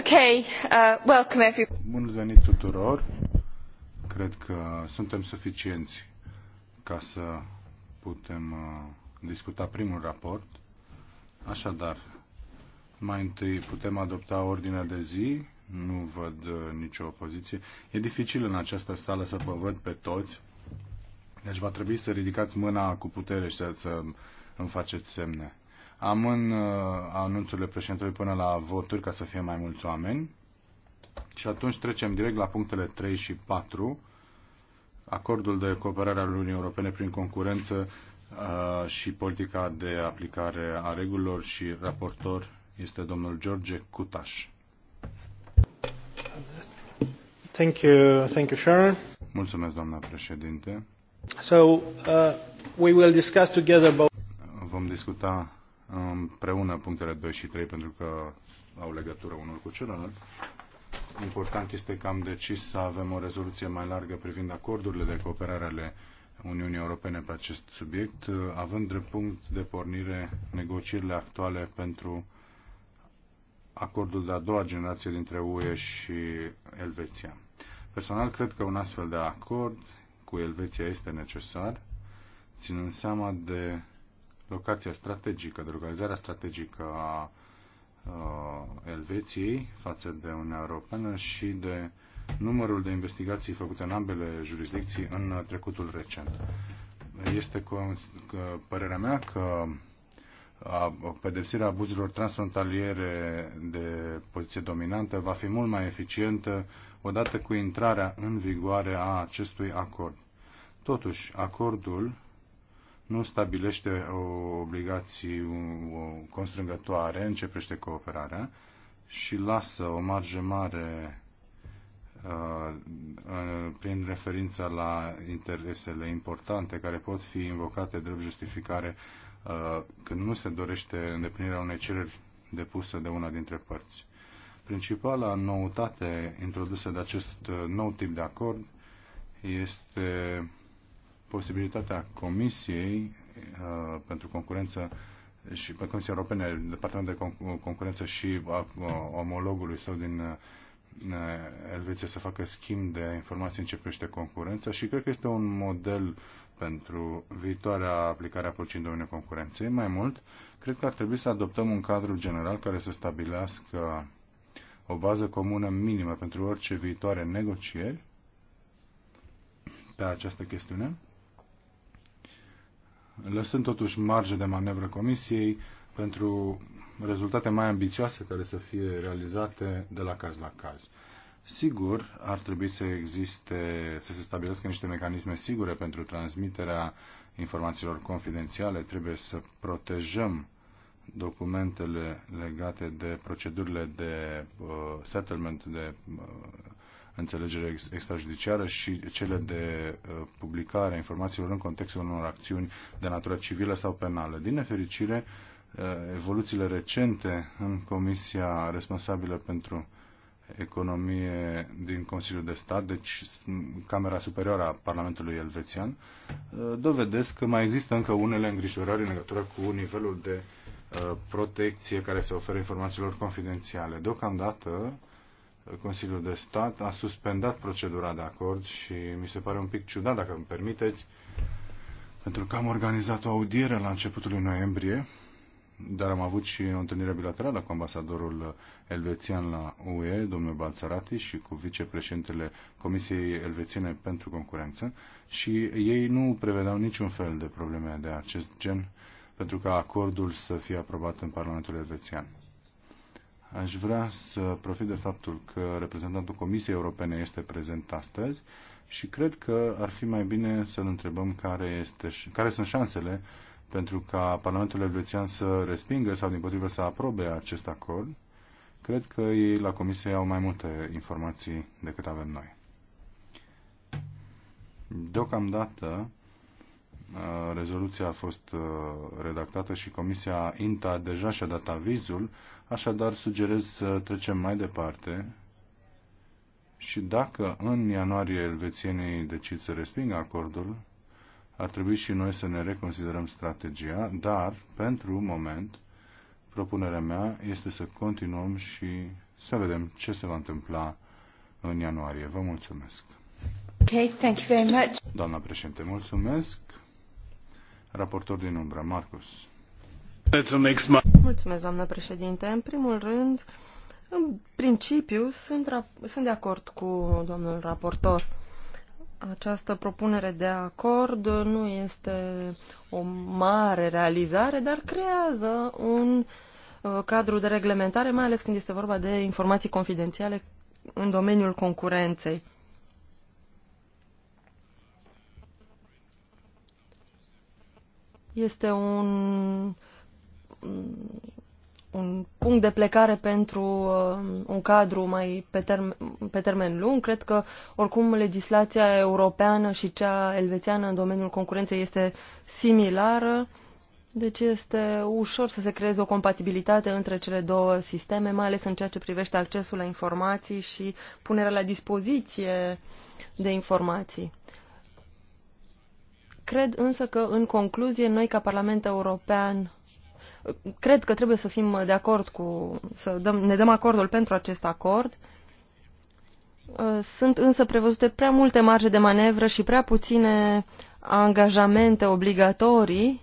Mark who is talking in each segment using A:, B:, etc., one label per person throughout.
A: Okay, uh, welcome Bun venit tuturor. Cred că suntem suficienți ca să putem uh, discuta primul raport. Așadar, mai întâi putem adopta ordinea de zi. Nu văd uh, nicio opoziție. E dificil în această sală să vă văd pe toți. Deci va trebui să ridicați mâna cu putere și să, să îmi faceți semne. Amân uh, anunțurile președintelui până la voturi ca să fie mai mulți oameni. Și atunci trecem direct la punctele 3 și 4. Acordul de cooperare al Uniunii Europene prin concurență uh, și politica de aplicare a regulilor și raportor este domnul George Cutaș. Thank you, thank you, Sharon. Mulțumesc, doamna președinte. So, uh, we will discuss together about... Vom discuta împreună punctele 2 și 3 pentru că au legătură unul cu celălalt. Important este că am decis să avem o rezoluție mai largă privind acordurile de cooperare ale Uniunii Europene pe acest subiect, având drept punct de pornire negocierile actuale pentru acordul de a doua generație dintre UE și Elveția. Personal, cred că un astfel de acord cu Elveția este necesar, ținând seama de locația strategică, de localizarea strategică a Elveției față de Uniunea Europeană și de numărul de investigații făcute în ambele jurisdicții în trecutul recent. Este cu, că, părerea mea că a, pedepsirea abuzurilor transfrontaliere de poziție dominantă va fi mult mai eficientă odată cu intrarea în vigoare a acestui acord. Totuși, acordul nu stabilește o obligații constrângătoare, începește cooperarea și lasă o marge mare uh, prin referința la interesele importante care pot fi invocate drept justificare uh, când nu se dorește îndeplinirea unei cereri depuse de una dintre părți. Principala noutate introdusă de acest uh, nou tip de acord este posibilitatea Comisiei uh, pentru concurență și pe Comisia Europene, Departamentul de Concurență și a, uh, a, uh, omologului său din uh, Elveția să facă schimb de informații în ce privește concurența și cred că este un model pentru viitoarea aplicare a politicii în domeniul concurenței. Mai mult, cred că ar trebui să adoptăm un cadru general care să stabilească o bază comună minimă pentru orice viitoare negocieri pe această chestiune lăsând totuși marge de manevră Comisiei pentru rezultate mai ambițioase care să fie realizate de la caz la caz. Sigur, ar trebui să existe, să se stabilească niște mecanisme sigure pentru transmiterea informațiilor confidențiale. Trebuie să protejăm documentele legate de procedurile de uh, settlement, de uh, înțelegere extrajudiciară și cele de uh, publicare a informațiilor în contextul unor acțiuni de natură civilă sau penală. Din nefericire, uh, evoluțiile recente în Comisia responsabilă pentru economie din Consiliul de Stat, deci Camera Superioară a Parlamentului Elvețian, uh, dovedesc că mai există încă unele îngrijorări în legătură cu nivelul de protecție care se oferă informațiilor confidențiale. Deocamdată, Consiliul de Stat a suspendat procedura de acord și mi se pare un pic ciudat, dacă îmi permiteți, pentru că am organizat o audiere la începutul lui noiembrie, dar am avut și o întâlnire bilaterală cu ambasadorul elvețian la UE, domnul Balțarati, și cu vicepreședintele Comisiei Elvețiene pentru Concurență și ei nu prevedeau niciun fel de probleme de acest gen pentru ca acordul să fie aprobat în Parlamentul elvețian. Aș vrea să profit de faptul că reprezentantul Comisiei Europene este prezent astăzi și cred că ar fi mai bine să-l întrebăm care, este, care sunt șansele pentru ca Parlamentul Elvețian să respingă sau, din potrivă, să aprobe acest acord. Cred că ei la Comisie au mai multe informații decât avem noi. Deocamdată, uh, rezoluția a fost uh, redactată și Comisia INTA deja și-a dat avizul Așadar, sugerez să trecem mai departe și dacă în ianuarie elvețienii decid să respingă acordul, ar trebui și noi să ne reconsiderăm strategia, dar, pentru moment, propunerea mea este să continuăm și să vedem ce se va întâmpla în ianuarie. Vă mulțumesc.
B: Okay,
C: thank you very much.
A: Doamna președinte, mulțumesc. Raportor din umbră, Marcus. Mulțumesc,
C: doamnă președinte. În primul rând, în principiu, sunt, sunt de acord cu domnul raportor. Această propunere de acord nu este o mare realizare, dar creează un uh, cadru de reglementare, mai ales când este vorba de informații confidențiale în domeniul concurenței. Este un un punct de plecare pentru uh, un cadru mai pe, term pe termen lung. Cred că, oricum, legislația europeană și cea elvețiană în domeniul concurenței este similară, deci este ușor să se creeze o compatibilitate între cele două sisteme, mai ales în ceea ce privește accesul la informații și punerea la dispoziție de informații. Cred însă că, în concluzie, noi, ca Parlament European, cred că trebuie să fim de acord cu, să dăm, ne dăm acordul pentru acest acord. Sunt însă prevăzute prea multe marge de manevră și prea puține angajamente obligatorii.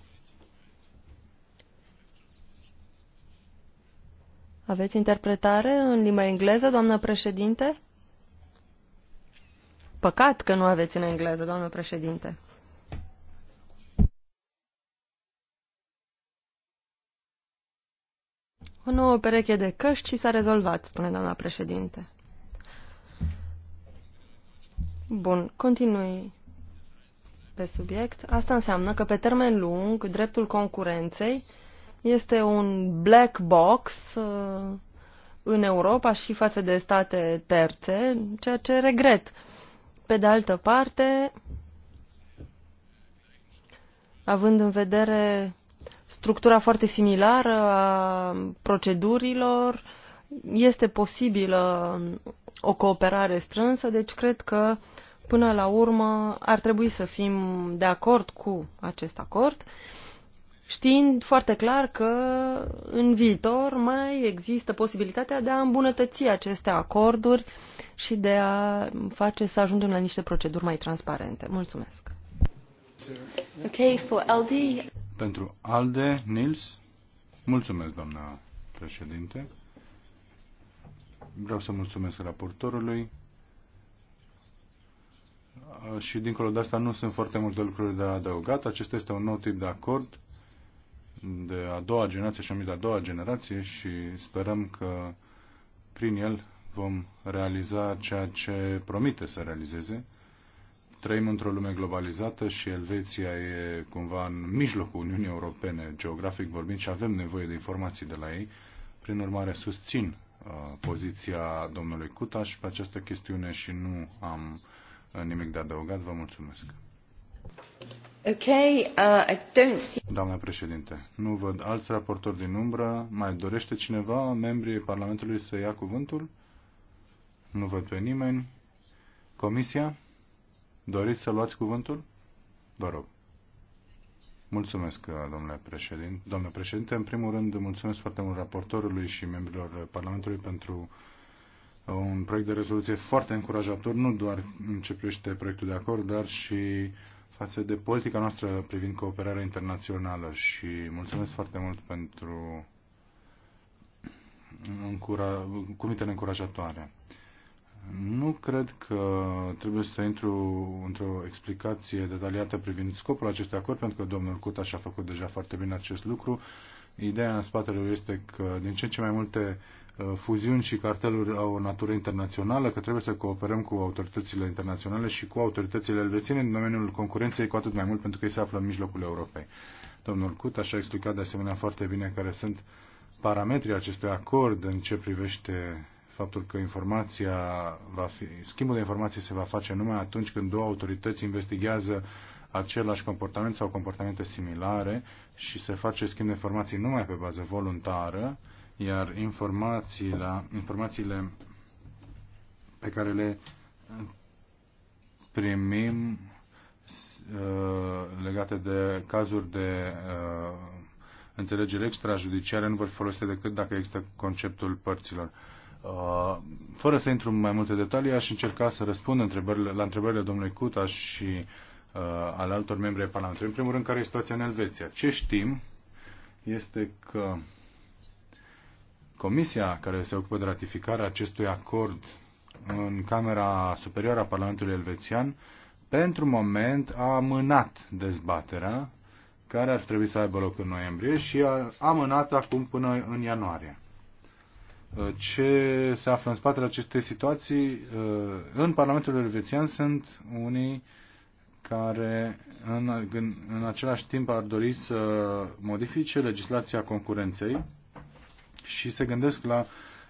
C: Aveți interpretare în limba engleză, doamnă președinte? Păcat că nu aveți în engleză, doamnă președinte. O nouă pereche de căști și s-a rezolvat, spune doamna președinte. Bun, continui pe subiect. Asta înseamnă că pe termen lung, dreptul concurenței este un black box uh, în Europa și față de state terțe, ceea ce regret. Pe de altă parte, având în vedere structura foarte similară a procedurilor, este posibilă o cooperare strânsă, deci cred că până la urmă ar trebui să fim de acord cu acest acord, știind foarte clar că în viitor mai există posibilitatea de a îmbunătăți aceste acorduri și de a face să ajungem la niște proceduri mai transparente. Mulțumesc! Okay,
B: for LD.
A: Pentru ALDE, Nils. Mulțumesc, doamna președinte. Vreau să mulțumesc raportorului. Și dincolo de asta nu sunt foarte multe lucruri de adăugat. Acesta este un nou tip de acord de a doua generație și de a doua generație și sperăm că prin el vom realiza ceea ce promite să realizeze Trăim într-o lume globalizată și Elveția e cumva în mijlocul Uniunii Europene, geografic vorbind, și avem nevoie de informații de la ei. Prin urmare, susțin uh, poziția domnului Cutaș pe această chestiune și nu am uh, nimic de adăugat. Vă mulțumesc.
B: Okay, uh, I don't see...
A: Doamna președinte, nu văd alți raportori din umbră. Mai dorește cineva, membrii Parlamentului, să ia cuvântul? Nu văd pe nimeni. Comisia? Doriți să luați cuvântul? Vă rog. Mulțumesc, domnule președinte. Domnule președinte, în primul rând, mulțumesc foarte mult raportorului și membrilor Parlamentului pentru un proiect de rezoluție foarte încurajator, nu doar începește proiectul de acord, dar și față de politica noastră privind cooperarea internațională și mulțumesc foarte mult pentru încura... cuvintele încurajatoare. Nu cred că trebuie să intru într-o explicație detaliată privind scopul acestui acord, pentru că domnul Cuta și-a făcut deja foarte bine acest lucru. Ideea în spatele lui este că din ce în ce mai multe uh, fuziuni și carteluri au o natură internațională, că trebuie să cooperăm cu autoritățile internaționale și cu autoritățile elvețiene în domeniul concurenței, cu atât mai mult pentru că ei se află în mijlocul Europei. Domnul Cut așa a explicat de asemenea foarte bine care sunt parametrii acestui acord în ce privește faptul că informația va fi, schimbul de informații se va face numai atunci când două autorități investigează același comportament sau comportamente similare și se face schimb de informații numai pe bază voluntară, iar informațiile, informațiile pe care le primim uh, legate de cazuri de uh, înțelegere extrajudiciare nu vor fi folosite decât dacă există conceptul părților. Uh, fără să intru în mai multe detalii, aș încerca să răspund întrebările, la întrebările domnului Cuta și uh, ale altor membri ai Parlamentului. În primul rând, care e situația în Elveția? Ce știm este că comisia care se ocupă de ratificarea acestui acord în Camera Superioară a Parlamentului Elvețian, pentru moment a amânat dezbaterea care ar trebui să aibă loc în noiembrie și a amânat acum până în ianuarie ce se află în spatele acestei situații. Uh, în Parlamentul Elvețian sunt unii care în, în, în același timp ar dori să modifice legislația concurenței și se gândesc la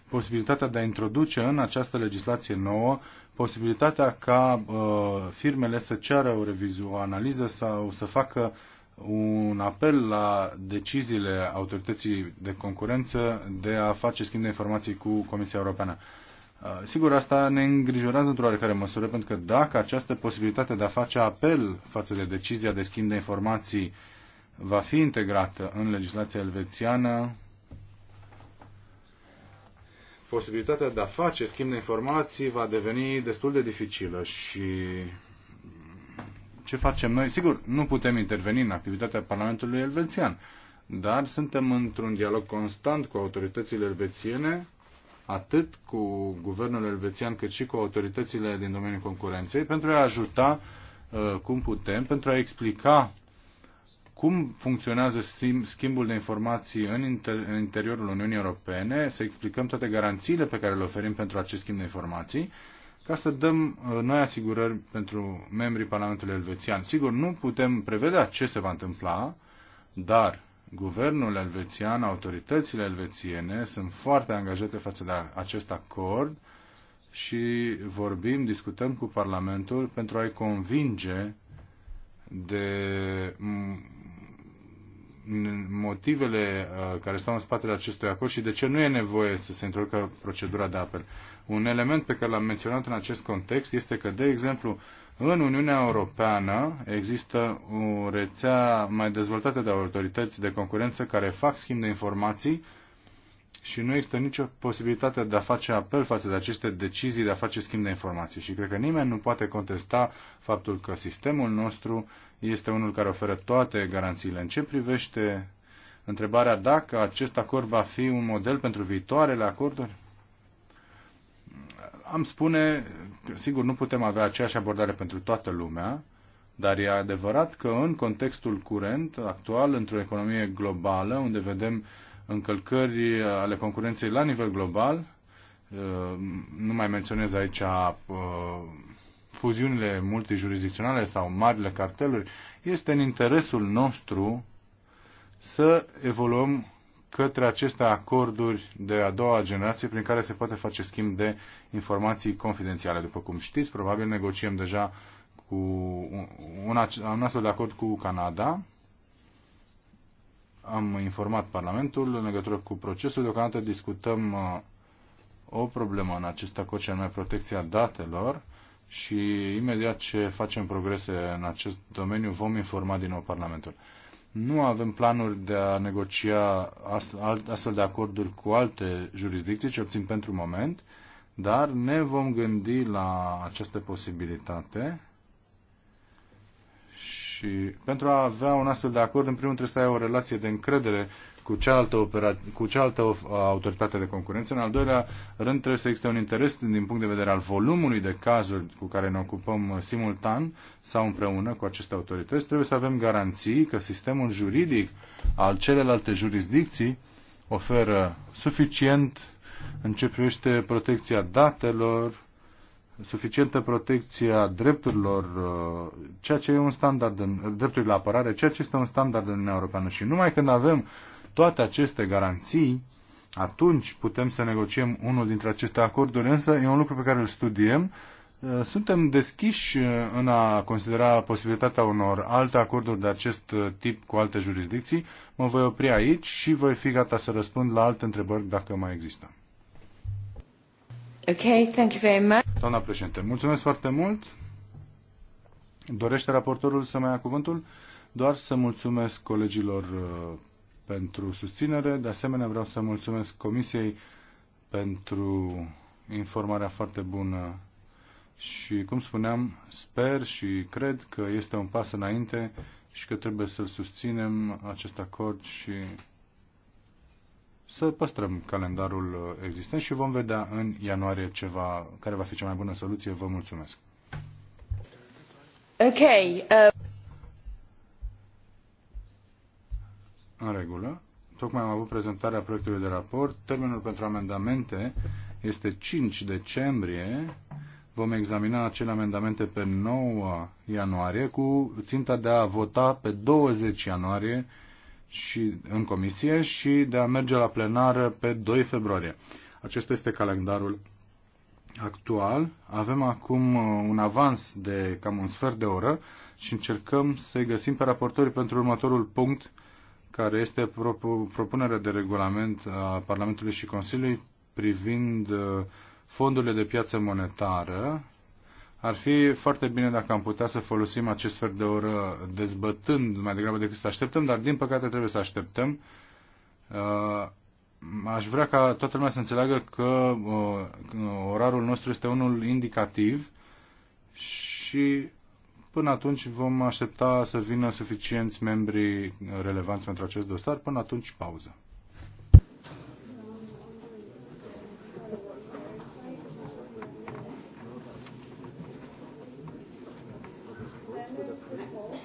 A: posibilitatea de a introduce în această legislație nouă posibilitatea ca uh, firmele să ceară o reviziu, o analiză sau să facă uh, un apel la deciziile autorității de concurență de a face schimb de informații cu Comisia Europeană. Uh, sigur, asta ne îngrijorează într-o oarecare măsură, pentru că dacă această posibilitate de a face apel față de decizia de schimb de informații va fi integrată în legislația elvețiană, posibilitatea de a face schimb de informații va deveni destul de dificilă și ce facem noi? Sigur, nu putem interveni în activitatea Parlamentului elvețian, dar suntem într-un dialog constant cu autoritățile elvețiene, atât cu guvernul elvețian cât și cu autoritățile din domeniul concurenței, pentru a ajuta uh, cum putem, pentru a explica cum funcționează schimbul de informații în, inter- în interiorul Uniunii Europene, să explicăm toate garanțiile pe care le oferim pentru acest schimb de informații ca să dăm uh, noi asigurări pentru membrii Parlamentului Elvețian. Sigur, nu putem prevedea ce se va întâmpla, dar guvernul elvețian, autoritățile elvețiene sunt foarte angajate față de acest acord și vorbim, discutăm cu Parlamentul pentru a-i convinge de mm, motivele uh, care stau în spatele acestui acord și de ce nu e nevoie să se introducă procedura de apel. Un element pe care l-am menționat în acest context este că, de exemplu, în Uniunea Europeană există o rețea mai dezvoltată de autorități de concurență care fac schimb de informații și nu există nicio posibilitate de a face apel față de aceste decizii de a face schimb de informații. Și cred că nimeni nu poate contesta faptul că sistemul nostru este unul care oferă toate garanțiile. În ce privește întrebarea dacă acest acord va fi un model pentru viitoarele acorduri? am spune, sigur, nu putem avea aceeași abordare pentru toată lumea, dar e adevărat că în contextul curent, actual, într-o economie globală, unde vedem încălcări ale concurenței la nivel global, uh, nu mai menționez aici uh, fuziunile multijurisdicționale sau marile carteluri, este în interesul nostru să evoluăm către aceste acorduri de a doua generație prin care se poate face schimb de informații confidențiale. După cum știți, probabil negociem deja cu un, un astfel de acord cu Canada. Am informat Parlamentul în legătură cu procesul. Deocamdată discutăm uh, o problemă în acest acord, cel mai protecția datelor și imediat ce facem progrese în acest domeniu vom informa din nou Parlamentul. Nu avem planuri de a negocia astfel de acorduri cu alte jurisdicții, ce obțin pentru moment, dar ne vom gândi la această posibilitate și pentru a avea un astfel de acord, în primul trebuie să ai o relație de încredere cu cealaltă, opera- cu cealaltă autoritate de concurență. În al doilea rând trebuie să existe un interes din punct de vedere al volumului de cazuri cu care ne ocupăm uh, simultan sau împreună cu aceste autorități. Trebuie să avem garanții că sistemul juridic al celelalte jurisdicții oferă suficient în ce privește protecția datelor, suficientă protecție a drepturilor, uh, ceea ce e un standard, în, drepturile la apărare, ceea ce este un standard în Uniunea Europeană. Și numai când avem toate aceste garanții, atunci putem să negociem unul dintre aceste acorduri, însă e un lucru pe care îl studiem. Uh, suntem deschiși uh, în a considera posibilitatea unor alte acorduri de acest uh, tip cu alte jurisdicții. Mă voi opri aici și voi fi gata să răspund la alte întrebări dacă mai există.
B: Okay, thank you very much.
A: Doamna președinte, mulțumesc foarte mult. Dorește raportorul să mai ia cuvântul? Doar să mulțumesc colegilor pentru susținere. De asemenea, vreau să mulțumesc Comisiei pentru informarea foarte bună și, cum spuneam, sper și cred că este un pas înainte și că trebuie să susținem acest acord și să păstrăm calendarul existent și vom vedea în ianuarie ceva, care va fi cea mai bună soluție. Vă mulțumesc.
B: Okay. Uh...
A: În regulă. Tocmai am avut prezentarea proiectului de raport. Termenul pentru amendamente este 5 decembrie. Vom examina acele amendamente pe 9 ianuarie cu ținta de a vota pe 20 ianuarie și în comisie și de a merge la plenară pe 2 februarie. Acesta este calendarul actual. Avem acum uh, un avans de cam un sfert de oră și încercăm să găsim pe raportori pentru următorul punct care este propunerea de regulament a Parlamentului și Consiliului privind uh, fondurile de piață monetară. Ar fi foarte bine dacă am putea să folosim acest fel de oră dezbătând mai degrabă decât să așteptăm, dar din păcate trebuie să așteptăm. Uh, aș vrea ca toată lumea să înțeleagă că uh, orarul nostru este unul indicativ și Până atunci vom aștepta să vină suficienți membri relevanți pentru acest dosar. Până atunci, pauză. Thank you.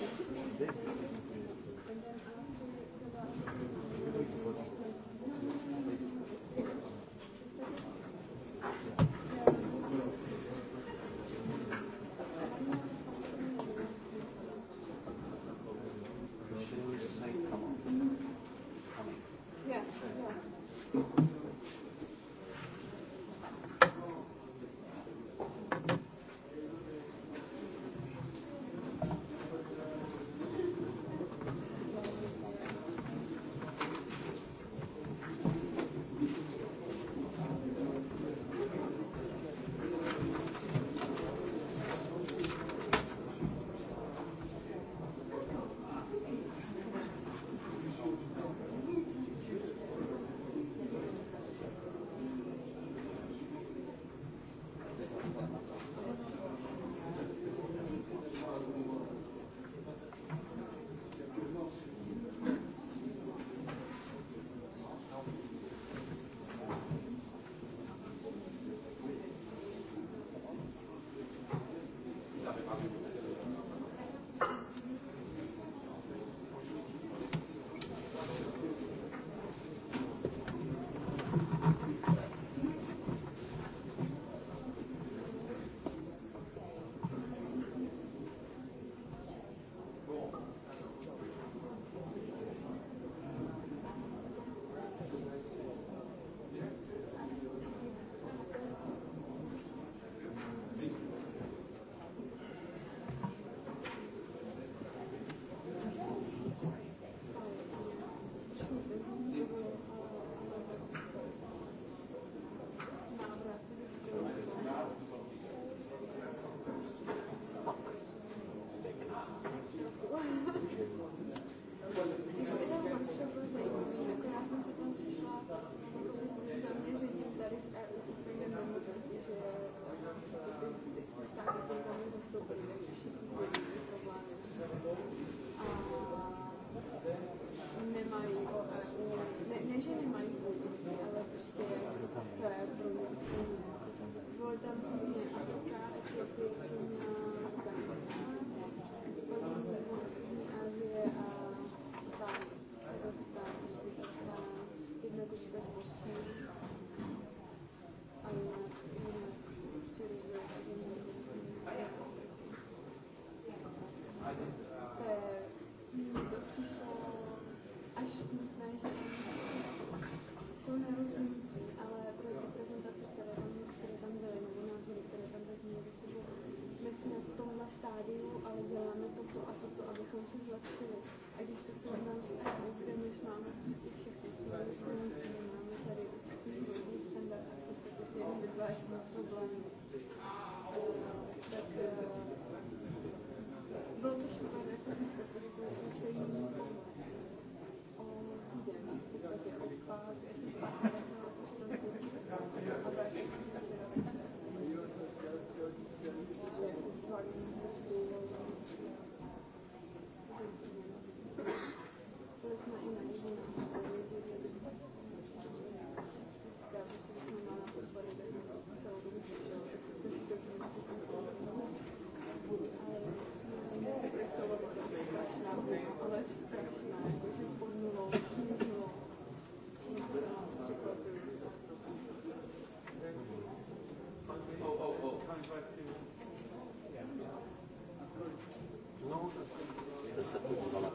B: Nu, să se pună la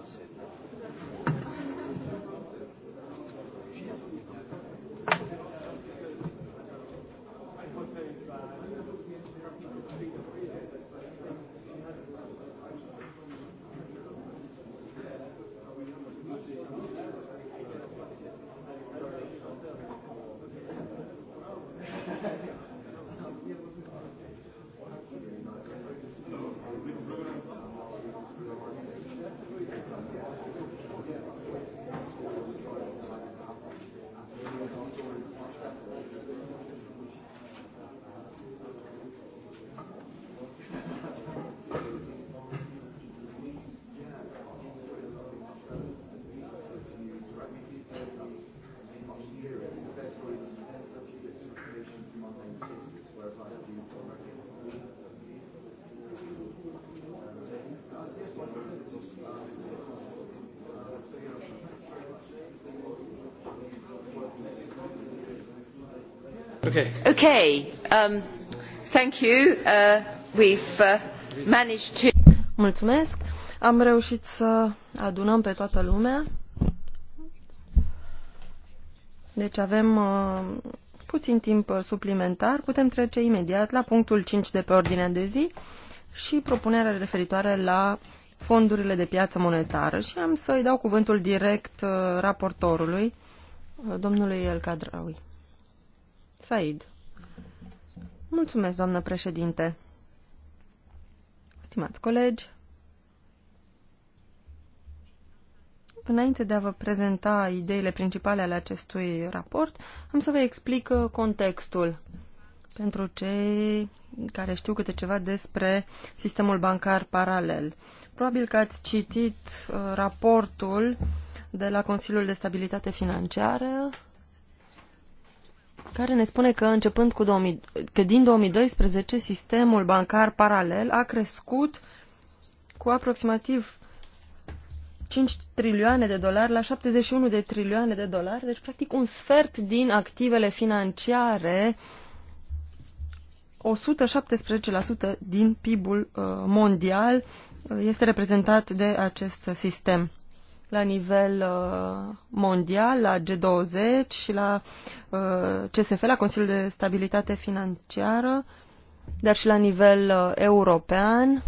C: Mulțumesc. Am reușit să adunăm pe toată lumea. Deci avem uh, puțin timp suplimentar. Putem trece imediat la punctul 5 de pe ordinea de zi și propunerea referitoare la fondurile de piață monetară și am să-i dau cuvântul direct uh, raportorului, uh, domnului El Cadraui. Said. Mulțumesc, doamnă președinte. Stimați colegi, înainte de a vă prezenta ideile principale ale acestui raport, am să vă explic uh, contextul pentru cei care știu câte ceva despre sistemul bancar paralel. Probabil că ați citit uh, raportul de la Consiliul de Stabilitate Financiară care ne spune că începând cu 2000, că din 2012 sistemul bancar paralel a crescut cu aproximativ 5 trilioane de dolari la 71 de trilioane de dolari, deci practic un sfert din activele financiare, 117% din PIB-ul uh, mondial uh, este reprezentat de acest sistem la nivel uh, mondial, la G20 și la uh, CSF, la Consiliul de Stabilitate Financiară, dar și la nivel uh, european,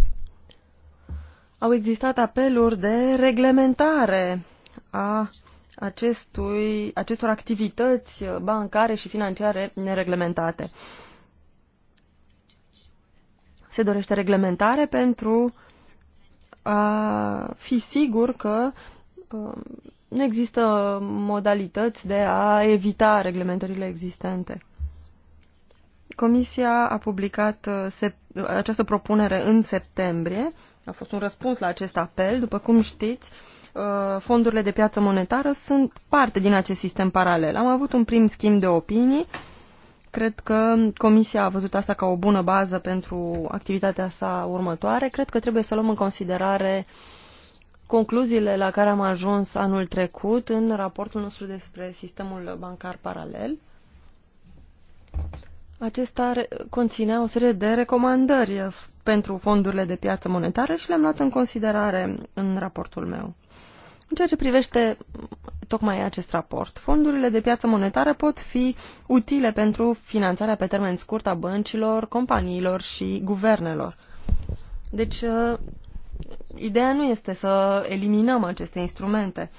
C: au existat apeluri de reglementare a acestui, acestor activități bancare și financiare nereglementate. Se dorește reglementare pentru a fi sigur că Um, nu există modalități de a evita reglementările existente. Comisia a publicat uh, această propunere în septembrie. A fost un răspuns la acest apel. După cum știți, uh, fondurile de piață monetară sunt parte din acest sistem paralel. Am avut un prim schimb de opinii. Cred că Comisia a văzut asta ca o bună bază pentru activitatea sa următoare. Cred că trebuie să luăm în considerare uh, concluziile la care am ajuns anul trecut în raportul nostru despre sistemul bancar paralel. Acesta conținea o serie de recomandări pentru fondurile de piață monetară și le-am luat în considerare în raportul meu. În ceea ce privește tocmai acest raport, fondurile de piață monetară pot fi utile pentru finanțarea pe termen scurt a băncilor, companiilor și guvernelor. Deci Ideea nu este să eliminăm aceste instrumente.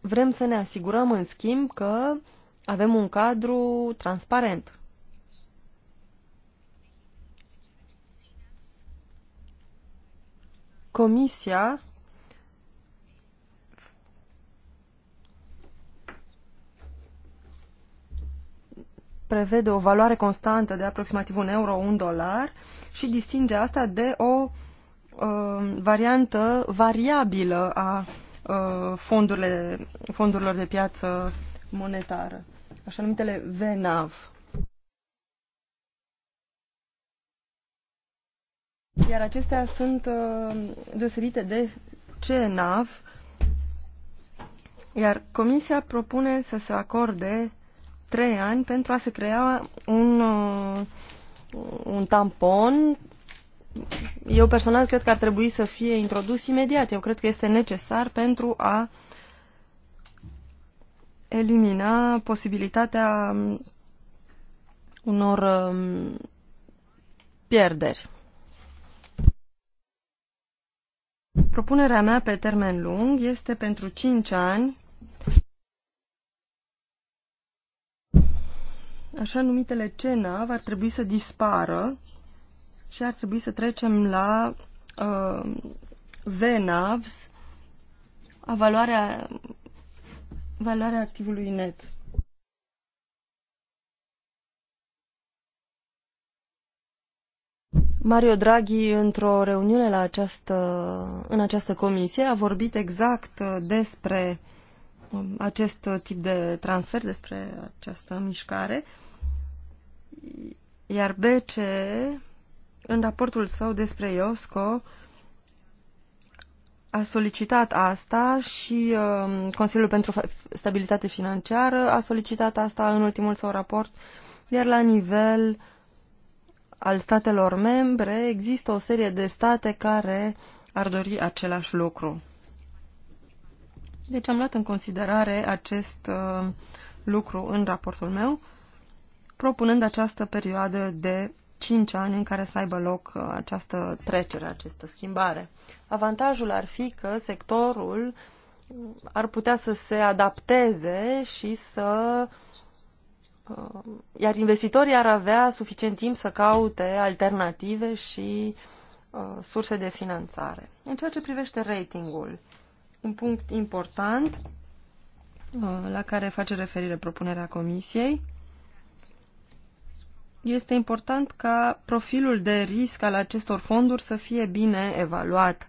C: Vrem să ne asigurăm, în schimb, că avem un cadru transparent. Comisia prevede o valoare constantă de aproximativ un euro, un dolar și distinge asta de o Uh, variantă variabilă a uh, fondurile, fondurilor de piață monetară, așa numitele VNAV. Iar acestea sunt uh, deosebite de CNAV, iar Comisia propune să se acorde trei ani pentru a se crea un, un tampon eu personal cred că ar trebui să fie introdus imediat. Eu cred că este necesar pentru a elimina posibilitatea unor um, pierderi. Propunerea mea pe termen lung este pentru 5 ani așa numitele CENAV ar trebui să dispară și ar trebui să trecem la uh, VNAVS, evaluarea, valoarea activului net. Mario Draghi, într-o reuniune la această, în această comisie, a vorbit exact uh, despre um, acest tip de transfer, despre această mișcare, iar BCE în raportul său despre IOSCO a solicitat asta și um, Consiliul pentru Stabilitate Financiară a solicitat asta în ultimul său raport, iar la nivel al statelor membre există o serie de state care ar dori același lucru. Deci am luat în considerare acest uh, lucru în raportul meu, propunând această perioadă de 5 ani în care să aibă loc uh, această trecere, această schimbare. Avantajul ar fi că sectorul uh, ar putea să se adapteze și să uh, iar investitorii ar avea suficient timp să caute alternative și surse de finanțare. În ceea ce privește ratingul, un punct important la care face referire propunerea Comisiei, este important ca profilul de risc al acestor fonduri să fie bine evaluat.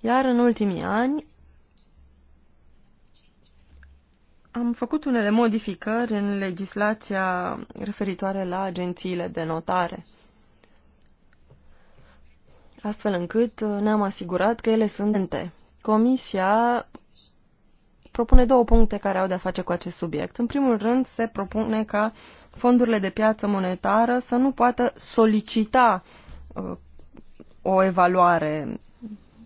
C: Iar în ultimii ani am făcut unele modificări în legislația referitoare la agențiile de notare, astfel încât uh, ne-am asigurat că ele sunt dente. Comisia propune două puncte care au de-a face cu acest subiect. În primul rând, se propune ca fondurile de piață monetară să nu poată solicita uh, o evaluare,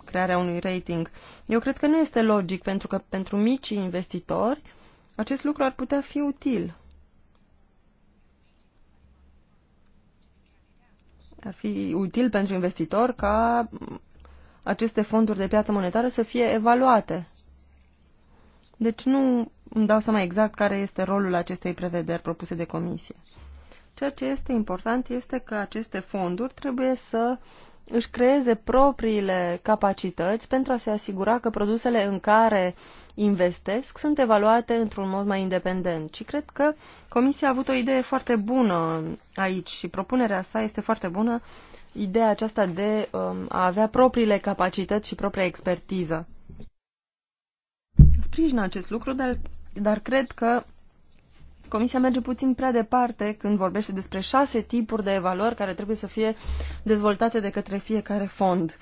C: crearea unui rating. Eu cred că nu este logic, pentru că pentru micii investitori acest lucru ar putea fi util. Ar fi util pentru investitor ca aceste fonduri de piață monetară să fie evaluate. Deci nu îmi dau seama exact care este rolul acestei prevederi propuse de comisie. Ceea ce este important este că aceste fonduri trebuie să își creeze propriile capacități pentru a se asigura că produsele în care investesc sunt evaluate într-un mod mai independent. Și cred că Comisia a avut o idee foarte bună aici și propunerea sa este foarte bună, ideea aceasta de um, a avea propriile capacități și propria expertiză sprijin acest lucru, dar, dar cred că Comisia merge puțin prea departe când vorbește despre șase tipuri de evaluări care trebuie să fie dezvoltate de către fiecare fond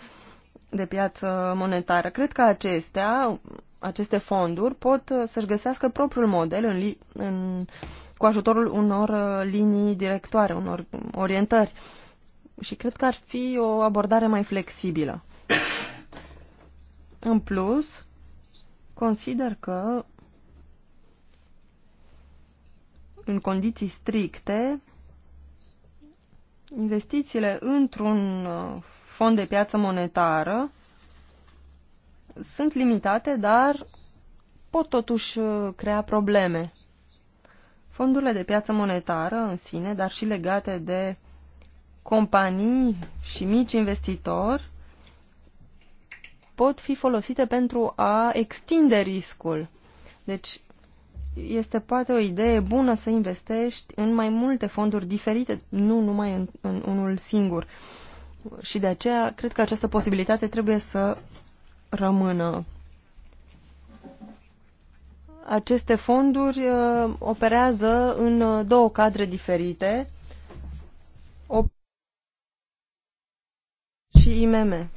C: de piață monetară. Cred că acestea, aceste fonduri pot uh, să-și găsească propriul model în, în, cu ajutorul unor uh, linii directoare, unor orientări. Și cred că ar fi o abordare mai flexibilă. În plus, Consider că în condiții stricte, investițiile într-un uh, fond de piață monetară sunt limitate, dar pot totuși uh, crea probleme. Fondurile de piață monetară în sine, dar și legate de companii și mici investitori, pot fi folosite pentru a extinde riscul. Deci este poate o idee bună să investești în mai multe fonduri diferite, nu numai în, în unul singur. Și de aceea cred că această posibilitate trebuie să rămână. Aceste fonduri uh, operează în uh, două cadre diferite op și IMM.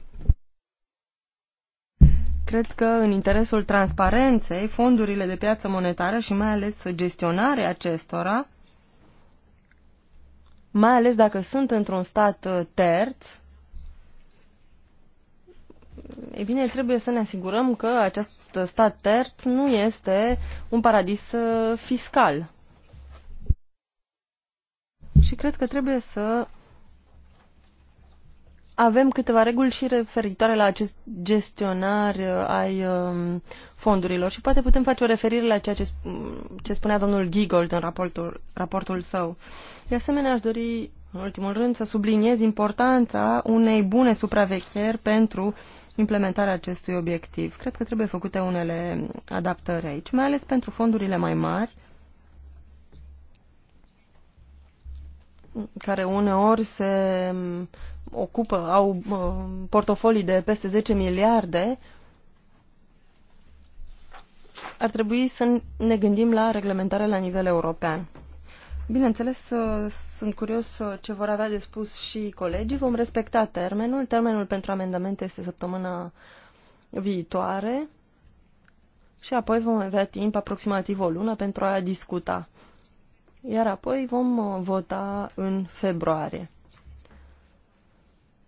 C: Cred că în interesul transparenței, fondurile de piață monetară și mai ales gestionarea acestora, mai ales dacă sunt într-un stat uh, terț, e bine, trebuie să ne asigurăm că acest stat terț nu este un paradis uh, fiscal. Și cred că trebuie să avem câteva reguli și referitoare la acest gestionar uh, ai um, fondurilor și poate putem face o referire la ceea ce, ce spunea domnul Giegold în raportul, raportul său. De asemenea, aș dori, în ultimul rând, să subliniez importanța unei bune supravecheri pentru implementarea acestui obiectiv. Cred că trebuie făcute unele adaptări aici, mai ales pentru fondurile mai mari, care uneori se ocupă, au uh, portofolii de peste 10 miliarde, ar trebui să ne gândim la reglementare la nivel european. Bineînțeles, uh, sunt curios uh, ce vor avea de spus și colegii. Vom respecta termenul. Termenul pentru amendamente este săptămâna viitoare și apoi vom avea timp aproximativ o lună pentru a discuta. Iar apoi vom vota în februarie.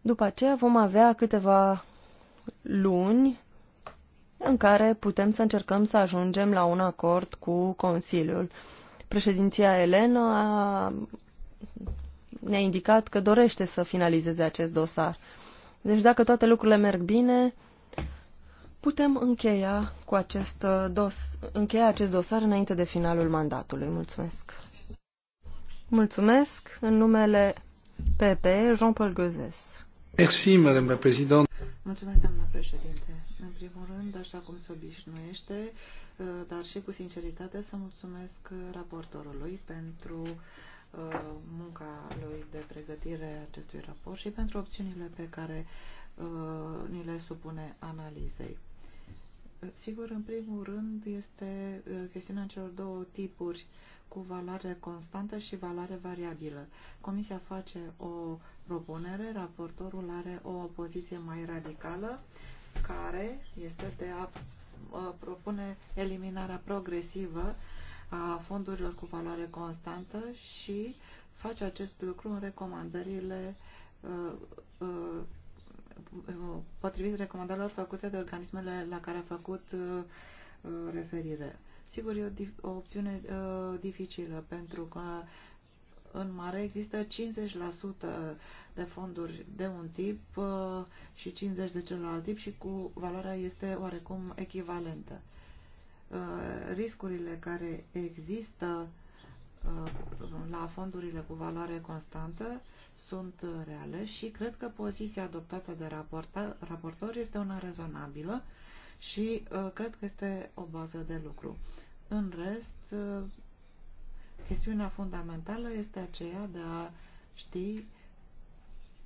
C: După aceea vom avea câteva luni în care putem să încercăm să ajungem la un acord cu Consiliul. Președinția Elena a... ne-a indicat că dorește să finalizeze acest dosar. Deci dacă toate lucrurile merg bine, putem încheia, cu acest dos, încheia acest dosar înainte de finalul mandatului. Mulțumesc! Mulțumesc în numele PP Jean-Paul Gozes.
A: Merci, Madame la Présidente.
C: Mulțumesc,
D: doamna președinte. În primul rând, așa cum se obișnuiește, uh, dar și cu sinceritate, să mulțumesc raportorului pentru uh, munca lui de pregătire a acestui raport și pentru opțiunile pe care uh, ni le supune analizei. Sigur, în primul rând, este chestiunea celor două tipuri uh, cu valoare constantă și valoare variabilă. Comisia face o propunere, raportorul are o poziție mai radicală, care este de a propune eliminarea progresivă a fondurilor cu valoare constantă și face acest lucru în recomandările potrivit recomandărilor făcute de organismele la care a făcut referire. Sigur, e o, o opțiune uh, dificilă, pentru că în mare există 50% de fonduri de un tip uh, și 50% de celălalt tip și cu valoarea este oarecum echivalentă. Uh, riscurile care există uh, la fondurile cu valoare constantă sunt reale și cred că poziția adoptată de raportor este una rezonabilă uh, și uh, cred că este o bază de lucru. În rest, uh, chestiunea fundamentală este aceea de a ști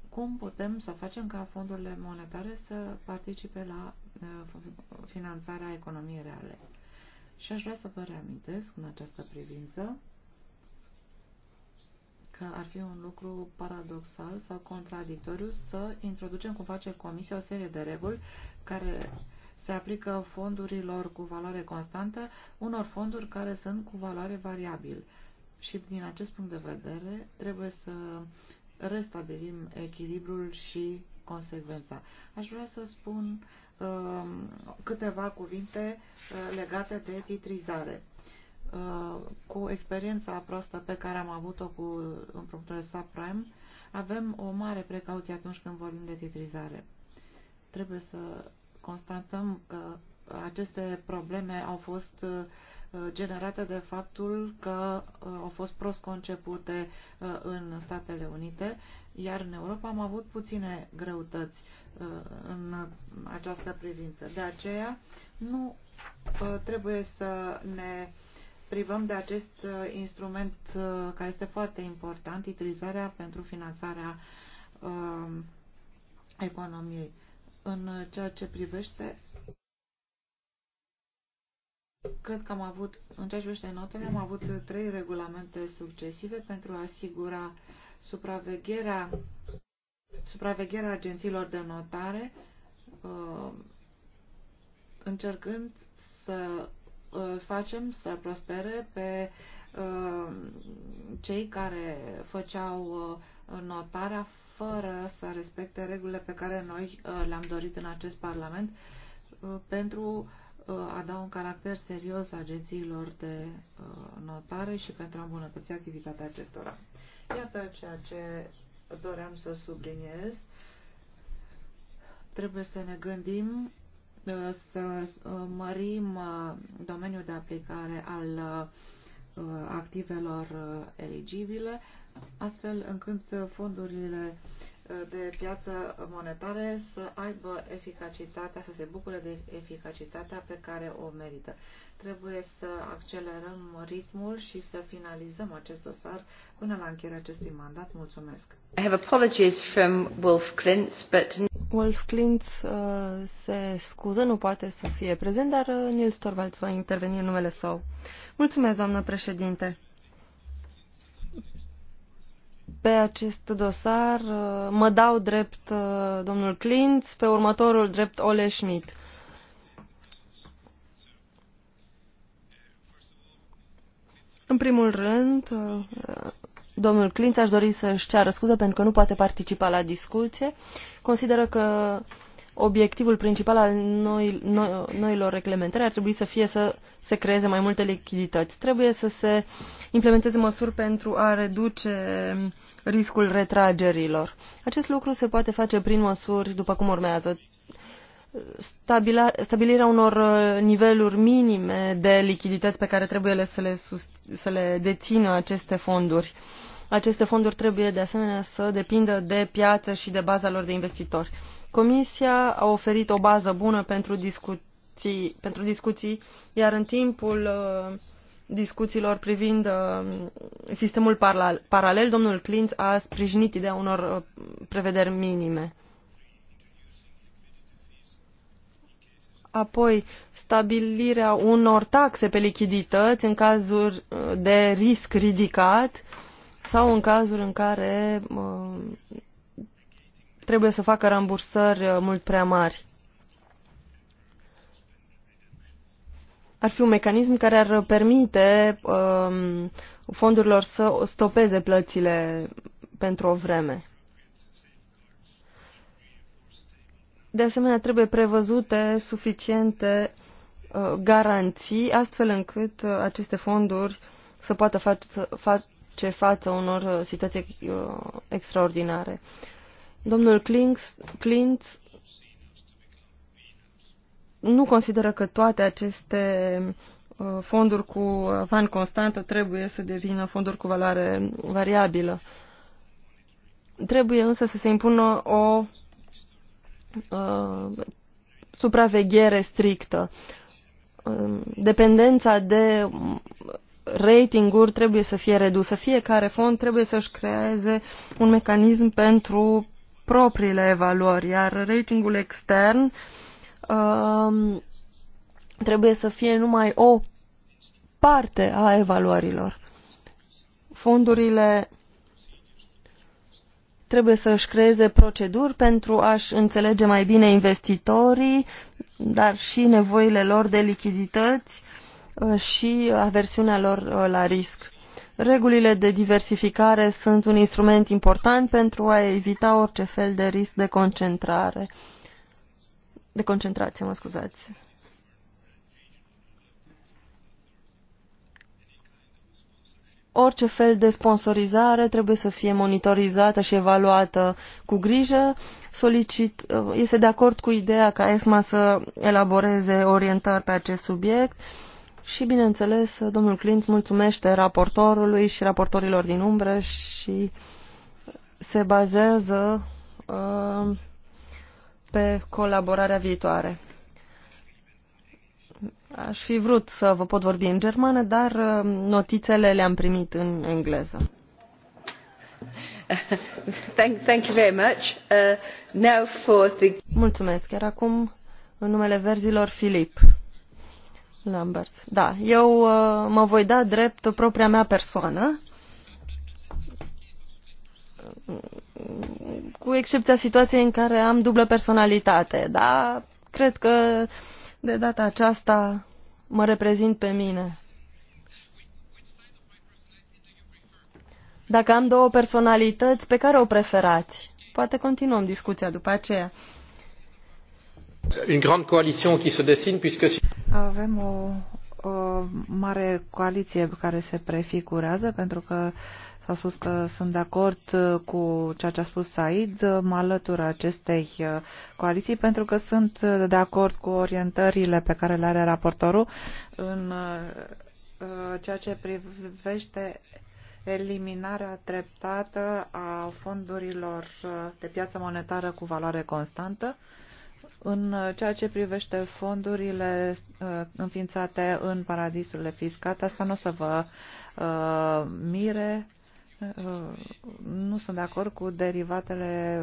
D: cum putem să facem ca fondurile monetare să participe la uh, finanțarea economiei reale. Și aș vrea să vă reamintesc în această privință că ar fi un lucru paradoxal sau contradictoriu să introducem cum face Comisia o serie de reguli care se aplică fondurilor cu valoare constantă unor fonduri care sunt cu valoare variabil. Și din acest punct de vedere trebuie să restabilim echilibrul și consecvența. Aș vrea să spun uh, câteva cuvinte uh, legate de titrizare. Uh, cu experiența proastă pe care am avut-o cu împrumuturile subprime, avem o mare precauție atunci când vorbim de titrizare. Trebuie să constatăm că aceste probleme au fost uh, generate de faptul că uh, au fost prost concepute uh, în Statele Unite, iar în Europa am avut puține greutăți în această privință. De aceea nu trebuie să ne privăm de acest instrument care este foarte important, utilizarea pentru finanțarea economiei în ceea ce privește Cred că am avut, în ceea ce privește notele, am avut trei regulamente succesive pentru a asigura supravegherea, supravegherea agențiilor de notare, uh, încercând să uh, facem să prospere pe uh, cei care făceau notarea fără să respecte regulile pe care noi uh, le-am dorit în acest Parlament uh, pentru uh, a da un caracter serios agențiilor de notare și pentru a îmbunătăți activitatea acestora. Iată ceea ce doream să subliniez. Trebuie să ne gândim să mărim domeniul de aplicare al activelor eligibile, astfel încât fondurile uh, de piață monetare să aibă eficacitatea, să se bucure de eficacitatea pe care o merită. Trebuie să accelerăm ritmul și să finalizăm acest dosar până la încheierea acestui mandat. Mulțumesc.
C: I have apologies from Wolf Klintz, but... Wolf Klintz uh, se scuză, nu poate să fie prezent, dar uh, Nils Torvalds va interveni în numele său. Mulțumesc, doamnă președinte pe acest dosar uh, mă dau drept uh, domnul Clint, pe următorul drept Ole Schmidt. În primul rând, uh, domnul Clint aș dori să-și ceară scuze pentru că nu poate participa la discuție. Consideră că obiectivul principal al noi, noi, noilor reglementări ar trebui să fie să se creeze mai multe lichidități. Trebuie să se implementeze măsuri pentru a reduce riscul retragerilor. Acest lucru se poate face prin măsuri după cum urmează. Stabila, stabilirea unor uh, niveluri minime de lichidități pe care trebuie să le, sus, să le dețină aceste fonduri. Uh, aceste fonduri trebuie de asemenea să depindă de piață și de baza lor de investitori. Comisia a oferit o bază bună pentru discuții, pentru discuții iar în timpul uh, discuțiilor privind uh, sistemul paralel, domnul Clint a sprijinit ideea unor uh, prevederi minime. Apoi, stabilirea unor taxe pe lichidități în cazuri de risc ridicat uh, sau în cazuri în care trebuie să facă rambursări uh, mult prea mari. Ar fi un mecanism care ar permite um, fondurilor să stopeze plățile pentru o vreme. De asemenea, trebuie prevăzute suficiente uh, garanții, astfel încât uh, aceste fonduri să poată face, face față unor uh, situații uh, extraordinare. Domnul Clint nu consideră că toate aceste uh, fonduri cu van constantă trebuie să devină fonduri cu valoare variabilă. Trebuie însă să se impună o uh, supraveghere strictă. Um, dependența de ratinguri trebuie să fie redusă. Fiecare fond trebuie să-și creeze un mecanism pentru propriile evaluări, iar ratingul extern uh, trebuie să fie numai o parte a evaluărilor. Fondurile trebuie să și creeze proceduri pentru a-și înțelege mai bine investitorii, dar și nevoile lor de lichidități Uh, și aversiunea lor uh, la risc. Regulile de diversificare sunt un instrument important pentru a evita orice fel de risc de concentrare. De concentrație, mă scuzați. orice fel de sponsorizare trebuie să fie monitorizată și evaluată cu grijă. Solicit, uh, este de acord cu ideea ca ESMA să elaboreze orientări pe acest subiect și, bineînțeles, domnul Clint mulțumește raportorului și raportorilor din umbră și se bazează uh, pe colaborarea viitoare. Aș fi vrut să vă pot vorbi în germană, dar uh, notițele le-am primit în engleză. Thank, thank you very much. Uh, now for the... Mulțumesc. Iar acum, în numele verzilor, Filip. Lambert. Da, eu uh, mă voi da drept propria mea persoană, cu excepția situației în care am dublă personalitate, dar cred că de data aceasta mă reprezint pe mine. Dacă am două personalități, pe care o preferați? Poate continuăm discuția după aceea.
A: Une grande
B: coalition qui se dessine puisque
C: avem o, o mare coaliție
D: care se prefigurează pentru că s-a spus că sunt de acord uh, cu ceea ce a spus Said, mă alătur acestei uh, coaliții pentru că sunt uh, de acord cu orientările pe care le are raportorul în ceea ce privește eliminarea treptată a fondurilor de piață monetară cu valoare constantă în uh, ceea ce privește fondurile uh, înființate în paradisurile fiscate, asta nu o să vă uh, mire. Uh, nu sunt de acord cu derivatele,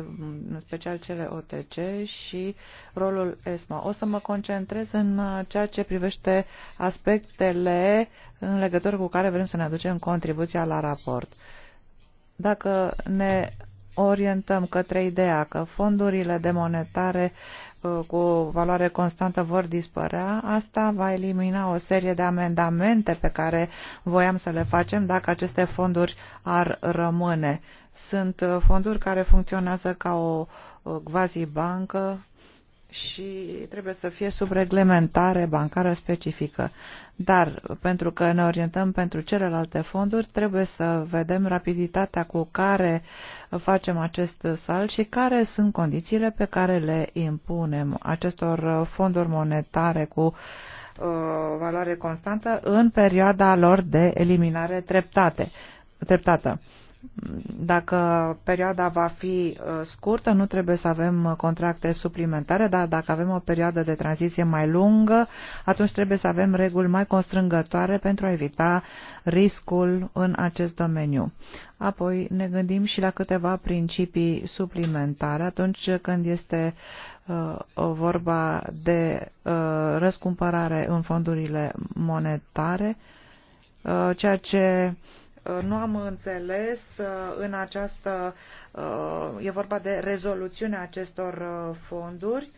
D: în special cele OTC și rolul ESMA. O să mă concentrez în uh, ceea ce privește aspectele în legătură cu care vrem să ne aducem contribuția la raport. Dacă ne orientăm către ideea că fondurile de monetare cu valoare constantă vor dispărea, asta va elimina o serie de amendamente pe care voiam să le facem dacă aceste fonduri ar rămâne. Sunt fonduri care funcționează ca o quasi-bancă, și trebuie să fie sub reglementare bancară specifică. Dar pentru că ne orientăm pentru celelalte fonduri, trebuie să vedem rapiditatea cu care facem acest sal și care sunt condițiile pe care le impunem acestor fonduri monetare cu uh, valoare constantă în perioada lor de eliminare treptate, treptată. Dacă perioada va fi uh, scurtă, nu trebuie să avem uh, contracte suplimentare, dar dacă avem o perioadă de tranziție mai lungă, atunci trebuie să avem reguli mai constrângătoare pentru a evita riscul în acest domeniu. Apoi ne gândim și la câteva principii suplimentare atunci când este uh, vorba de răscumpărare în fondurile monetare, ceea ce uh, Uh, nu am înțeles uh, în această, uh, e vorba de rezoluțiunea acestor fonduri.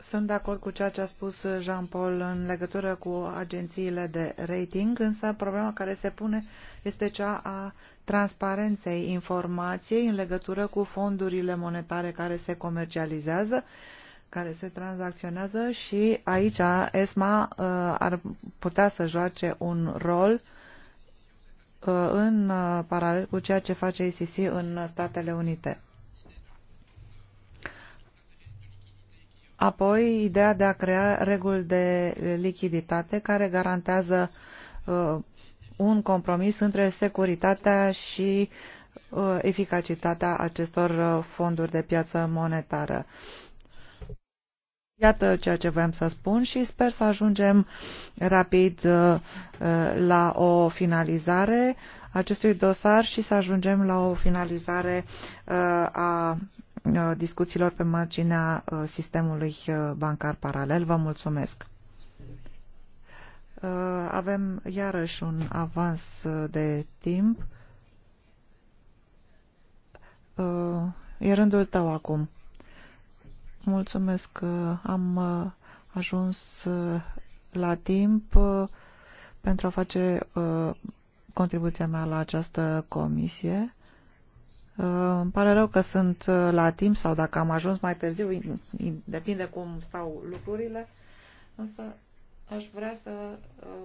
D: Sunt de acord cu ceea ce a spus Jean-Paul în legătură cu agențiile de rating, însă problema care se pune este cea a transparenței informației în legătură cu fondurile monetare care se comercializează care se tranzacționează și aici ESMA uh, ar putea să joace un rol uh, în uh, paralel cu ceea ce face ICC în Statele Unite. Apoi, ideea de a crea reguli de lichiditate care garantează un compromis între securitatea și eficacitatea acestor fonduri de piață monetară. Iată ceea ce voiam să spun și sper să ajungem rapid uh, uh, la o finalizare acestui dosar și să ajungem la o finalizare uh, a discuțiilor pe marginea sistemului bancar paralel. Vă mulțumesc! Avem iarăși un avans de timp. E rândul tău acum. Mulțumesc. că uh, Am uh, ajuns uh, la timp pentru a face contribuția mea la această comisie. Îmi pare rău că sunt la timp sau dacă am ajuns mai târziu, depinde cum stau lucrurile, însă aș vrea să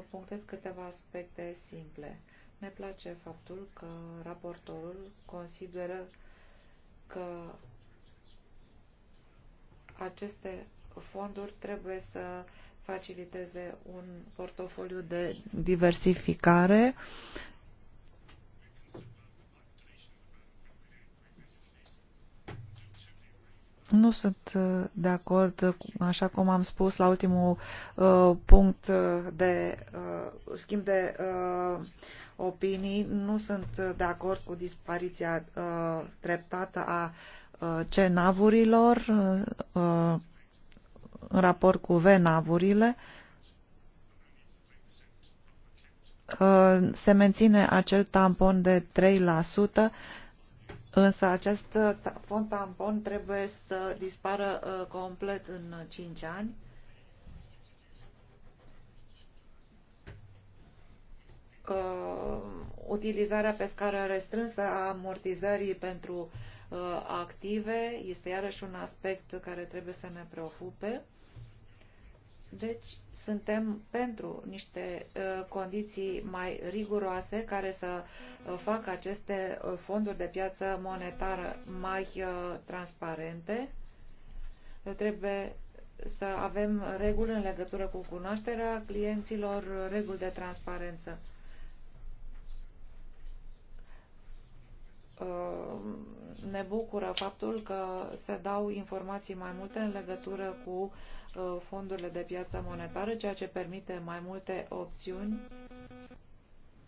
D: punctez câteva aspecte simple. Ne place faptul că raportorul consideră că aceste fonduri trebuie să faciliteze un portofoliu de diversificare Nu sunt uh, de acord, așa cum am spus la ultimul uh, punct de uh, schimb de uh, opinii, nu sunt de acord cu dispariția uh, treptată a Uh, C-navurilor uh, în raport cu V-navurile uh, se menține acel tampon de 3%, însă acest fond tampon trebuie să dispară complet în 5 ani. utilizarea pe scară restrânsă a amortizării pentru uh, Uh, active este iarăși un aspect care trebuie să ne preocupe. Deci suntem pentru niște uh, condiții mai riguroase care să uh, facă aceste fonduri de piață monetară mai transparente. Trebuie să avem reguli în legătură cu cunoașterea clienților, reguli de transparență. Uh, ne bucură faptul că se dau informații mai multe în legătură cu uh, fondurile de piață monetară, ceea ce permite mai multe opțiuni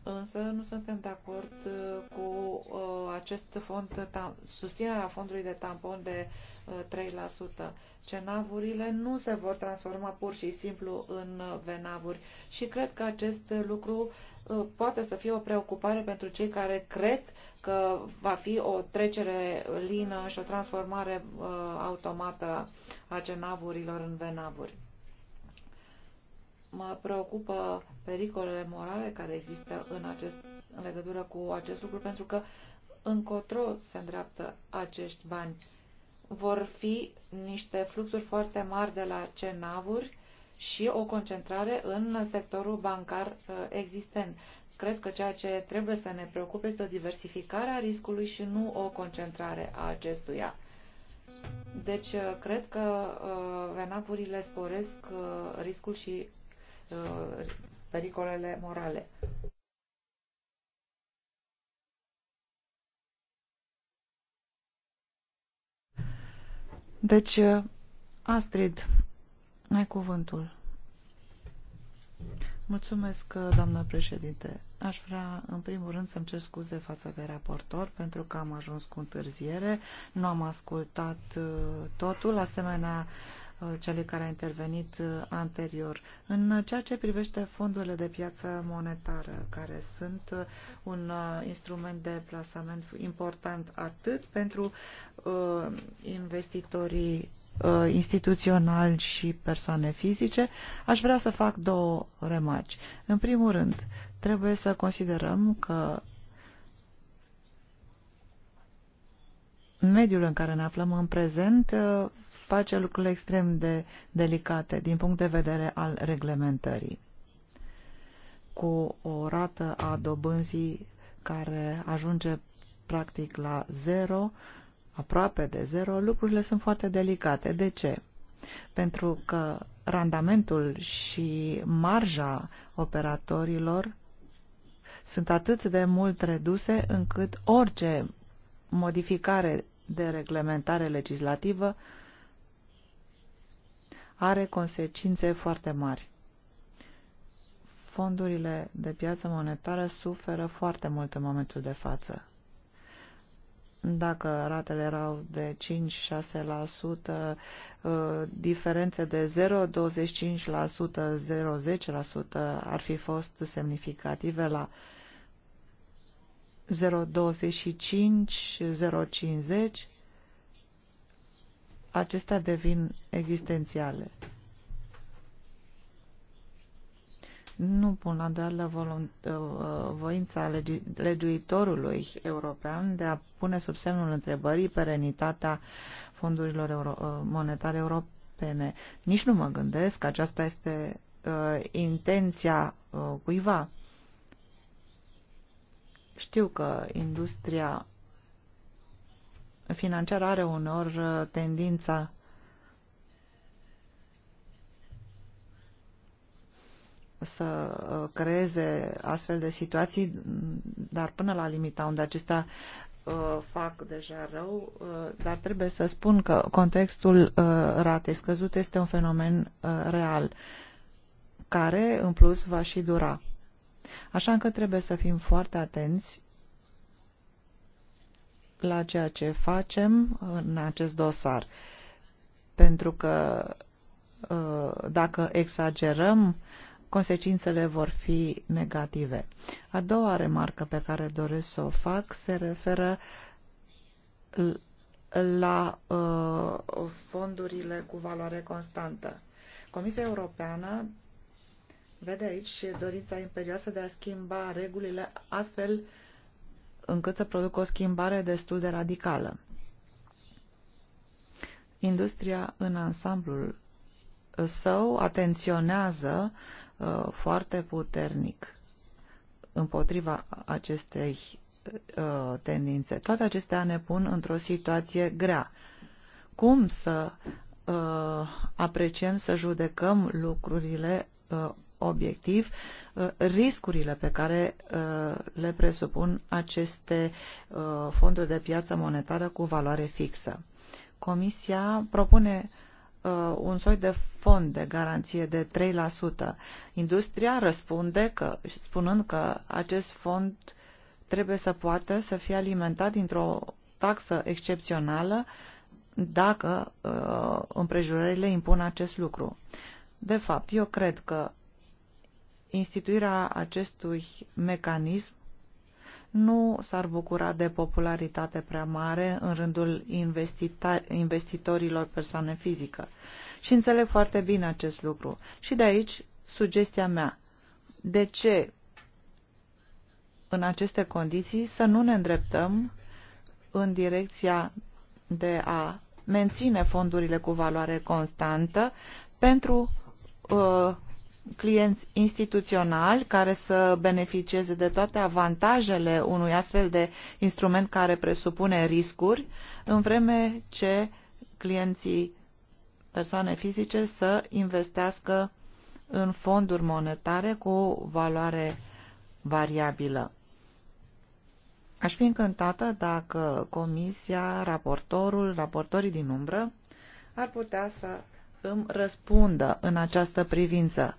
D: însă nu suntem de acord uh, cu uh, acest fond, susținerea fondului de tampon de 3%. Uh, Cenavurile nu se vor transforma pur și simplu în venavuri și cred că acest lucru poate să fie o preocupare pentru cei care cred că va fi o trecere lină și o transformare automată a cenavurilor în venavuri. Mă preocupă pericolele morale care există în, acest, în legătură cu acest lucru, pentru că încotro se îndreaptă acești bani. Vor fi niște fluxuri foarte mari de la cenavuri și o concentrare în sectorul bancar uh, existent. Cred că ceea ce trebuie să ne preocupe este o diversificare a riscului și nu o concentrare a acestuia. Deci, uh, cred că uh, venapurile sporesc riscul și Uh, pericolele morale. Deci, uh, Astrid, ai cuvântul. Mulțumesc, uh, doamnă președinte. Aș vrea, în primul rând, să-mi cer scuze față de raportor, pentru că am ajuns cu întârziere, nu am ascultat totul. Asemenea, Uh, celui care a intervenit uh, anterior. În ceea ce privește fondurile de piață monetară, care sunt uh, un instrument de plasament important atât pentru investitorii instituțional și persoane fizice, aș vrea să fac două remarci. În primul rând, trebuie să considerăm că mediul în care ne aflăm în prezent face lucrurile extrem de delicate din punct de vedere al reglementării. Cu o rată a dobânzii care ajunge practic la zero, aproape de zero, lucrurile sunt foarte delicate. De ce? Pentru că randamentul și marja operatorilor sunt atât de mult reduse încât orice modificare de reglementare legislativă are consecințe foarte mari. Fondurile de piață monetară suferă foarte mult în momentul de față. Dacă ratele erau de 5-6%, uh, diferențe de 0,25%, 0,10% ar fi fost semnificative la 0,25, 0,50%, acestea devin existențiale. nu pun la îndoială uh, voința legiuitorului european de a pune sub semnul întrebării perenitatea fondurilor euro uh, monetare europene. Nici nu mă gândesc că aceasta este uh, intenția uh, cuiva. Știu că industria financiar are unor uh, tendința să uh, creeze astfel de situații, dar până la limita unde acestea uh, fac deja rău, dar trebuie să spun că contextul ratei scăzute este un fenomen real, care în plus va și dura. Așa că trebuie să fim foarte atenți la ceea ce facem în acest dosar. Pentru că uh, dacă exagerăm, consecințele vor fi negative. A doua remarcă pe care doresc să o fac se referă la uh, fondurile cu valoare constantă. Comisia Europeană vede aici dorința imperioasă de a schimba regulile astfel uh, încât să producă o schimbare destul de radicală. Industria în ansamblul său atenționează uh, foarte puternic împotriva acestei uh, tendințe. Toate acestea ne pun într-o situație grea. Cum să uh, apreciem, să judecăm lucrurile uh, obiectiv uh, riscurile pe care uh, le presupun aceste uh, fonduri de piață monetară cu valoare fixă. Comisia propune un soi de fond de garanție de 3%. Industria răspunde că, spunând că acest fond trebuie să poată să fie alimentat dintr-o taxă excepțională dacă împrejurările impun acest lucru. De fapt, eu cred că instituirea acestui mecanism nu s-ar bucura de popularitate prea mare în rândul investitorilor persoane fizică. Și înțeleg foarte bine acest lucru. Și de aici sugestia mea. De ce în aceste condiții să nu ne îndreptăm în direcția de a menține fondurile cu valoare constantă pentru uh, clienți instituționali care să beneficieze de toate avantajele unui astfel de instrument care presupune riscuri, în vreme ce clienții persoane fizice să investească în fonduri monetare cu valoare variabilă. Aș fi încântată dacă comisia, raportorul, raportorii din umbră ar putea să îmi răspundă în această privință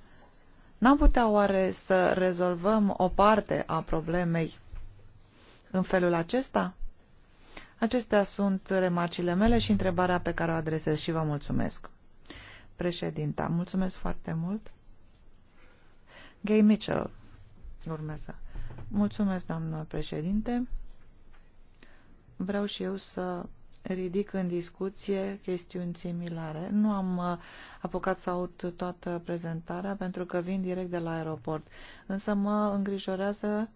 D: N-am putea oare să rezolvăm o parte a problemei în felul acesta? Acestea sunt remarcile mele și întrebarea pe care o adresez și vă mulțumesc. Președinta, mulțumesc foarte mult. Gay Mitchell urmează. Mulțumesc, doamnă președinte. Vreau și eu să ridic în discuție chestiuni similare. Nu am uh, apucat să aud toată prezentarea pentru că vin direct de la aeroport, însă mă îngrijorează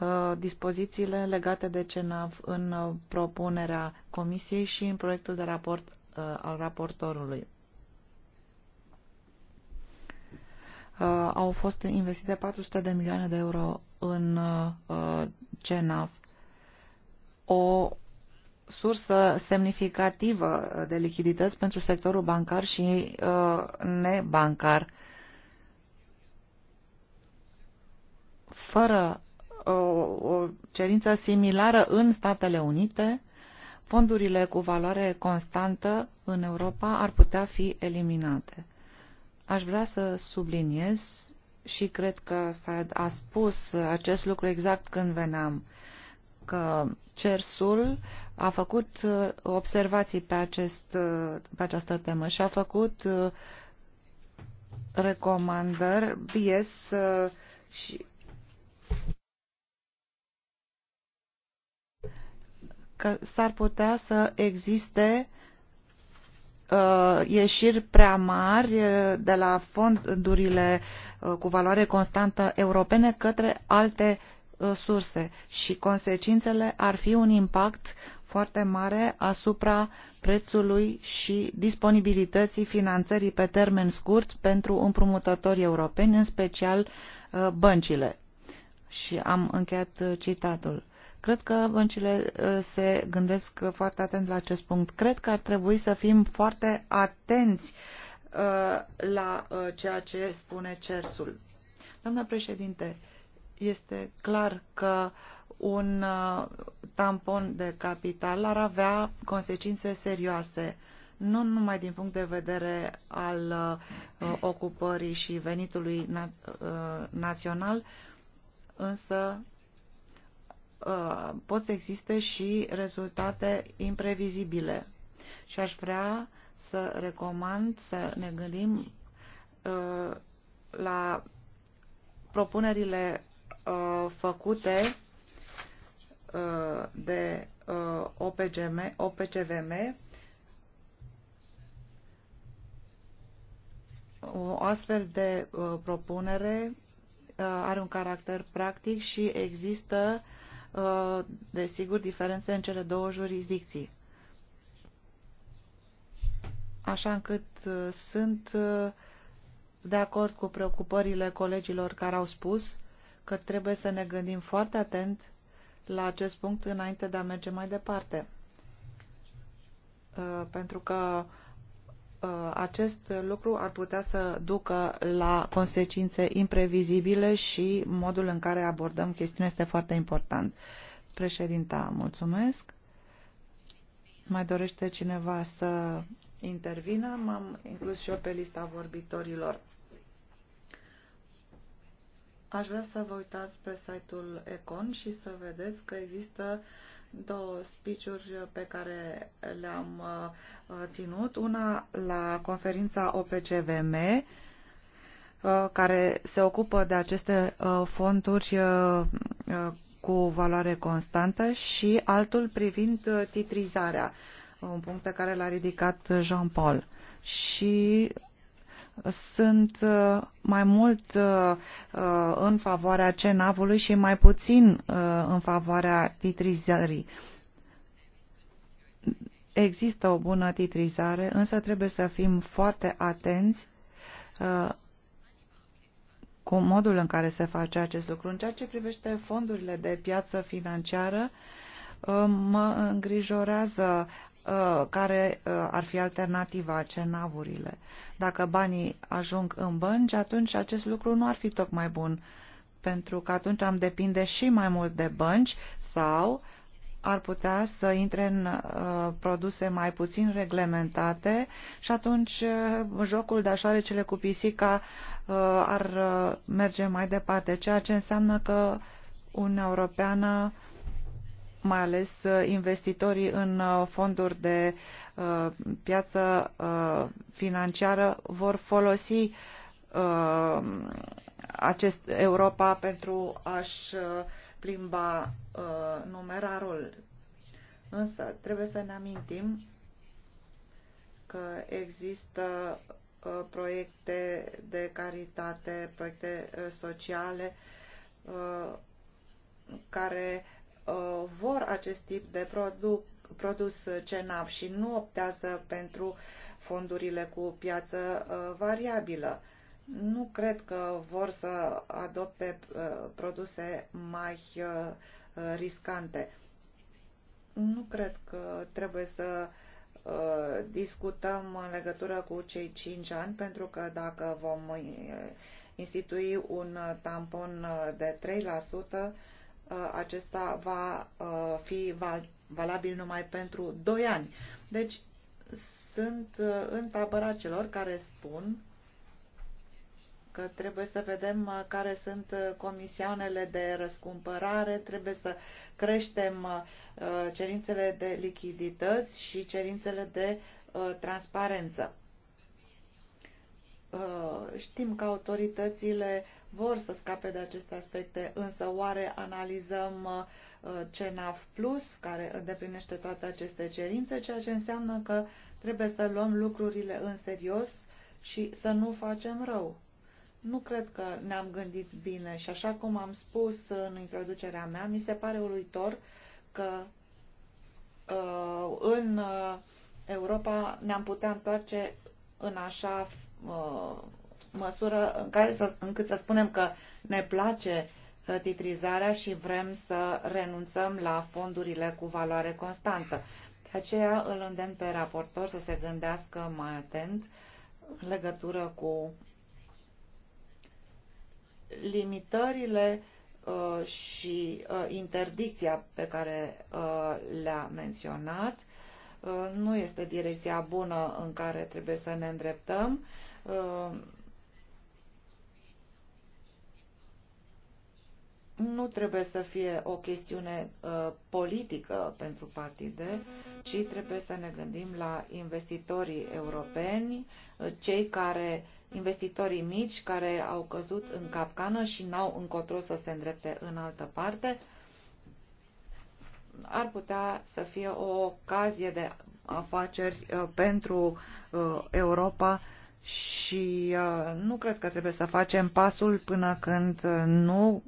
D: uh, dispozițiile legate de CENAV în uh, propunerea Comisiei și în proiectul de raport al raportorului. Au fost investite 400 de milioane de euro în CENAV o sursă semnificativă de lichidități pentru sectorul bancar și uh, nebancar. Fără uh, o cerință similară în Statele Unite, fondurile cu valoare constantă în Europa ar putea fi eliminate. Aș vrea să subliniez și cred că s-a spus acest lucru exact când veneam, că CERSUL a făcut uh, observații pe, acest, uh, pe această temă și a făcut uh, recomandări BS și că s-ar putea să existe uh, ieșiri prea mari de la fondurile cu valoare constantă europene către alte Uh, surse și consecințele ar fi un impact foarte mare asupra prețului și disponibilității finanțării pe termen scurt pentru împrumutători europeni, în special uh, băncile. Și am încheiat uh, citatul. Cred că băncile se gândesc foarte atent la acest punct. Cred că ar trebui să fim foarte atenți la ceea ce spune CERSul. Doamna președinte, este clar că un uh, tampon de capital ar avea consecințe serioase, nu numai din punct de vedere al uh, ocupării și venitului uh, național, însă pot să existe și rezultate imprevizibile. Și aș vrea să recomand să ne gândim la propunerile uh, făcute uh, de uh, OPGM, OPCVM o astfel de uh, propunere uh, are un caracter practic și există uh, desigur diferențe în cele două jurisdicții așa încât uh, sunt uh, de acord cu preocupările colegilor care au spus că trebuie să ne gândim foarte atent la acest punct înainte de a merge mai departe. Uh, pentru că uh, acest lucru ar putea să ducă la consecințe imprevizibile și modul în care abordăm chestiunea este foarte important. Președinta, mulțumesc. Mai dorește cineva să intervină? M-am inclus și eu pe lista vorbitorilor. Aș vrea să vă uitați pe site-ul Econ și să vedeți că există două speech-uri pe care le-am uh, ținut. Una la conferința OPCVM, uh, care se ocupă de aceste uh, fonduri cu valoare constantă și altul privind titrizarea, un punct pe care l-a ridicat Jean-Paul. Și sunt uh, mai mult uh, uh, în favoarea cenavului și mai puțin în favoarea titrizării. Există o bună titrizare, însă trebuie să fim foarte atenți cu modul în care se face acest lucru. În ceea ce privește fondurile de piață financiară, mă îngrijorează Uh, care uh, ar fi alternativa, cenavurile. Dacă banii ajung în bănci, atunci acest lucru nu ar fi tocmai bun, pentru că atunci am depinde și mai mult de bănci sau ar putea să intre în uh, produse mai puțin reglementate și atunci uh, jocul de așoarecele cu pisica uh, ar uh, merge mai departe, ceea ce înseamnă că Uniunea Europeană uh, mai ales uh, investitorii în uh, fonduri de uh, piață financiară vor folosi acest Europa pentru a-și plimba numerarul. Însă trebuie să ne amintim că există proiecte de caritate, proiecte sociale care uh, Uh, vor acest tip de produc, produs uh, CENAV și nu optează pentru fondurile cu piață uh, variabilă. Nu cred că vor să adopte produse mai riscante. Nu cred că trebuie să discutăm în legătură cu cei 5 ani, pentru că dacă vom institui un tampon de 3%, Uh, acesta va uh, fi valabil numai pentru 2 ani. Deci sunt uh, în tabăra celor care spun că trebuie să vedem care sunt comisioanele de răscumpărare, trebuie să creștem cerințele de lichidități și cerințele de transparență. Știm că autoritățile vor să scape de aceste aspecte, însă oare analizăm uh, CNAF Plus, care îndeplinește toate aceste cerințe, ceea ce înseamnă că trebuie să luăm lucrurile în serios și să nu facem rău. Nu cred că ne-am gândit bine și așa cum am spus în introducerea mea, mi se pare uluitor că uh, în uh, Europa ne-am putea întoarce în așa uh, măsură în care să, încât să spunem că ne place uh, titrizarea și vrem să renunțăm la fondurile cu valoare constantă. De aceea îl îndemn pe raportor să se gândească mai atent în legătură cu limitările uh, și uh, interdicția pe care le-a menționat nu este direcția bună în care trebuie să ne îndreptăm. nu trebuie să fie o chestiune uh, politică pentru partide, ci trebuie să ne gândim la investitorii europeni, uh, cei care, investitorii mici care au căzut în capcană și n-au încotro să se îndrepte în altă parte, ar putea să fie o ocazie de afaceri uh, pentru uh, Europa uh, și uh, nu cred că trebuie să facem pasul până când uh, nu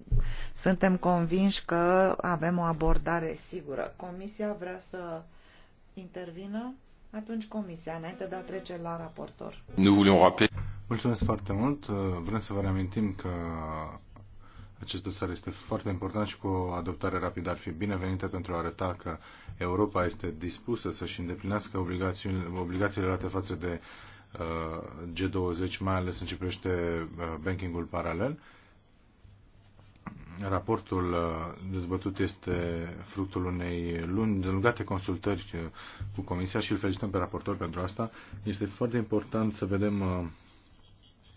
D: suntem convinși că avem o abordare sigură. Comisia vrea să intervină? Atunci Comisia, înainte de a trece la raportor.
A: Mulțumesc foarte mult. Uh, vrem să vă reamintim că acest dosar este foarte important și cu o adoptare rapidă ar fi binevenită pentru a arăta că Europa este dispusă să-și îndeplinească obligațiile, obligațiile luate față de uh, Uh, G20, mai ales în ce privește uh, bankingul paralel. Raportul uh, dezbătut este fructul unei luni lungate consultări cu Comisia și îl felicităm pe raportor pentru asta. Este foarte important să vedem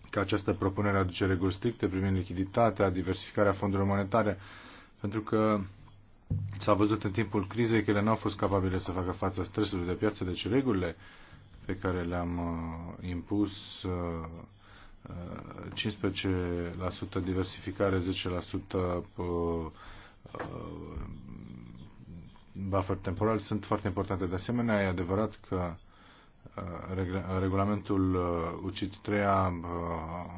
A: că această propunere aduce reguli stricte privind lichiditatea, diversificarea fondurilor monetare, pentru că s-a văzut în timpul crizei că ele n-au fost capabile să facă față stresului de piață, deci regulile uh, pe care le-am uh, impus 15% uh, diversificare, 10% uh, buffer temporal sunt foarte importante. De asemenea, e adevărat că regulamentul uh, UCIT 3 uh, a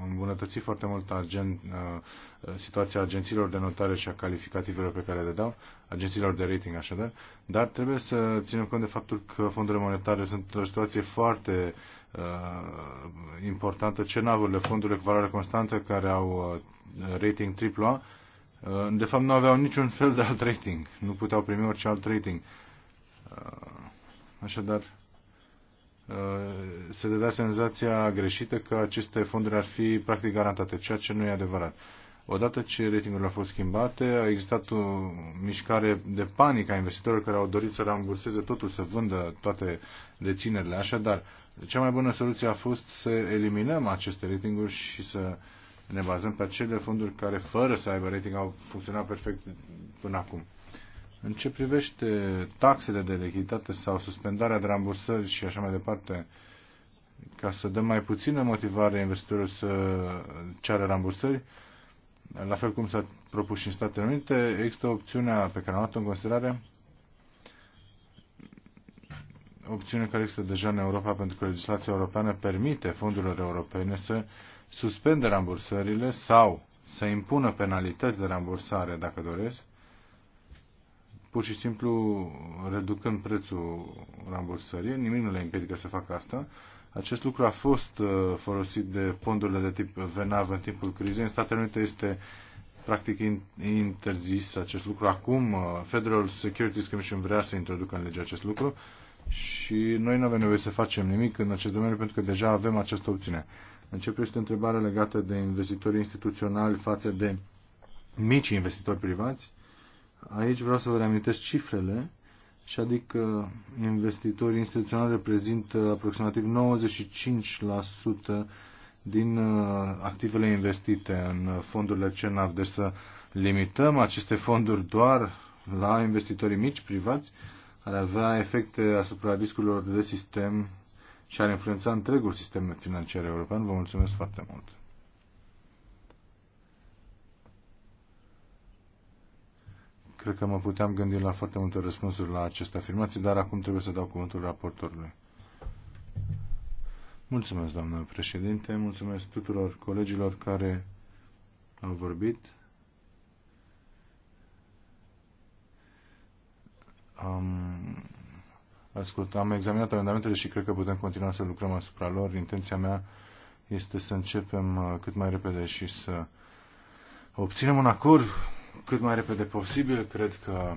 A: îmbunătățit foarte mult agen, uh, situația agențiilor de notare și a calificativelor pe care le dau, agențiilor de rating așadar, dar trebuie să ținem cont de faptul că fondurile monetare sunt o situație foarte uh, importantă. Cenavurile, fondurile cu valoare constantă care au rating AAA, de fapt nu aveau niciun fel de alt rating, nu puteau primi orice alt rating. așadar, Uh, se dădea senzația greșită că aceste fonduri ar fi practic garantate, ceea ce nu e adevărat. Odată ce ratingurile au fost schimbate, a existat o mișcare de panică a investitorilor care au dorit să ramburseze totul, să vândă toate deținerile. Așadar, cea mai bună soluție a fost să eliminăm aceste ratinguri și să ne bazăm pe acele fonduri care, fără să aibă rating, au funcționat perfect până acum. În ce privește taxele de lichiditate sau suspendarea de rambursări și așa mai departe, ca să dăm mai puțină motivare investitorilor să ceară rambursări, la fel cum s-a propus și în Statele Unite, există opțiunea pe care am luat-o în considerare, opțiune care există deja în Europa pentru că legislația europeană permite fondurilor europene să suspende rambursările sau să impună penalități de rambursare, dacă doresc, pur și simplu reducând prețul rambursării, nimic nu le împiedică să facă asta. Acest lucru a fost uh, folosit de fondurile de tip VENAV în timpul crizei. În Statele Unite este practic interzis acest lucru. Acum uh, Federal Securities Commission vrea să introducă în lege acest lucru și noi nu avem nevoie să facem nimic în acest domeniu pentru că deja avem această opțiune. o întrebare legată de investitorii instituționali față de mici investitori privați. Aici vreau să vă reamintesc cifrele, și adică investitorii instituționali reprezintă aproximativ 95% din uh, activele investite în fondurile CENAF. Deci să limităm aceste fonduri doar la investitorii mici, privați, ar avea efecte asupra riscurilor de sistem și ar influența întregul sistem financiar european. Vă mulțumesc foarte mult! Cred că mă puteam gândi la foarte multe răspunsuri la aceste afirmații, dar acum trebuie să dau cuvântul raportorului. Mulțumesc, doamnă președinte, mulțumesc tuturor colegilor care au vorbit. Am ascult, am examinat amendamentele și cred că putem continua să lucrăm asupra lor. Intenția mea este să începem uh, cât mai repede și să obținem un acord cât mai repede posibil. Cred că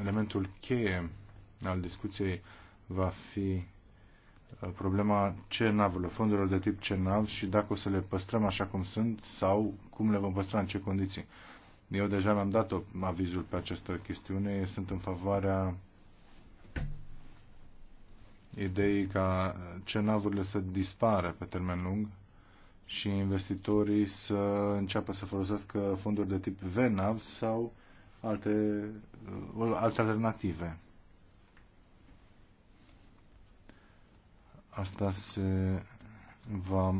A: elementul cheie al discuției va fi uh, problema CNAV-ului, fondurilor de tip CNAV și dacă o să le păstrăm așa cum sunt sau cum le vom păstra, în ce condiții. Eu deja mi-am dat avizul pe această chestiune, sunt în favoarea ideii ca CNAV-urile să dispară pe termen lung și investitorii să înceapă să folosească fonduri de tip VNAV sau alte, uh, alte alternative. Asta se va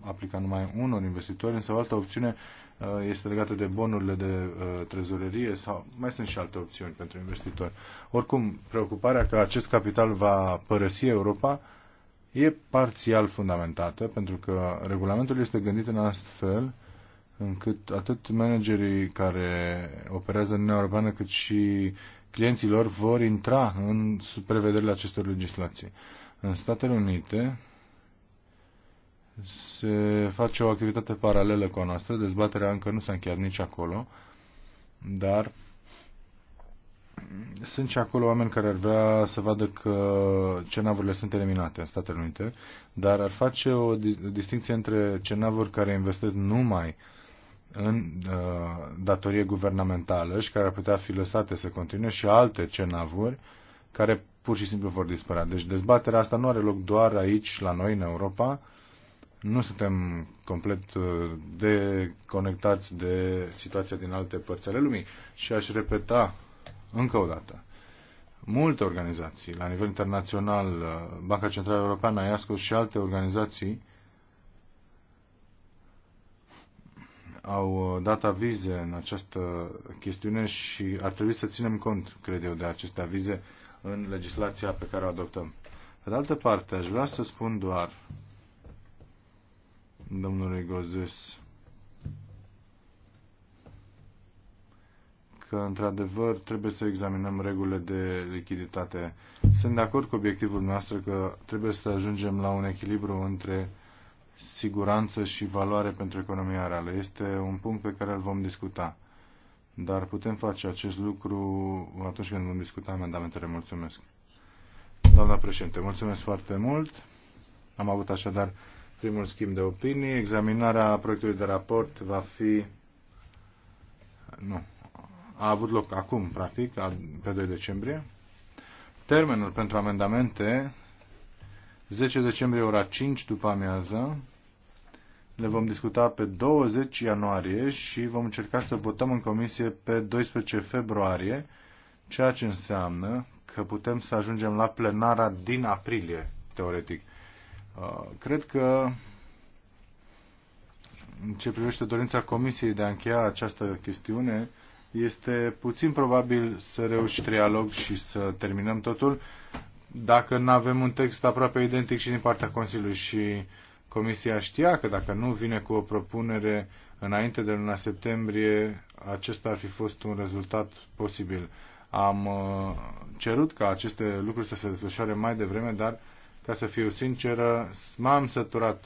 A: aplica numai unor investitori, însă o altă opțiune uh, este legată de bonurile de uh, trezorerie sau mai sunt și alte opțiuni pentru investitori. Oricum, preocuparea că acest capital va părăsi Europa e parțial fundamentată, pentru că regulamentul este gândit în astfel încât atât managerii care operează în Uniunea Europeană, cât și clienții lor vor intra în prevederile acestor legislații. În Statele Unite se face o activitate paralelă cu a noastră, dezbaterea încă nu s-a încheiat nici acolo, dar sunt și acolo oameni care ar vrea să vadă că cenavurile sunt eliminate în Statele Unite, dar ar face o distinție între cenavuri care investesc numai în uh, datorie guvernamentală și care ar putea fi lăsate să continue și alte cenavuri care pur și simplu vor dispărea. Deci dezbaterea asta nu are loc doar aici, la noi, în Europa. Nu suntem complet uh, deconectați de situația din alte părți ale lumii. Și aș repeta încă o dată. Multe organizații, la nivel internațional, uh, Banca Centrală Europeană, IASCO și alte organizații, au uh, dat avize în această chestiune și ar trebui să ținem cont, cred eu, de aceste avize în legislația pe care o adoptăm. Pe de altă parte, aș vrea să spun doar domnului Gozes că, într-adevăr, trebuie să examinăm regulile de lichiditate. Sunt de acord cu obiectivul nostru că trebuie să ajungem la un echilibru între siguranță și valoare pentru economia reală. Este un punct pe care îl vom discuta. Dar putem face acest lucru atunci când vom discuta amendamentele. Mulțumesc. Doamna președinte, mulțumesc foarte mult. Am avut așadar primul schimb de opinii. Examinarea proiectului de raport va fi... Nu, a avut loc acum, practic, pe 2 decembrie. Termenul pentru amendamente 10 decembrie ora 5 după amiază. Le vom discuta pe 20 ianuarie și vom încerca să votăm în comisie pe 12 februarie, ceea ce înseamnă că putem să ajungem la plenara din aprilie, teoretic. Uh, cred că în ce privește dorința comisiei de a încheia această chestiune, este puțin probabil să reuși trialog și să terminăm totul dacă nu avem un text aproape identic și din partea Consiliului și Comisia știa că dacă nu vine cu o propunere înainte de luna septembrie, acesta ar fi fost un rezultat posibil. Am uh, cerut ca aceste lucruri să se desfășoare mai devreme, dar, ca să fiu sinceră, m-am săturat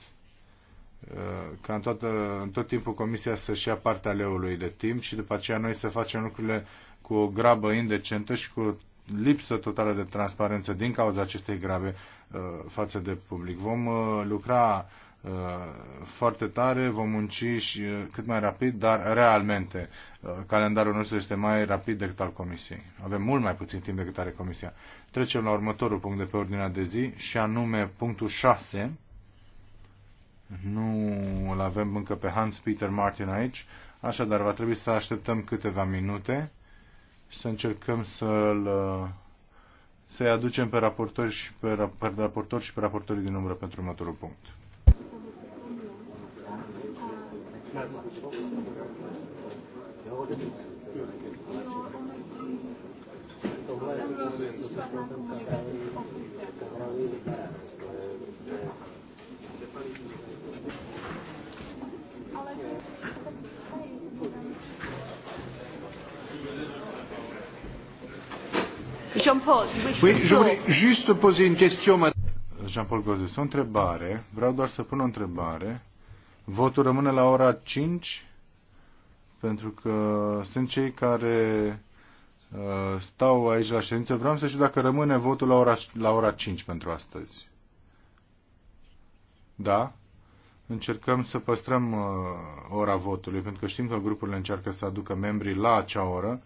A: Uh, ca în, toată, în tot timpul Comisia să-și ia partea leului de timp și după aceea noi să facem lucrurile cu o grabă indecentă și cu lipsă totală de transparență din cauza acestei grave uh, față de public. Vom uh, lucra foarte tare, vom munci și cât mai rapid, dar realmente calendarul nostru este mai rapid decât al Comisiei. Avem mult mai puțin timp decât are Comisia. Trecem la următorul punct de pe ordinea de zi și anume punctul 6 nu îl avem încă pe Hans-Peter Martin aici, așadar va trebui să așteptăm câteva minute și să încercăm să-l să-i aducem pe raportori și pe, pe raportori și pe raportorii din umbră pentru următorul punct. Thank
B: you oui, je voulais
A: juste poser une question, madame. Jean-Paul Gozes, o întrebare. Vreau doar să pun o întrebare. Votul rămâne la ora 5? Pentru că sunt cei care uh, stau aici la ședință. Vreau să știu dacă rămâne votul la ora, la ora 5 pentru astăzi. Da, încercăm să păstrăm uh, ora votului, pentru că știm că grupurile încearcă să aducă membrii la acea oră.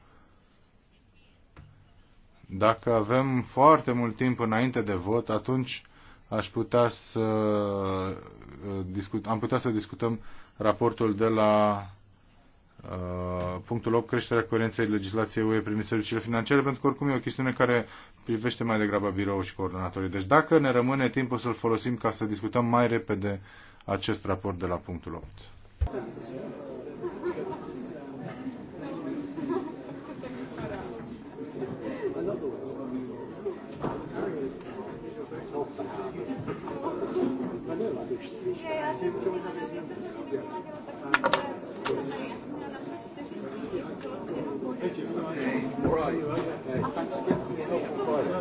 A: Dacă avem foarte mult timp înainte de vot, atunci aș putea să uh, discut, am putea să discutăm raportul de la Uh, punctul 8. Creșterea coerenței legislației UE prin serviciile financiare, pentru că oricum e o chestiune care privește mai degrabă birou și coordonatorii. Deci dacă ne rămâne timpul să-l folosim ca să discutăm mai repede acest raport de la punctul 8.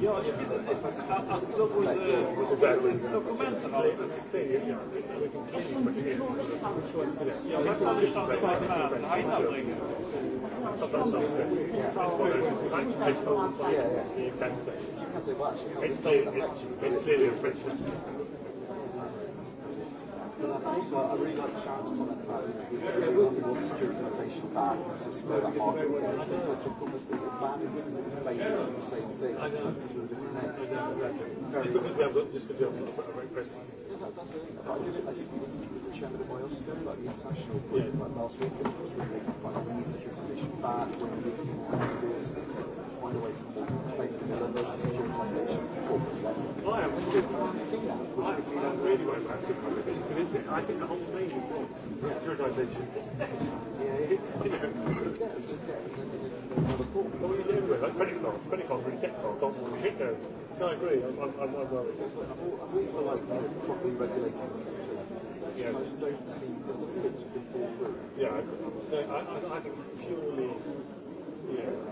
B: Ja, det finns en sätt att, att slå på dokument som har Jag kan inte förstå vad det är att Heina bringar. It's clearly a French But then also, I really like Sharon's comment about we want securitisation back. It's just about that hard work. Because the problem with the plan is basically the same thing. I know. Because we're different name. I know. Just because we have got, just because we have got a great president. Yeah, that, that's it. But I did it, I did meet with the chairman of IOSCO, like the international group, yeah. like last week, and it was really like, we need securitisation back, we need to do this, find a way to make the level of securitisation Well, I went to see that. Right, that's really what about. Because I think the whole thing is securitization. Yeah, you know. What are you doing with it? Credit cards, credit cards, really debt cards, No, I agree. I'm, I'm, I'm feel like properly regulating yeah. I just don't see there's nothing can fall through. Yeah, I, I, I think it's purely, yeah.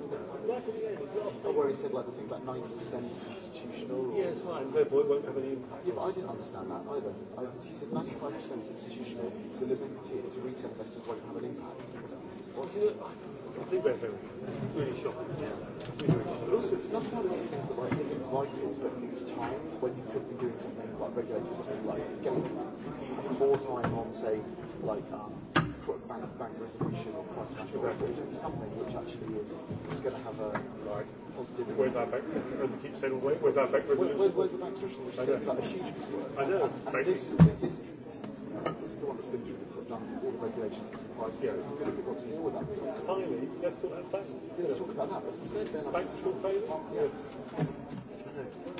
B: where he said like the thing about 90% institutional. Yes, yeah, fine, therefore it won't have any impact. Yeah, but I didn't understand that either. I, he said 95% institutional, so the liberty to retail investors won't have an impact. Well, you know, I think we're very, really shocking. Yeah. Really, But also, it's not one of those things that like isn't vital, but it's time when you could be doing something like regulators, something like getting four time on, say, like um, for bank, bank resolution or cross-country resolution, something which actually is going to have a right. positive impact. Where's our bank resolution? You keep saying, where, where's our bank resolution? Where, where's, where's the bank resolution, which is going to be like a huge piece of work. I know. And, and this, is, this, this is the one that's been through the, done all the regulations and prices. Yeah. So I'm going to be able to deal with that. Finally, let's talk about banks. Yeah, let's talk about that. But instead, then... Banks are still failing? Yeah. yeah.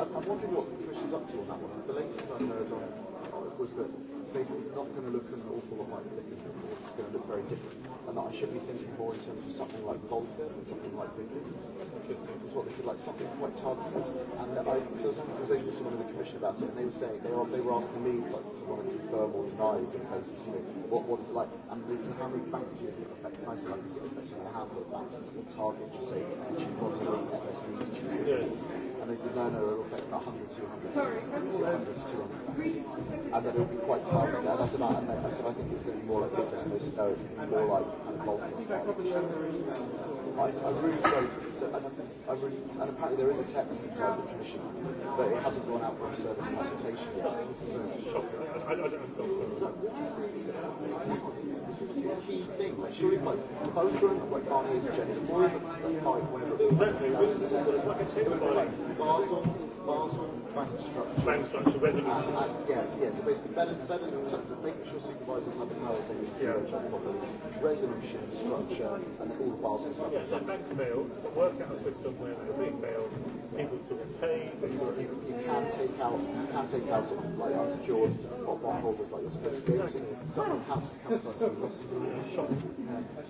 B: I'm wondering what the Commission's up to on that one. The latest I heard on, uh, was that basically it's not going to look an awful lot like the Dickens report. It's going to look very different. And that I should be thinking more in terms of something like Volker and something like Vickers. That's interesting. As well, they said like something quite targeted. And that I, so I was over to someone in the commission about it, and they were saying, they were, they were asking me like, to want to confirm or deny different places, you know, what, what is it like? And they said, how many banks do you think affects? And I said, like, is it affecting a handful of banks that will target, just say, which you want to know, FSU, which you And they said, no, no, it'll affect 100, 200, 200, 200. And that it'll be quite targeted. And I said, no, I, I said, I think it's going to be more like this. And they
A: said, no, it's going to be
B: more like kind of bulk. I, I really don't. and, really, and apparently there is a text inside the commission, but it hasn't gone out for a service consultation yet. So, shocking. I, I don't key thing. surely, like, if I was growing up like it was, it would like Basel plan structure. Plan structure resolution. Uh, uh, yeah, yeah. So basically, that is that is in terms of making sure supervisors have the powers they need to yeah. properly. Resolution structure and all the Basel stuff. Yeah, so banks failed. Work out a system where everything failed. People sort of pay. People you, you can take out you can take out sort of like unsecured or bondholders like you're supposed to be able to. Someone has to come to us and lost it. Shock.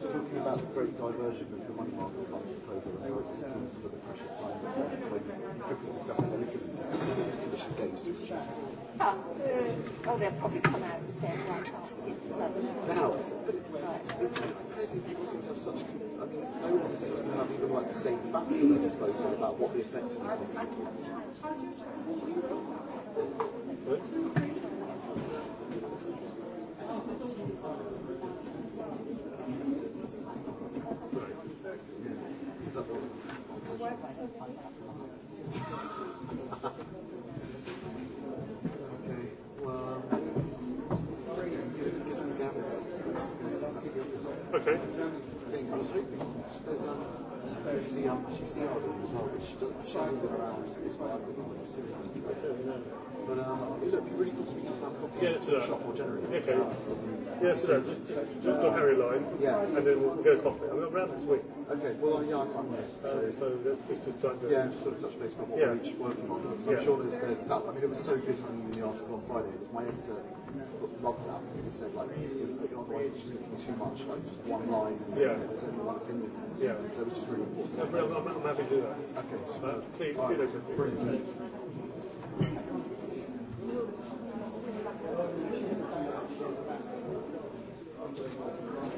B: Talking about the great diversion of the money market funds proposal, and how it seems for the precious time that's left Ah, oh, they'll probably come out and say Now, it's, crazy people seem to have such. I mean, no one seems to have even like the same facts at their disposal about what the effects of things Thank you. Okay. yeah, Okay. just just drop Harry line. Yeah. And then we'll get a coffee. I'm around this week. Okay. Well, yeah, I'm, there. So, uh, so let's just just try yeah, just sort of touch base on what yeah. we're each working on. I'm yeah. sure there's there's that. I mean, it was so good from the article on Friday. It was my answer logged up because he said like otherwise it's just thinking too much like just one line and yeah. there's only one opinion yeah. so which is really important yeah, I'm, I'm, I'm happy to do that okay so uh, see, right. you later brilliant Thank you.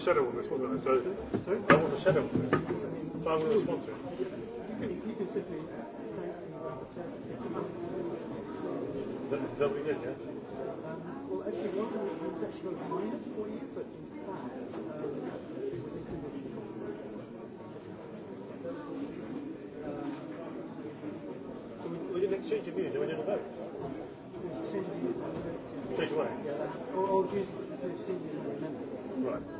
B: the shadow on this, wasn't I? So, Sorry? I was a shadow on this. So I was responsible. You can, you can simply that, that'll be good, yeah? Um, well, actually, one of them was actually got a minus for you, but in fact, um, it was included in the So we, we did an exchange of views and we did a vote. There's a change of views. Straight away? Yeah. Or, or just, there's a change of amendments. Right.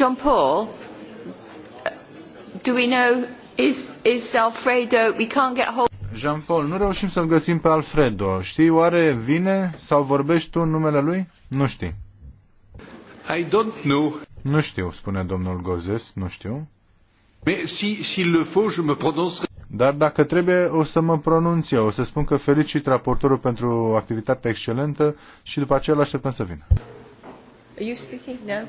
B: Jean Paul, do we know, is, is Alfredo, we can't get hold
A: Jean Paul, nu reușim să-l găsim pe Alfredo. Știi, oare vine sau vorbești tu în numele lui? Nu știi. I don't know. Nu știu, spune domnul Gozes, nu știu. Mais si, si le faut, je me prononcerai. Dar dacă trebuie, o să mă pronunț eu. O să spun că felicit raportorul pentru activitatea excelentă și după aceea îl așteptăm să vină.
B: Are you speaking? No.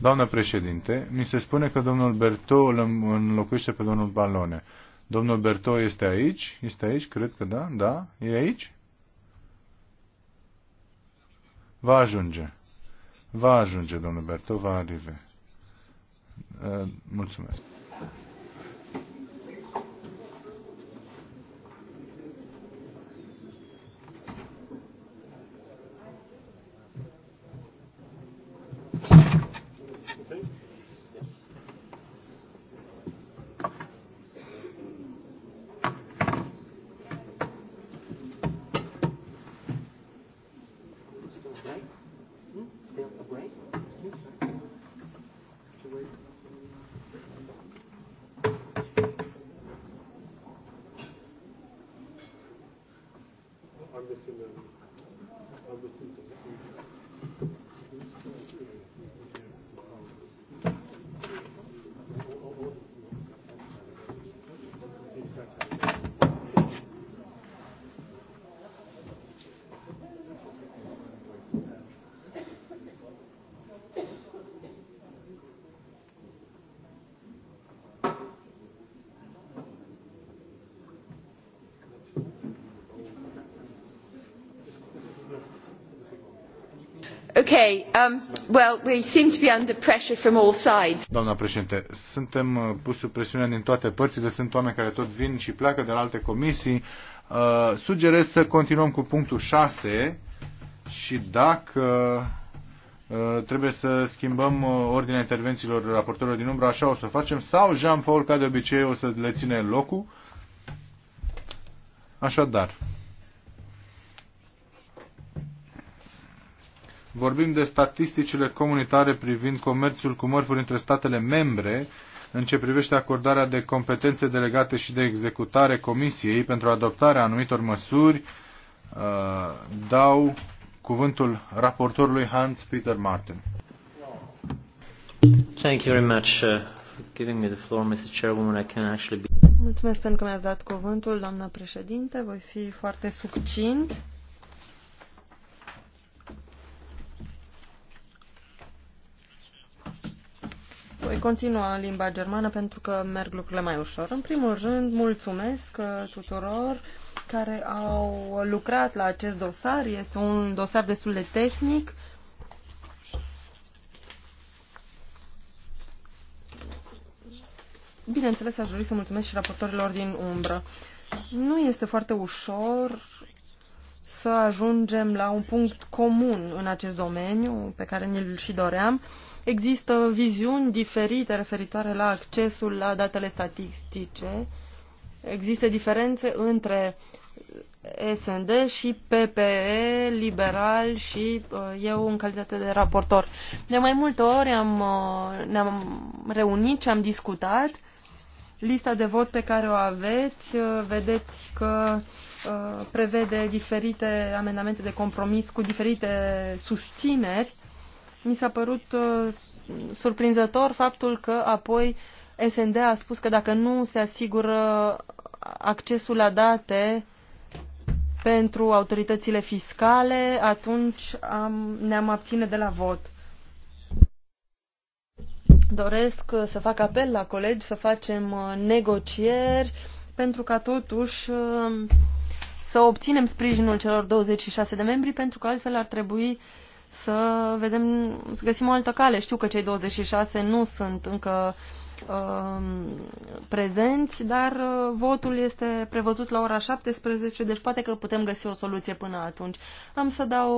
A: Doamnă președinte, mi se spune că domnul Berto îl înlocuiește pe domnul Balone. Domnul Berto este aici? Este aici? Cred că da. Da? E aici? Va ajunge. Va ajunge, domnul Berto, va arrive. Uh, mulțumesc. doamnă um, președinte, suntem uh, puși sub presiune din toate părțile, sunt oameni care tot vin și pleacă de la alte comisii. Uh, sugerez să continuăm cu punctul 6 și dacă uh, trebuie să schimbăm ordinea intervențiilor raportorilor din umbră, așa o să facem, sau Jean-Paul, ca de obicei, o să le ține locul. Așadar, vorbim de statisticile comunitare privind comerțul cu mărfuri între statele membre, în ce privește acordarea de competențe delegate și de executare Comisiei pentru adoptarea anumitor măsuri, uh, dau cuvântul raportorului Hans Peter Martin. Thank you very much uh, for giving me the floor, Mr. Chairwoman. I can actually be...
C: Mulțumesc pentru că mi-ați dat cuvântul, doamna președinte. Voi fi foarte succint. Voi continua în limba germană pentru că merg lucrurile mai ușor. În primul rând, mulțumesc uh, tuturor care au lucrat la acest dosar. Este un dosar destul de tehnic. Bineînțeles, aș dori să mulțumesc și raportorilor din umbră. Nu este foarte ușor să ajungem la un punct comun în acest domeniu pe care ni-l și doream Există viziuni diferite referitoare la accesul la datele statistice. Există diferențe între SND și PPE, liberal și uh, eu în calitate de raportor. De mai multe ori am, uh, ne-am reunit și am discutat lista de vot pe care o aveți, uh, vedeți că prevede diferite amendamente de compromis cu diferite susțineri mi s-a părut uh, surprinzător faptul că apoi SND a spus că dacă nu se asigură accesul la date pentru autoritățile fiscale, atunci am, ne-am abține de la vot. Doresc uh, să fac apel la colegi să facem uh, negocieri pentru ca totuși uh, să obținem sprijinul celor 26 de membri, pentru că altfel ar trebui uh, să vedem, să găsim o altă cale. Știu că cei 26 nu sunt încă um, prezenți, dar uh, votul este prevăzut la ora 17, deci poate că putem găsi o soluție până atunci. Am să dau,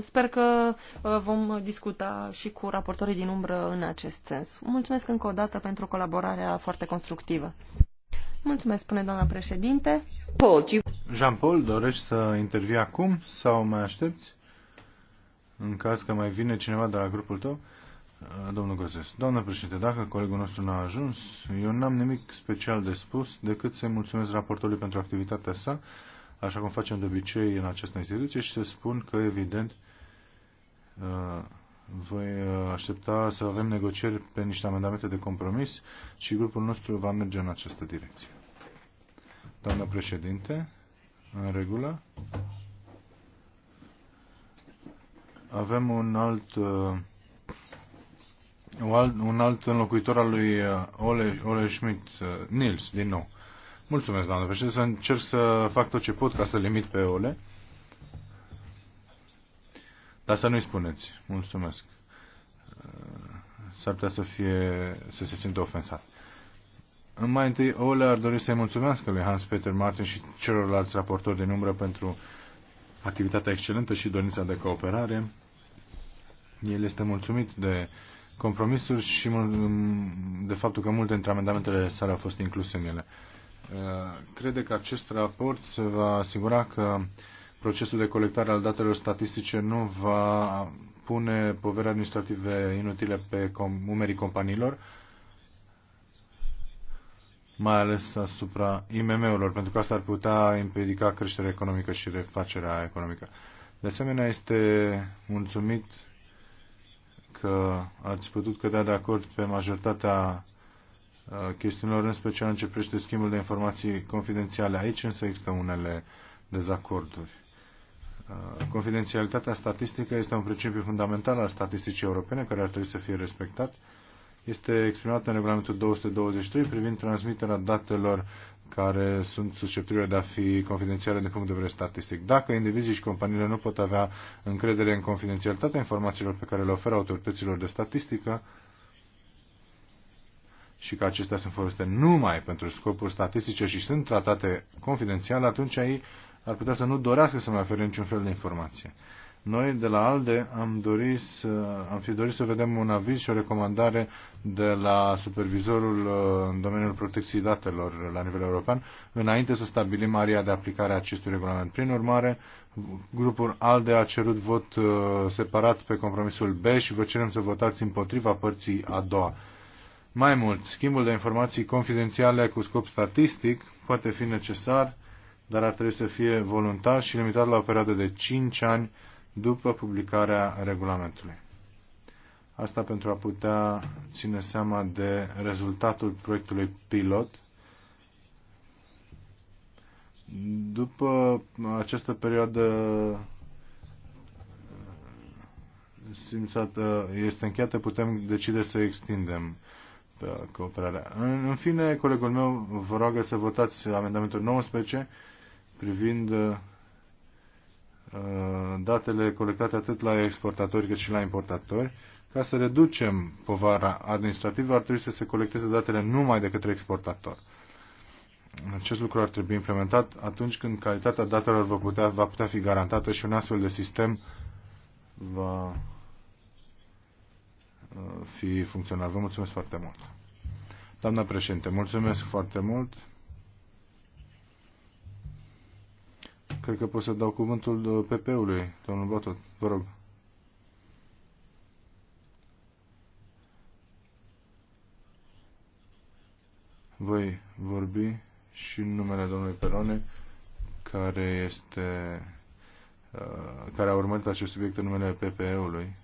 C: sper că uh, vom discuta și cu raportorii din umbră în acest sens. Mulțumesc încă o dată pentru colaborarea foarte constructivă. Mulțumesc, spune doamna președinte.
A: Jean-Paul, dorești să intervii acum sau mai aștepți? în caz că mai vine cineva de la grupul tău, uh, domnul Gozes. Doamnă președinte, dacă colegul nostru n-a ajuns, eu n-am nimic special de spus decât să-i mulțumesc raportorului pentru activitatea sa, așa cum facem de obicei în această instituție și să spun că, evident, uh, voi uh, aștepta să avem negocieri pe niște amendamente de compromis și grupul nostru va merge în această direcție. Doamna președinte, în regulă avem uh, un alt, un alt înlocuitor al lui uh, Ole, Ole Schmidt, uh, Nils, din nou. Mulțumesc, doamnă președinte, să încerc să fac tot ce pot ca să limit pe Ole. Dar să nu-i spuneți. Mulțumesc. S-ar putea să, fie, să se simtă ofensat. Mai întâi, Ole ar dori să-i mulțumească lui Hans-Peter Martin și celorlalți raportori din umbră pentru activitatea excelentă și dorința de cooperare. El este mulțumit de compromisuri și de faptul că multe dintre amendamentele sale au fost incluse în ele. Uh, crede că acest raport se va asigura că procesul de colectare al datelor statistice nu va pune povere administrative inutile pe com- umerii companiilor, mai ales asupra IMM-urilor, pentru că asta ar putea împiedica creșterea economică și refacerea economică. De asemenea, este mulțumit că ați putut cădea de acord pe majoritatea uh, chestiunilor, în special în ce privește schimbul de informații confidențiale. Aici însă există unele dezacorduri. Uh, confidențialitatea statistică este un principiu fundamental al statisticii europene care ar trebui să fie respectat. Este exprimat în regulamentul 223 privind transmiterea datelor care sunt susceptibile de a fi confidențiale din punct de vedere statistic. Dacă indivizii și companiile nu pot avea încredere în confidențialitatea informațiilor pe care le oferă autorităților de statistică și că acestea sunt folosite numai pentru scopuri statistice și sunt tratate confidențial, atunci ei ar putea să nu dorească să mai ofere niciun fel de informație. Noi de la ALDE am, dorit să, am fi dorit să vedem un aviz și o recomandare de la supervizorul uh, în domeniul protecției datelor la nivel european, înainte să stabilim aria de aplicare a acestui regulament. Prin urmare, grupul ALDE a cerut vot uh, separat pe compromisul B și vă cerem să votați împotriva părții a doua. Mai mult, schimbul de informații confidențiale cu scop statistic poate fi necesar, dar ar trebui să fie voluntar și limitat la o perioadă de 5 ani după publicarea regulamentului. Asta pentru a putea ține seama de rezultatul proiectului pilot. După această perioadă simțată, este încheiată, putem decide să extindem uh, cooperarea. În, în fine, colegul meu vă roagă să votați amendamentul 19 privind uh, Uh, datele colectate atât la exportatori cât și la importatori. Ca să reducem povara administrativă, ar trebui să se colecteze datele numai de către exportator. Acest lucru ar trebui implementat atunci când calitatea datelor va putea, va putea fi garantată și un astfel de sistem va uh, fi funcțional. Vă mulțumesc foarte mult. Doamna președinte, mulțumesc foarte mult. Cred că pot să dau cuvântul uh, PP-ului, domnul Batot. Vă rog. Voi vorbi și în numele domnului Perone, care este uh, care a urmărit acest subiect în numele PPE-ului.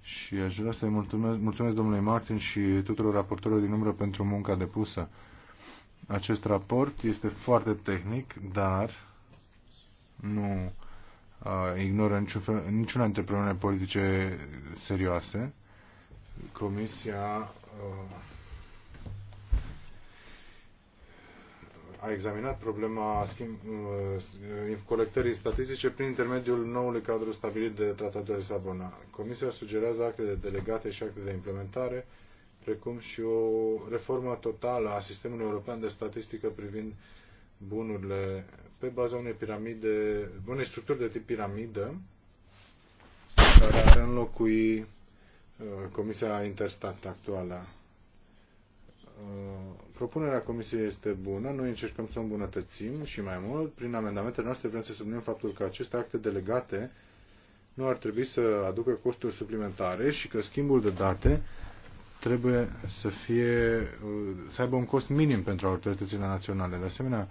A: Și aș vrea să-i mulțumesc, mulțumesc domnului Martin și tuturor raportorilor din umbră pentru munca depusă. Acest raport este foarte tehnic, dar nu uh, ignoră niciun fel, niciuna dintre problemele politice serioase. Comisia uh, a examinat problema schimb, uh, colectării statistice prin intermediul noului cadru stabilit de Tratatul de Lisabona. Comisia sugerează acte de delegate și acte de implementare, precum și o reformă totală a sistemului european de statistică privind uh, bunurile pe baza unei piramide, unei structuri de tip piramidă, care ar înlocui uh, Comisia Interstat actuală. Uh, propunerea Comisiei este bună, noi încercăm să o îmbunătățim și mai mult. Prin amendamentele noastre vrem să subliniem faptul că aceste acte delegate nu ar trebui să aducă costuri suplimentare și că schimbul de date trebuie să, fie, să aibă un cost minim pentru autoritățile naționale. De asemenea,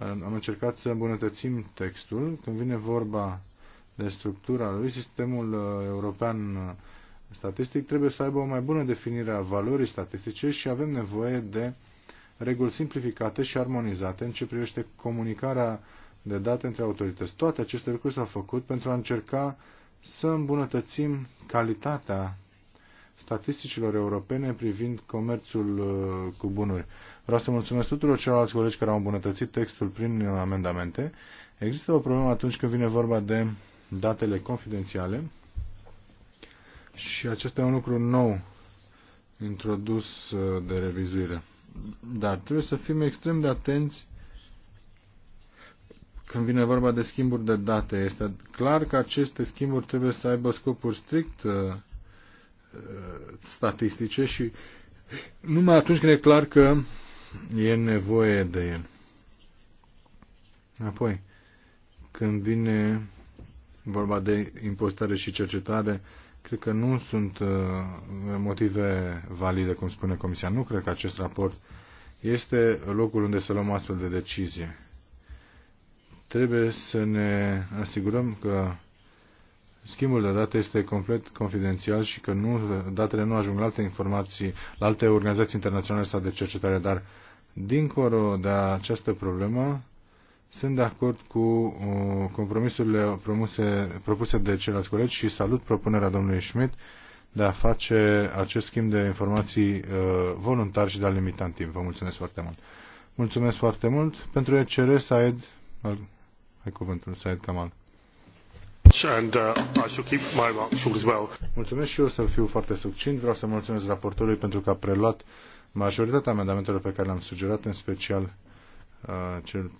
A: am încercat să îmbunătățim textul. Când vine vorba de structura lui, sistemul uh, european uh, statistic trebuie să aibă o mai bună definire a valorii statistice și avem nevoie de reguli simplificate și armonizate în ce privește comunicarea de date între autorități. Toate aceste lucruri s-au făcut pentru a încerca să îmbunătățim calitatea statisticilor europene privind comerțul uh, cu bunuri. Vreau să mulțumesc tuturor celorlalți colegi care au îmbunătățit textul prin uh, amendamente. Există o problemă atunci când vine vorba de datele confidențiale și acesta e un lucru nou introdus uh, de revizuire. Dar trebuie să fim extrem de atenți când vine vorba de schimburi de date. Este clar că aceste schimburi trebuie să aibă scopuri strict Uh, statistice și numai atunci când e clar că e nevoie de el. Apoi, când vine vorba de impostare și cercetare, cred că nu sunt uh, motive valide, cum spune Comisia. Nu cred că acest raport este locul unde să luăm astfel de decizie. Trebuie să ne asigurăm că schimbul de date este complet confidențial și că nu, datele nu ajung la alte informații, la alte organizații internaționale sau de cercetare, dar dincolo de această problemă, sunt de acord cu uh, compromisurile promuse, propuse de ceilalți colegi și salut propunerea domnului Schmidt de a face acest schimb de informații uh, voluntar și de a limita în timp. Vă mulțumesc foarte mult. Mulțumesc foarte mult pentru ECR, Saed, al, hai cuvântul, Saed Kamal. And, uh, I shall keep my remarks short as well. Mulțumesc și eu să fiu foarte succint. Vreau să mulțumesc raportorului pentru că a preluat majoritatea amendamentelor pe care le-am sugerat, în special uh, cel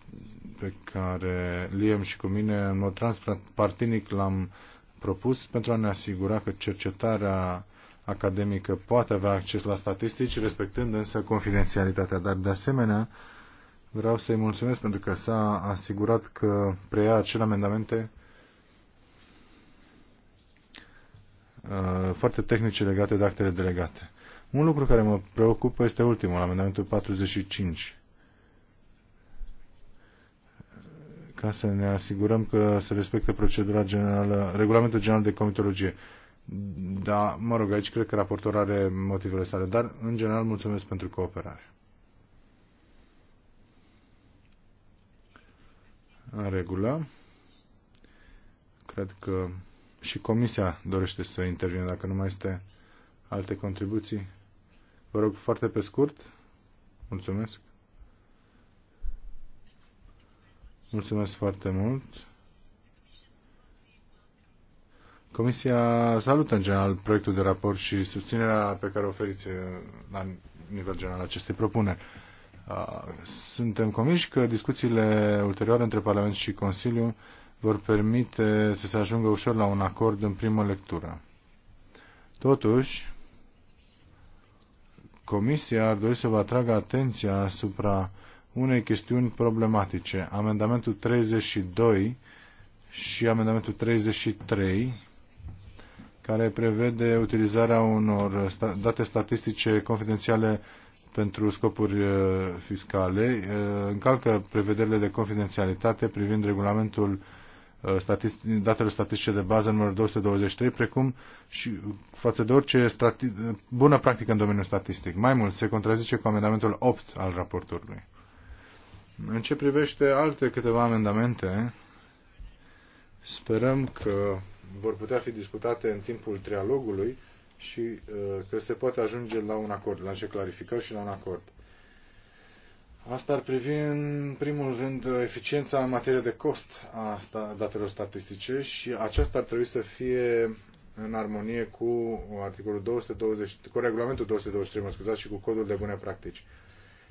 A: pe care Liam și cu mine în mod transpartinic l-am propus pentru a ne asigura că cercetarea academică poate avea acces la statistici, respectând însă confidențialitatea. Dar de asemenea, vreau să-i mulțumesc pentru că s-a asigurat că preia acele amendamente Uh, foarte tehnice legate de actele delegate. Un lucru care mă preocupă este ultimul, amendamentul 45. Ca să ne asigurăm că se respectă procedura generală, regulamentul general de comitologie. Da, mă rog, aici cred că raportorul are motivele sale, dar în general mulțumesc pentru cooperare. În regulă. Cred că și Comisia dorește să intervină, dacă nu mai este alte contribuții. Vă rog foarte pe scurt. Mulțumesc. Mulțumesc foarte mult. Comisia salută în general proiectul de raport și susținerea pe care o oferiți uh, la nivel general acestei propuneri. Uh, suntem convinși că discuțiile ulterioare între Parlament și Consiliu vor permite să se ajungă ușor la un acord în primă lectură. Totuși, Comisia ar dori să vă atragă atenția asupra unei chestiuni problematice. Amendamentul 32 și amendamentul 33, care prevede utilizarea unor date statistice confidențiale pentru scopuri uh, fiscale, uh, încalcă prevederile de confidențialitate privind regulamentul Uh, statist- datele statistice de bază numărul 223, precum și față de orice strati- bună practică în domeniul statistic. Mai mult, se contrazice cu amendamentul 8 al raportului. În ce privește alte câteva amendamente, sperăm că vor putea fi discutate în timpul trialogului și uh, că se poate ajunge la un acord, la ce clarificări și la un acord. Asta ar privi în primul rând eficiența în materie de cost a datelor statistice și aceasta ar trebui să fie în armonie cu articolul 220, cu regulamentul 223, mă scuzați, și cu codul de bune practici.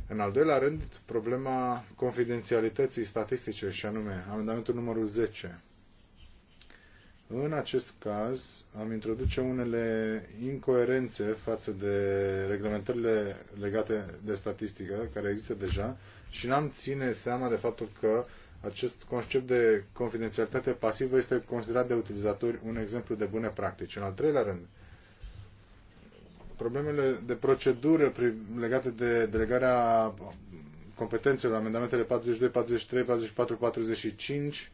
A: În al doilea rând, problema confidențialității statistice, și anume amendamentul numărul 10. În acest caz am introduce unele incoerențe față de reglementările legate de statistică care există deja și n-am ține seama de faptul că acest concept de confidențialitate pasivă este considerat de utilizatori un exemplu de bune practici. În al treilea rând, problemele de procedură legate de delegarea competențelor, amendamentele 42, 43, 44, 45,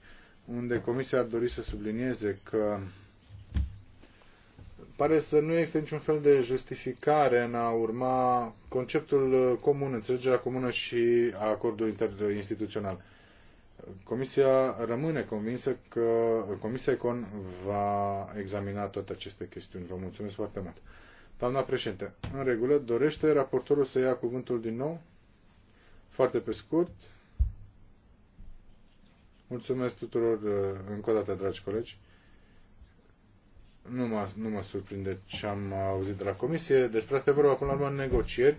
A: unde Comisia ar dori să sublinieze că pare să nu există niciun fel de justificare în a urma conceptul comun, înțelegerea comună și a acordului interinstituțional. Comisia rămâne convinsă că Comisia Econ va examina toate aceste chestiuni. Vă mulțumesc foarte mult. Doamna președinte, în regulă, dorește raportorul să ia cuvântul din nou? Foarte pe scurt. Mulțumesc tuturor uh, încă o dată, dragi colegi. Nu mă, nu mă surprinde ce am auzit de la comisie. Despre asta e vorba până la urmă în negocieri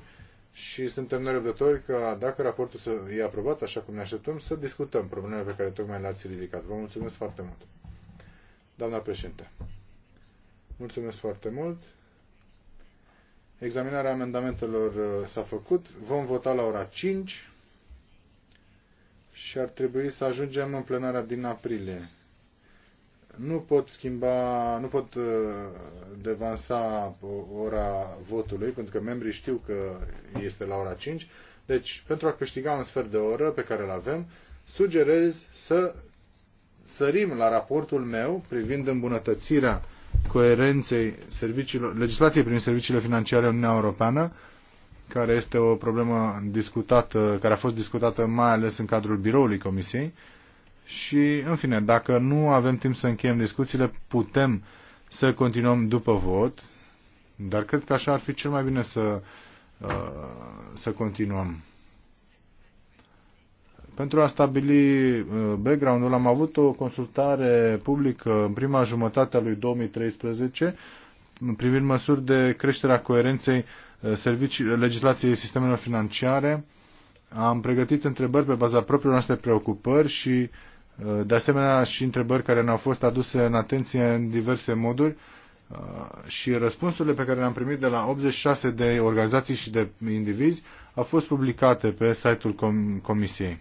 A: și suntem nerăbdători că dacă raportul să e aprobat, așa cum ne așteptăm, să discutăm problemele pe care tocmai le-ați ridicat. Vă mulțumesc foarte mult. Doamna președinte, mulțumesc foarte mult. Examinarea amendamentelor uh, s-a făcut. Vom vota la ora 5 și ar trebui să ajungem în plenarea din aprilie. Nu pot schimba, nu pot uh, devansa uh, ora votului, pentru că membrii știu că este la ora 5. Deci, pentru a câștiga un sfert de oră pe care îl avem, sugerez să sărim la raportul meu privind îmbunătățirea coerenței legislației prin serviciile financiare în Uniunea Europeană care este o problemă discutată, care a fost discutată mai ales în cadrul biroului Comisiei. Și, în fine, dacă nu avem timp să încheiem discuțiile, putem să continuăm după vot, dar cred că așa ar fi cel mai bine să, uh, să continuăm. Pentru a stabili uh, background-ul, am avut o consultare publică în prima jumătate a lui 2013 privind măsuri de creșterea coerenței servicii, legislației sistemelor financiare. Am pregătit întrebări pe baza propriilor noastre preocupări și uh, de asemenea și întrebări care ne-au fost aduse în atenție în diverse moduri uh, și răspunsurile pe care le-am primit de la 86 de organizații și de indivizi au fost publicate pe site-ul Comisiei.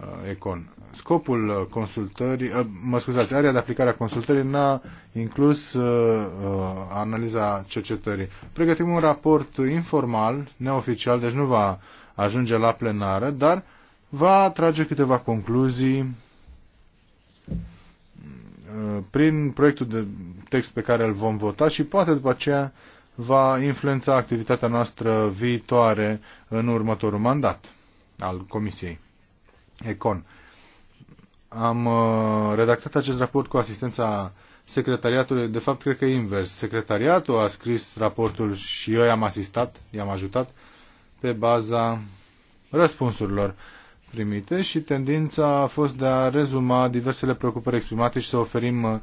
A: Uh, Econ. Scopul uh, consultării, uh, mă scuzați, area de aplicare a consultării n-a inclus uh, analiza cercetării. Pregătim un raport informal, neoficial, deci nu va ajunge la plenară, dar va trage câteva concluzii prin proiectul de text pe care îl vom vota și poate după aceea va influența activitatea noastră viitoare în următorul mandat al Comisiei. Econ. Am uh, redactat acest raport cu asistența secretariatului. De fapt, cred că e invers. Secretariatul a scris raportul și eu i-am asistat, i-am ajutat pe baza răspunsurilor primite și tendința a fost de a rezuma diversele preocupări exprimate și să oferim uh,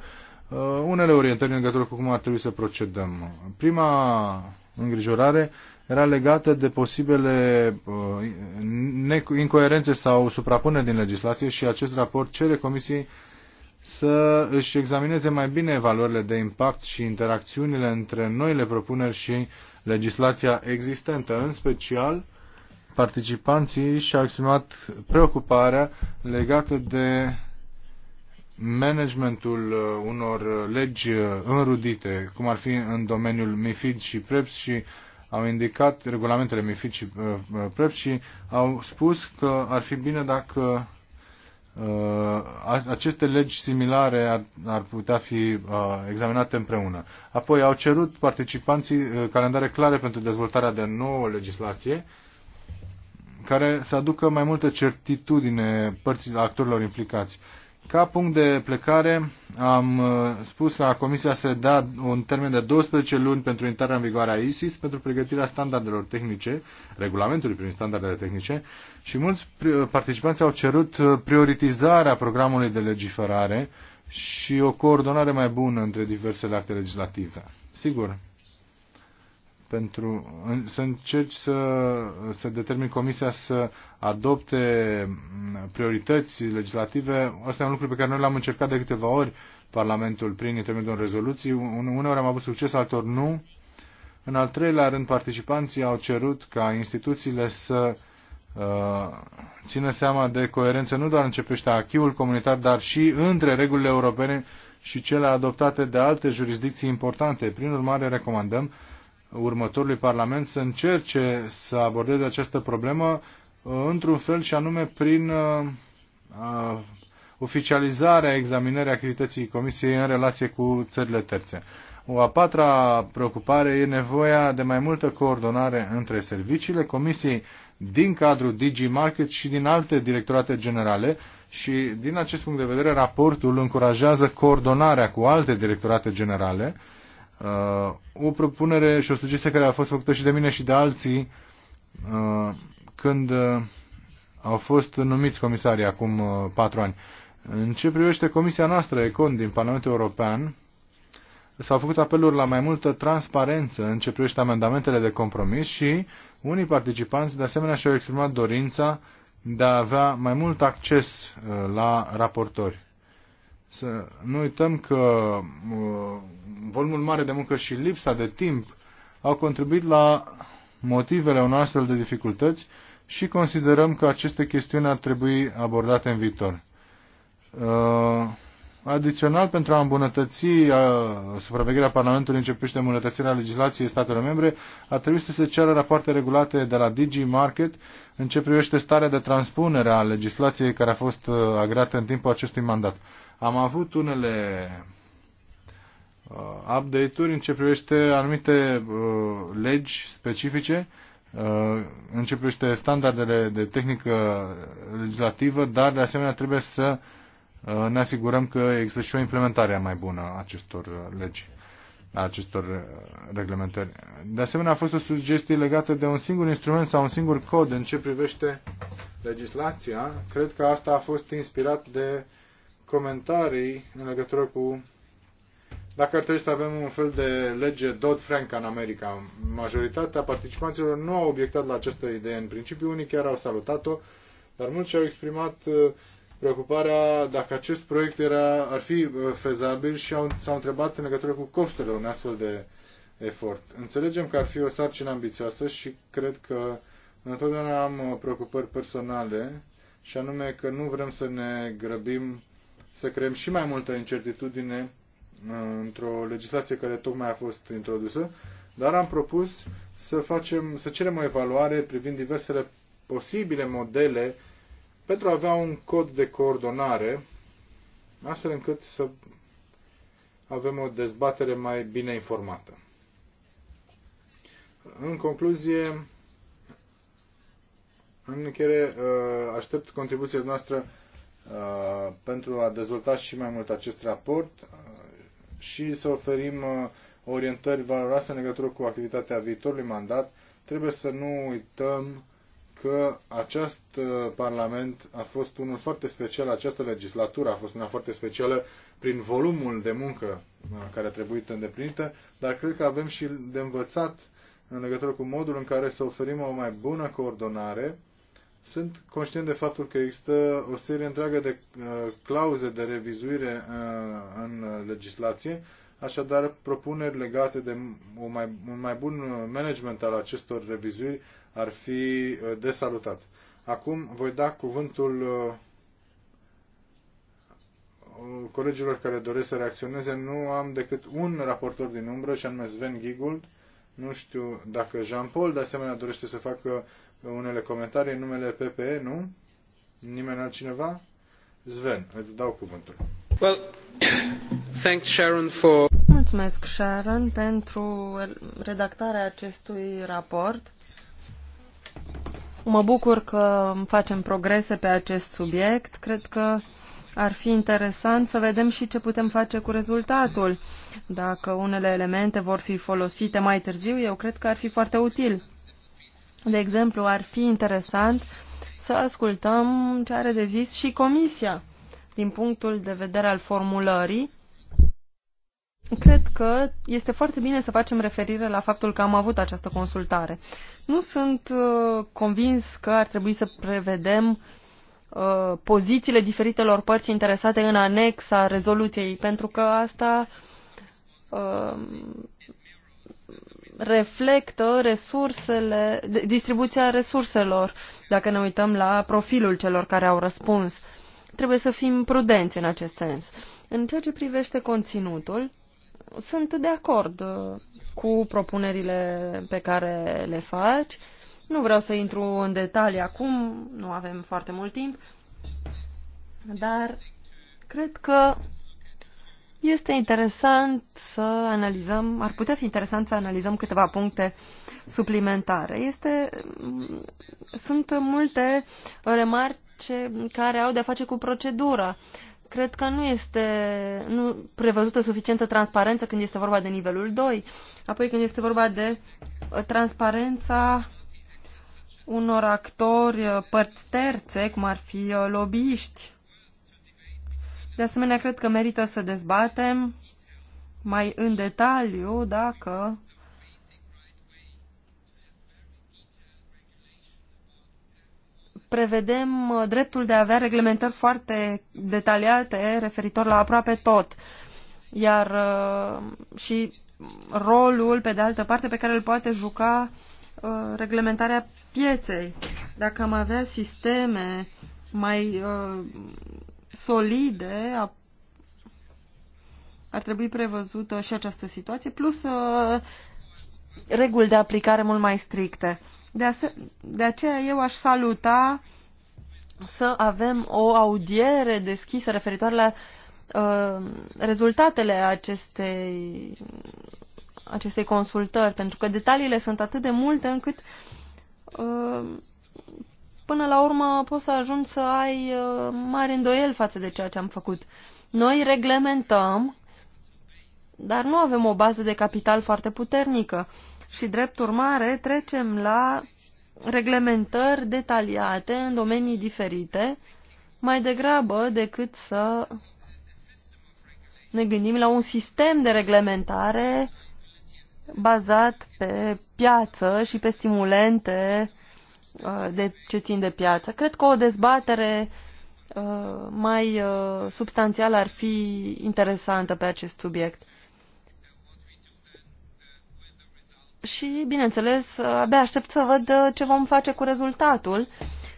A: unele orientări în legătură cu cum ar trebui să procedăm. Prima îngrijorare era legată de posibile uh, incoerențe sau suprapuneri din legislație și acest raport cere Comisiei să își examineze mai bine valorile de impact și interacțiunile între noile propuneri și legislația existentă. În special, participanții și-au exprimat preocuparea legată de managementul uh, unor legi uh, înrudite, cum ar fi în domeniul MIFID și PREPS și au indicat regulamentele MIFID și uh, uh, PREP și au spus că ar fi bine dacă uh, aceste legi similare ar, ar putea fi examinate împreună. Apoi au cerut participanții calendare clare pentru dezvoltarea de nouă legislație care să aducă mai multă certitudine părților actorilor implicați. Ca punct de plecare am uh, spus la Comisia să dea un termen de 12 luni pentru intrarea în vigoare a ISIS pentru pregătirea standardelor tehnice, regulamentului prin standardele tehnice și mulți uh, participanți au cerut uh, prioritizarea programului de legiferare și o coordonare mai bună între diversele acte legislative. Sigur, pentru să încerci să, să determini Comisia să adopte mm, priorități legislative. Asta e un lucru pe care noi l-am încercat de câteva ori Parlamentul prin intermediul rezoluții. Uneori am avut succes, altor nu. În al treilea rând, participanții au cerut ca instituțiile să uh, țină seama de coerență nu doar privește achiul comunitar, dar și între regulile europene și cele adoptate de alte jurisdicții importante. Prin urmare, recomandăm următorului Parlament să încerce să abordeze această problemă uh, într-un fel și anume prin uh, uh, oficializarea examinării activității Comisiei în relație cu țările terțe. O a patra preocupare e nevoia de mai multă coordonare între serviciile Comisiei din cadrul DG Market și din alte directorate generale și din acest punct de vedere raportul încurajează coordonarea cu alte directorate generale Uh, o propunere și o sugestie care a fost făcută și de mine și de alții uh, când uh, au fost numiți comisarii acum patru ani. În ce privește comisia noastră, ECON, din Parlamentul European, s-au făcut apeluri la mai multă transparență în ce privește amendamentele de compromis și unii participanți de asemenea și-au exprimat dorința de a avea mai mult acces la raportori. Să nu uităm că uh, volumul mare de muncă și lipsa de timp au contribuit la motivele unor astfel de dificultăți și considerăm că aceste chestiuni ar trebui abordate în viitor. Uh, Adițional, pentru a îmbunătăți uh, supravegherea Parlamentului începește îmbunătățirea legislației statelor membre, ar trebui să se ceară rapoarte regulate de la DG Market în ce privește starea de transpunere a legislației care a fost uh, agreată în timpul acestui mandat. Am avut unele uh, update-uri în ce privește anumite uh, legi specifice, uh, în ce privește standardele de tehnică legislativă, dar de asemenea trebuie să uh, ne asigurăm că există și o implementare mai bună a acestor uh, legi a acestor uh, reglementări. De asemenea, a fost o sugestie legată de un singur instrument sau un singur cod în ce privește legislația. Cred că asta a fost inspirat de uh, comentarii în legătură cu dacă ar trebui să avem un fel de lege Dodd-Frank în America. Majoritatea participanților nu au obiectat la această idee. În principiu, unii chiar au salutat-o, dar mulți au exprimat uh, preocuparea dacă acest proiect era, ar fi uh, fezabil și au, s-au întrebat în legătură cu costurile unui astfel de efort. Înțelegem că ar fi o sarcină ambițioasă și cred că întotdeauna am uh, preocupări personale și anume că nu vrem să ne grăbim să creăm și mai multă incertitudine uh, într-o legislație care tocmai a fost introdusă, dar am propus să, facem, să cerem o evaluare privind diversele posibile modele pentru a avea un cod de coordonare, astfel încât să avem o dezbatere mai bine informată. În concluzie, în încheiere, uh, aștept contribuția noastră Uh, pentru a dezvolta și mai mult acest raport uh, și să oferim uh, orientări valoroase în legătură cu activitatea viitorului mandat, trebuie să nu uităm că acest Parlament a fost unul foarte special, această legislatură a fost una foarte specială prin volumul de muncă care a trebuit îndeplinită, dar cred că avem și de învățat în legătură cu modul în care să oferim o mai bună coordonare sunt conștient de faptul că există o serie întreagă de uh, clauze de revizuire uh, în legislație, așadar propuneri legate de o mai, un mai bun management al acestor revizuiri ar fi uh, de salutat. Acum voi da cuvântul uh, colegilor care doresc să reacționeze. Nu am decât un raportor din umbră, și anume Sven Gigul. Nu știu dacă Jean-Paul de asemenea dorește să facă unele comentarii numele PPE, nu? Nimeni altcineva? Sven, îți dau cuvântul. Well, thanks Sharon for...
C: Mulțumesc, Sharon, pentru redactarea acestui raport. Mă bucur că facem progrese pe acest subiect. Cred că ar fi interesant să vedem și ce putem face cu rezultatul. Dacă unele elemente vor fi folosite mai târziu, eu cred că ar fi foarte util. De exemplu, ar fi interesant să ascultăm ce are de zis și Comisia din punctul de vedere al formulării. Cred că este foarte bine să facem referire la faptul că am avut această consultare. Nu sunt uh, convins că ar trebui să prevedem uh, pozițiile diferitelor părți interesate în anexa rezoluției, pentru că asta uh, reflectă resursele, distribuția resurselor, dacă ne uităm la profilul celor care au răspuns. Trebuie să fim prudenți în acest sens. În ceea ce privește conținutul, sunt de acord uh, cu propunerile pe care le faci. Nu vreau să intru în detalii acum, nu avem foarte mult timp, dar cred că este interesant să analizăm, ar putea fi interesant să analizăm câteva puncte suplimentare. Este, sunt multe remarci care au de-a face cu procedura. Cred că nu este nu prevăzută suficientă transparență când este vorba de nivelul 2, apoi când este vorba de uh, transparența unor actori uh, părți terțe, cum ar fi uh, lobiști. De asemenea, cred că merită să dezbatem mai în detaliu dacă prevedem dreptul de a avea reglementări foarte detaliate referitor la aproape tot. Iar uh, și rolul, pe de altă parte, pe care îl poate juca uh, reglementarea pieței. Dacă am avea sisteme mai uh, solide a ar trebui prevăzută și această situație, plus uh, reguli de aplicare mult mai stricte. De, ase- de aceea eu aș saluta să avem o audiere deschisă referitoare la uh, rezultatele acestei, acestei consultări, pentru că detaliile sunt atât de multe încât uh, până la urmă poți să ajungi să ai uh, mari îndoieli față de ceea ce am făcut. Noi reglementăm, dar nu avem o bază de capital foarte puternică și, drept urmare, trecem la reglementări detaliate în domenii diferite, mai degrabă decât să ne gândim la un sistem de reglementare bazat pe piață și pe stimulente Uh, de, ce țin de piață. Cred că o dezbatere uh, mai uh, substanțială ar fi interesantă pe acest subiect. Și, bineînțeles, abia aștept să văd ce vom face cu rezultatul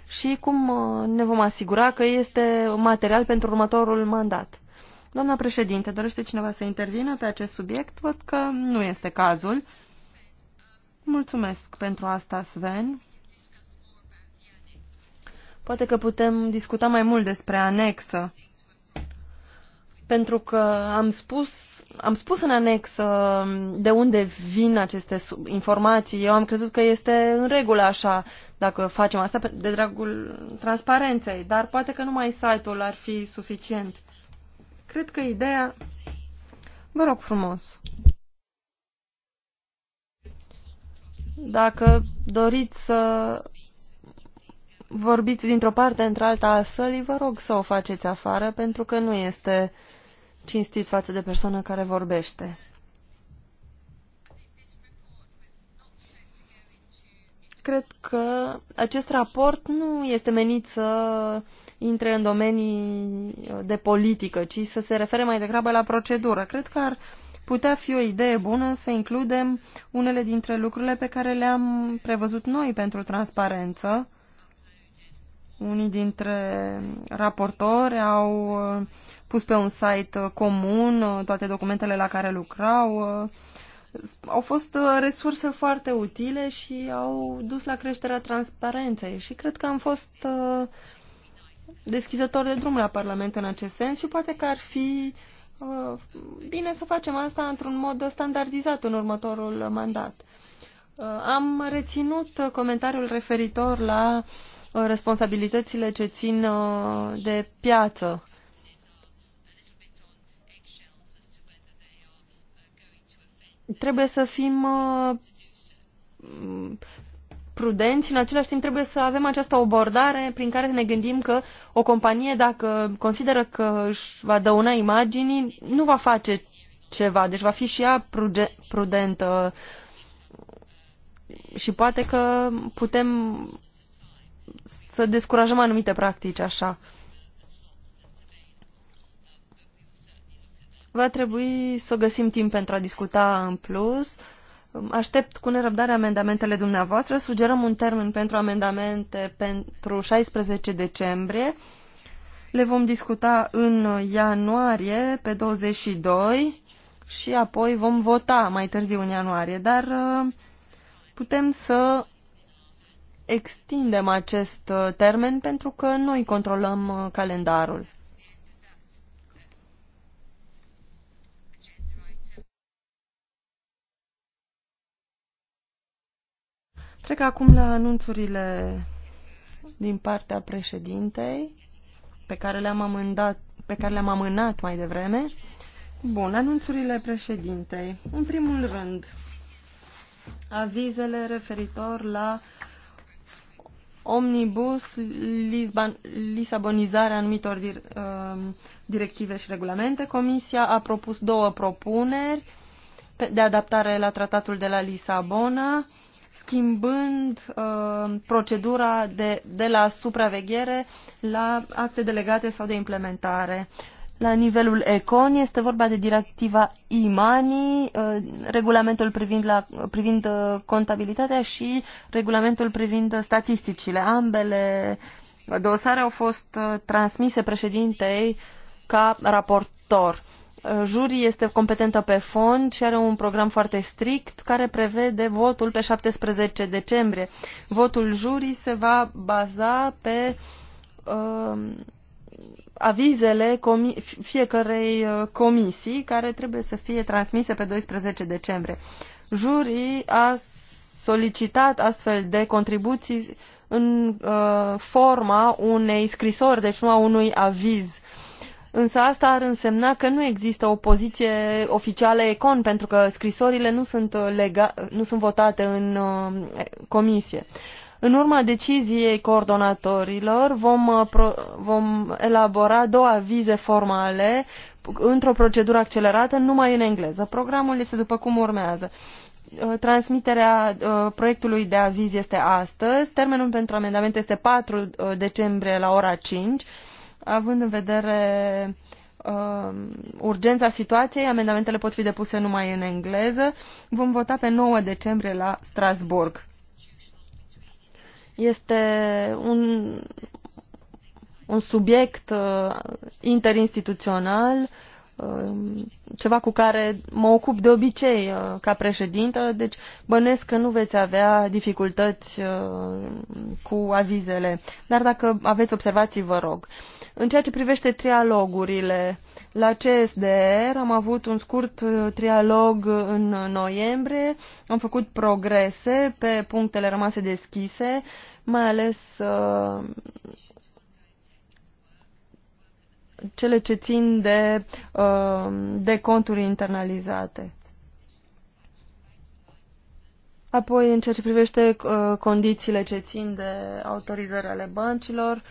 C: și cum ne vom asigura că este material pentru următorul mandat. Doamna președinte, dorește cineva să intervină pe acest subiect? Văd că nu este cazul. Mulțumesc pentru asta, Sven. Poate că putem discuta mai mult despre anexă. Pentru că am spus, am spus în anexă de unde vin aceste informații. Eu am crezut că este în regulă așa, dacă facem asta de dragul transparenței, dar poate că numai site-ul ar fi suficient. Cred că ideea... Vă rog frumos. Dacă doriți să vorbiți dintr-o parte într-alta a sălii, vă rog să o faceți afară, pentru că nu este cinstit față de persoana care vorbește. Cred că acest raport nu este menit să intre în domenii de politică, ci să se refere mai degrabă la procedură. Cred că ar putea fi o idee bună să includem unele dintre lucrurile pe care le-am prevăzut noi pentru transparență, unii dintre raportori au uh, pus pe un site uh, comun uh, toate documentele la care lucrau. Au fost resurse foarte utile și au dus la creșterea transparenței și cred că am fost deschizători de drum la Parlament în acest sens și poate că ar fi bine să facem asta într-un mod standardizat în următorul mandat. Am reținut comentariul referitor la uh, Uh, responsabilitățile ce țin uh, de piață. Trebuie să fim uh, prudenți și în același timp trebuie să avem această abordare prin care ne gândim că o companie dacă consideră că își va dăuna imaginii, nu va face ceva, deci va fi și ea prudentă și poate că putem să descurajăm anumite practici așa. Va trebui să găsim timp pentru a discuta în plus. Aștept cu nerăbdare amendamentele dumneavoastră. Sugerăm un termen pentru amendamente pentru 16 decembrie. Le vom discuta în ianuarie, pe 22, și apoi vom vota mai târziu în ianuarie. Dar uh, putem să extindem acest uh, termen pentru că noi controlăm uh, calendarul. Trec acum la anunțurile din partea președintei pe care le-am amândat, pe care le-am amânat mai devreme. Bun, anunțurile președintei. În primul rând, avizele referitor la omnibus, Lisban, lisabonizarea anumitor dir, uh, directive și regulamente. Comisia a propus două propuneri de adaptare la tratatul de la Lisabona, schimbând uh, procedura de, de la supraveghere la acte delegate sau de implementare. La nivelul ECON este vorba de directiva IMANI, uh, regulamentul privind, la, privind uh, contabilitatea și regulamentul privind statisticile. Ambele dosare au fost uh, transmise președintei ca raportor. Juri este competentă pe fond și are un program foarte strict care prevede votul pe 17 decembrie. Votul jurii se va baza pe uh, avizele comi fiecărei uh, comisii care trebuie să fie transmise pe 12 decembrie. Jurii a solicitat astfel de contribuții în uh, forma unei scrisori, deci nu a unui aviz. Însă asta ar însemna că nu există o poziție oficială econ, pentru că scrisorile nu sunt, lega, nu sunt votate în uh, comisie. Uh, în urma deciziei coordonatorilor vom, uh, vom elabora două avize formale într-o procedură accelerată numai în engleză. Programul este după cum urmează. Uh, transmiterea uh, proiectului de aviz este astăzi. Termenul pentru amendament este 4 decembrie la ora 5. Având în vedere uh, urgența situației, amendamentele pot fi depuse numai în engleză. Vom vota pe 9 decembrie la Strasburg. Este un, un subiect uh, interinstituțional, uh, ceva cu care mă ocup de obicei uh, ca președintă, deci bănesc că nu veți avea dificultăți uh, cu avizele. Dar dacă aveți observații, vă rog. În ceea ce privește trialogurile, uh, la CSDR am avut un scurt uh, trialog în noiembrie, am făcut progrese pe punctele rămase deschise, mai ales uh, cele ce țin de, uh, de conturi internalizate. Apoi, în ceea ce privește uh, condițiile ce țin de autorizări ale băncilor, uh,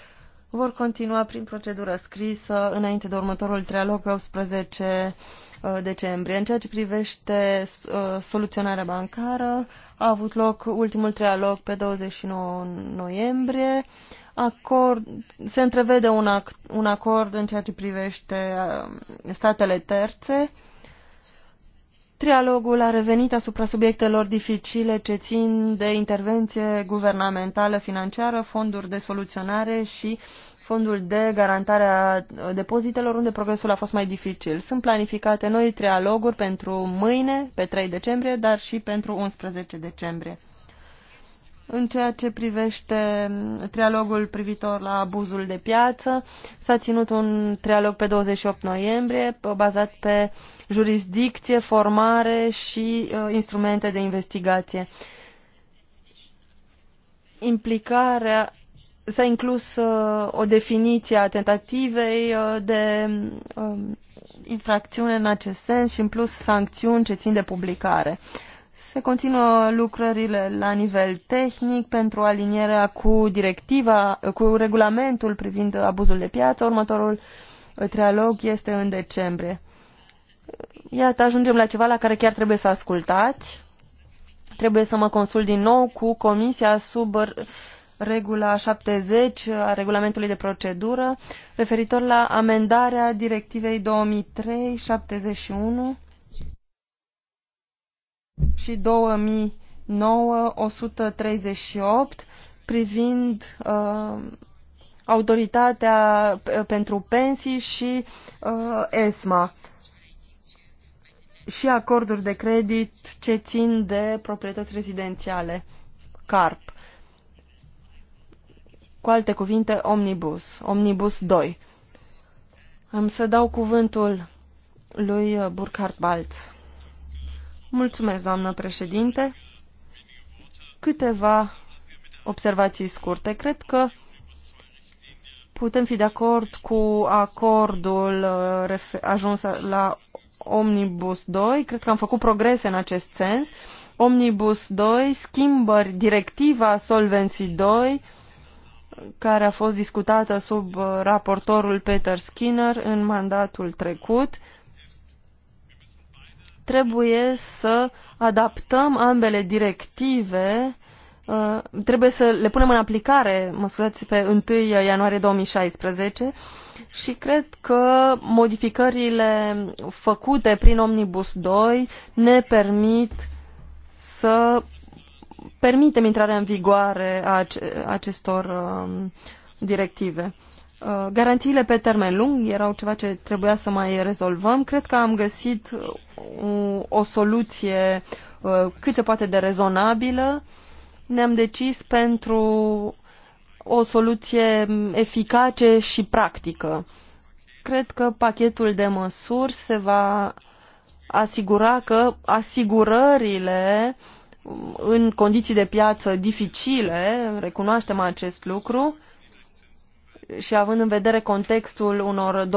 C: vor continua prin procedură scrisă înainte de următorul trialog pe 18 uh, decembrie. În ceea ce privește uh, soluționarea bancară, a avut loc ultimul trialog pe 29 noiembrie. Acord, se întrevede un, act, un acord în ceea ce privește uh, statele terțe Trialogul a revenit asupra subiectelor dificile ce țin de intervenție guvernamentală financiară, fonduri de soluționare și fondul de garantare a depozitelor, unde progresul a fost mai dificil. Sunt planificate noi trialoguri pentru mâine, pe 3 decembrie, dar și pentru 11 decembrie. În ceea ce privește mm, trialogul privitor la abuzul de piață, s-a ținut un trialog pe 28 noiembrie, bazat pe jurisdicție, formare și uh, instrumente de investigație. Implicarea s-a inclus uh, o definiție a tentativei uh, de uh, infracțiune în acest sens și în plus sancțiuni ce țin de publicare. Uh, se continuă lucrările la nivel tehnic pentru alinierea cu directiva, cu regulamentul privind abuzul de piață. Următorul trialog este în decembrie. Iată, ajungem la ceva la care chiar trebuie să ascultați. Trebuie să mă consult din nou cu comisia sub regula 70 a regulamentului de procedură referitor la amendarea directivei 2003-71 și 2009-138 privind uh, autoritatea uh, pentru pensii și uh, ESMA și acorduri de credit ce țin de proprietăți rezidențiale, CARP. Cu alte cuvinte, Omnibus, Omnibus 2. Am să dau cuvântul lui uh, Burkhard Balz. Mulțumesc, doamnă președinte. Câteva observații scurte. Cred că putem fi de acord cu acordul uh, ajuns la Omnibus 2. Cred că am făcut progrese în acest sens. Omnibus 2 schimbări, directiva Solvency 2 care a fost discutată sub uh, raportorul Peter Skinner în mandatul trecut trebuie să adaptăm ambele directive, uh, trebuie să le punem în aplicare, mă scuzați, pe 1 ianuarie 2016 și cred că modificările făcute prin Omnibus 2 ne permit să permitem intrarea în vigoare a acestor uh, directive. Uh, garanțiile pe termen lung erau ceva ce trebuia să mai rezolvăm. Cred că am găsit uh, o soluție uh, cât se poate de rezonabilă. Ne-am decis pentru o soluție eficace și practică. Cred că pachetul de măsuri se va asigura că asigurările um, în condiții de piață dificile, recunoaștem acest lucru, și având în vedere contextul unor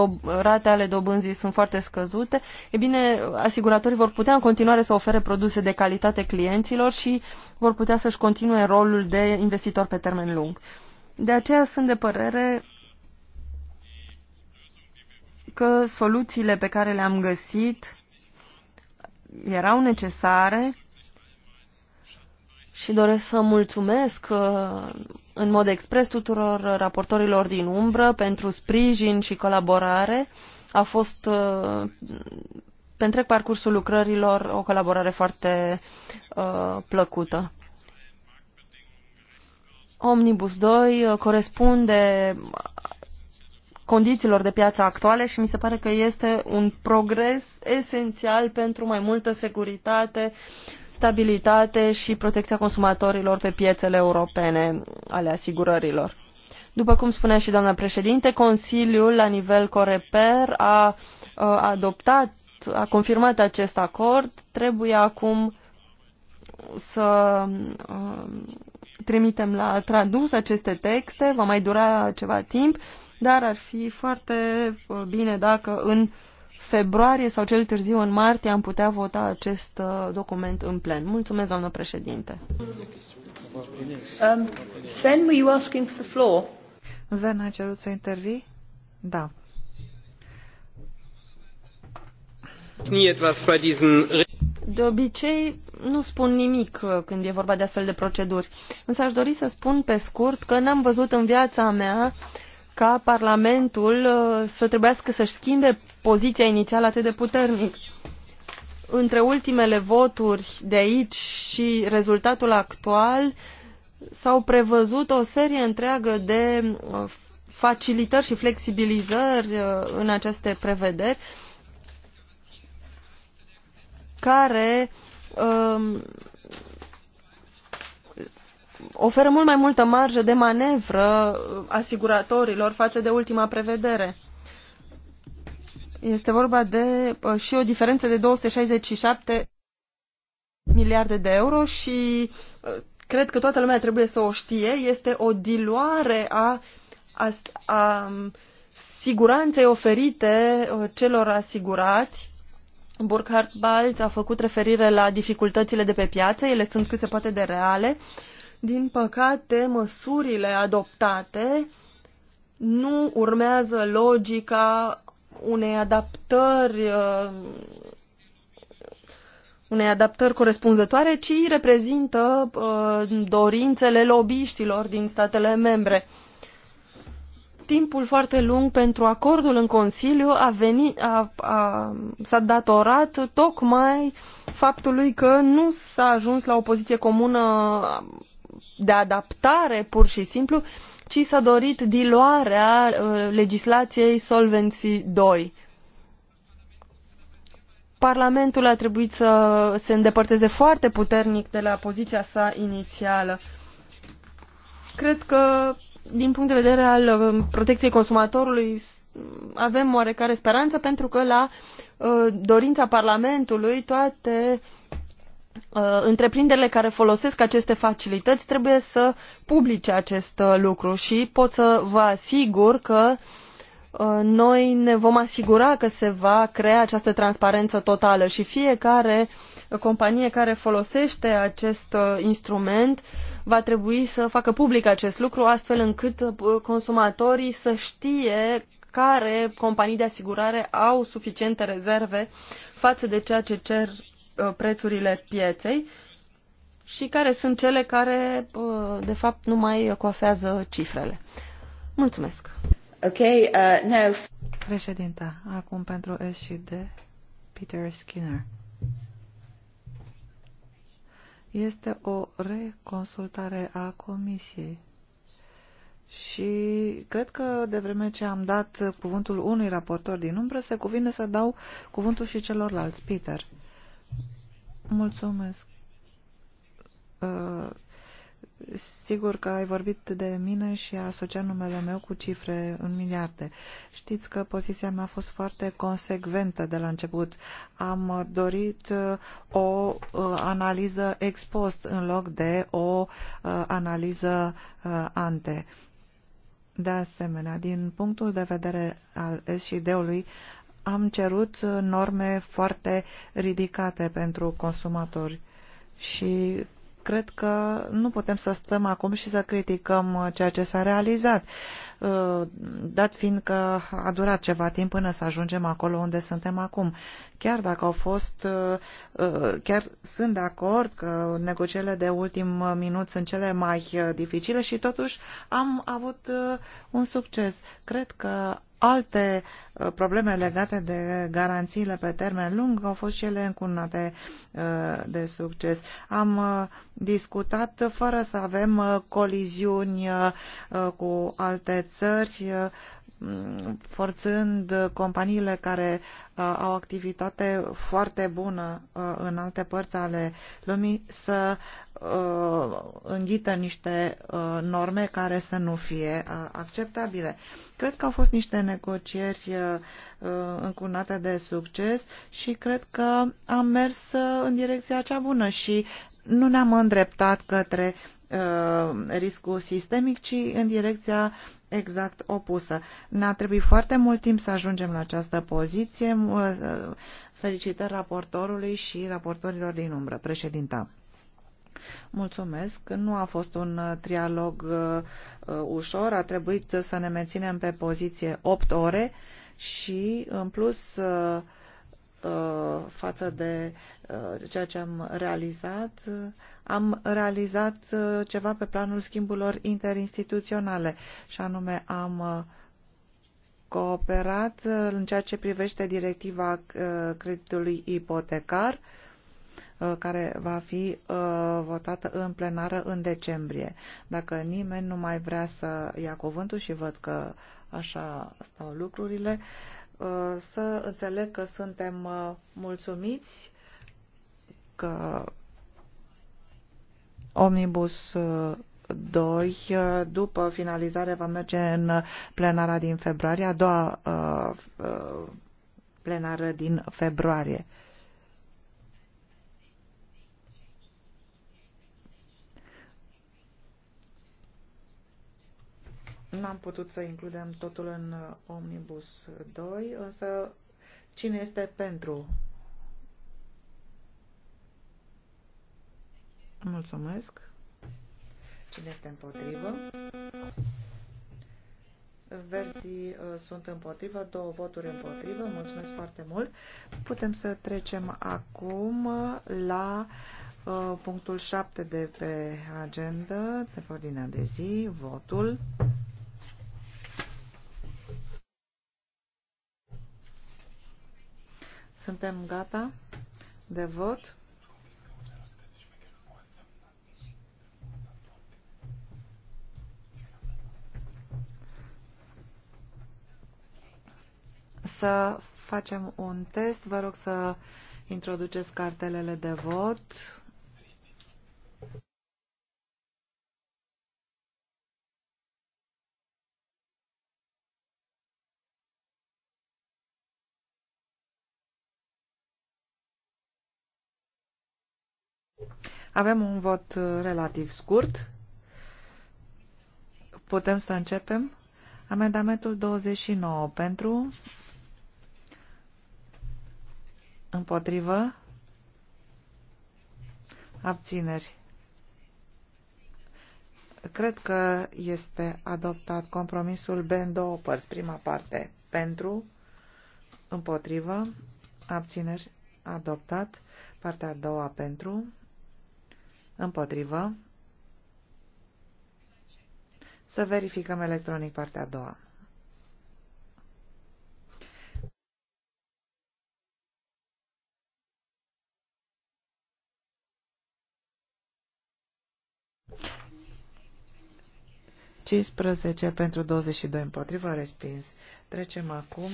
C: rate ale dobânzii sunt foarte scăzute, e bine, asiguratorii vor putea în continuare să ofere produse de calitate clienților și vor putea să-și continue rolul de investitor pe termen lung. De aceea sunt de părere că soluțiile pe care le-am găsit erau necesare și doresc să mulțumesc uh, în mod expres tuturor raportorilor din umbră pentru sprijin și colaborare. A fost uh, pe întreg parcursul lucrărilor o colaborare foarte uh, plăcută. Omnibus 2 corespunde condițiilor de piață actuale și mi se pare că este un progres esențial pentru mai multă securitate stabilitate și protecția consumatorilor pe piețele europene ale asigurărilor. După cum spunea și doamna președinte, Consiliul la nivel Coreper a, a adoptat, a confirmat acest acord. Trebuie acum să a, trimitem la tradus aceste texte, va mai dura ceva timp, dar ar fi foarte bine dacă în februarie sau cel târziu în martie am putea vota acest uh, document în plen. Mulțumesc, doamnă președinte.
B: Um,
D: Sven,
C: were you asking for the floor? Sven, ai cerut să intervii? Da. De obicei, nu spun nimic uh, când e vorba de astfel de proceduri, însă aș dori să spun pe scurt că n-am văzut în viața mea ca Parlamentul uh, să trebuiască să-și schimbe poziția inițială atât de puternic. Între ultimele voturi de aici și rezultatul actual s-au prevăzut o serie întreagă de uh, facilitări și flexibilizări uh, în aceste prevederi care um, oferă mult mai multă marjă de manevră uh, asiguratorilor față de ultima prevedere. Este vorba de și o diferență de 267 miliarde de euro și cred că toată lumea trebuie să o știe. Este o diluare a, a, a siguranței oferite celor asigurați. Burkhard Balz a făcut referire la dificultățile de pe piață, ele sunt cât se poate de reale. Din păcate, măsurile adoptate nu urmează logica unei adaptări uh, unei adaptări corespunzătoare, ci reprezintă uh, dorințele lobiștilor din statele membre. Timpul foarte lung pentru acordul în Consiliu a venit, a, a, s-a datorat tocmai faptului că nu s-a ajuns la o poziție comună de adaptare pur și simplu, ci s-a dorit diluarea uh, legislației Solvency 2. Parlamentul a trebuit să se îndepărteze foarte puternic de la poziția sa inițială. Cred că, din punct de vedere al uh, protecției consumatorului, avem oarecare speranță pentru că la uh, dorința Parlamentului toate Uh, întreprinderile care folosesc aceste facilități trebuie să publice acest uh, lucru și pot să vă asigur că uh, noi ne vom asigura că se va crea această transparență totală și fiecare companie care folosește acest instrument va trebui să facă public acest lucru astfel încât consumatorii să știe care companii de asigurare au suficiente rezerve față de ceea ce cer Uh, prețurile pieței și care sunt cele care, uh, de fapt, nu mai coafează cifrele. Mulțumesc. Ok, uh,
D: now... Președinta, acum pentru S și Peter Skinner. Este o reconsultare a comisiei. Și cred că de vreme ce am dat cuvântul unui raportor din umbră, se cuvine să dau cuvântul și celorlalți, Peter. Mulțumesc. Uh, sigur că ai vorbit de mine și a asociat numele meu cu cifre în miliarde. Știți că poziția mea a fost foarte consecventă de la început. Am dorit uh, o uh, analiză ex post în loc de o analiză ante. De asemenea, din punctul de vedere al SD-ului, am cerut norme foarte ridicate pentru consumatori și cred că nu putem să stăm acum și să criticăm ceea ce s-a realizat, uh, dat fiind că a durat ceva timp până să ajungem acolo unde suntem acum. Chiar dacă au fost, uh, uh, chiar sunt de acord că negocierile de ultim minut sunt cele mai dificile și totuși am avut un succes. Cred că alte uh, probleme legate de garanțiile pe termen lung au fost și ele încunate uh, de succes. Am uh, discutat fără să avem coliziuni cu alte țări forțând companiile care uh, au activitate foarte bună uh, în alte părți ale lumii să uh, înghită niște norme care să nu fie acceptabile. Cred că au fost niște negocieri încunate de succes și cred că am mers în direcția cea bună și nu ne-am îndreptat către Uh, riscul sistemic, ci în direcția exact opusă. Ne-a trebuit foarte mult timp să ajungem la această poziție. Uh, felicitări raportorului și raportorilor din umbră. Președinta. Mulțumesc. Nu a fost un uh, trialog ușor. A trebuit să ne menținem pe poziție 8 ore și, în plus, față de ceea ce am realizat, am realizat uh, ceva pe planul schimburilor interinstituționale și anume am uh, cooperat uh, în ceea ce privește directiva creditului ipotecar care va fi votată în plenară în decembrie. Dacă nimeni nu mai vrea să ia cuvântul și văd că așa stau lucrurile, să înțeleg că suntem mulțumiți că Omnibus 2, uh, uh, după finalizare, va merge în plenara din februarie, a doua uh, plenară din februarie. Nu am putut să includem totul în Omnibus 2, însă cine este pentru Mulțumesc. Cine este împotrivă? Verzii uh, sunt împotrivă, două voturi împotrivă. Mulțumesc foarte mult. Putem să trecem acum la uh, punctul 7 de pe agenda, de pe ordinea de zi, votul. Suntem gata de vot? să facem un test. Vă rog să introduceți cartelele de vot. Avem un vot relativ scurt. Putem să începem? Amendamentul 29 pentru, Împotrivă. Abțineri. Cred că este adoptat compromisul B în două părți. Prima parte pentru, împotrivă, abțineri, adoptat. Partea a doua pentru, împotrivă. Să verificăm electronic partea a doua. 15 pentru 22 împotriva respins. Trecem acum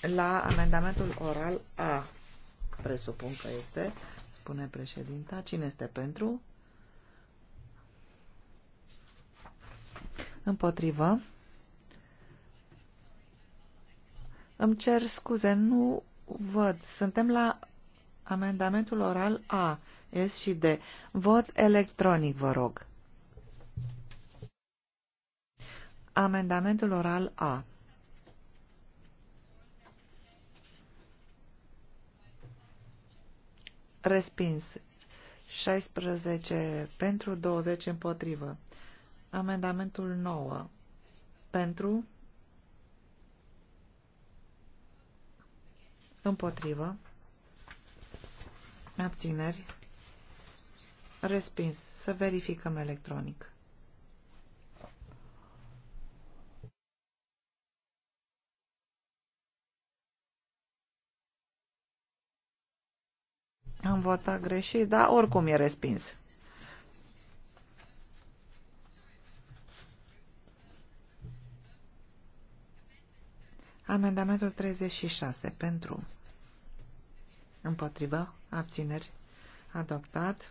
D: la amendamentul oral A. Presupun că este, spune președinta. Cine este pentru? Împotrivă. Îmi cer scuze, nu văd. Suntem la amendamentul oral A. S și D. Vot electronic, vă rog. Amendamentul oral A. Respins. 16 pentru, 20 împotrivă. Amendamentul 9. Pentru. Împotrivă. Abțineri. Respins. Să verificăm electronic. Am votat greșit, dar oricum e respins. Amendamentul 36. Pentru. Împotrivă. Abțineri. Adoptat.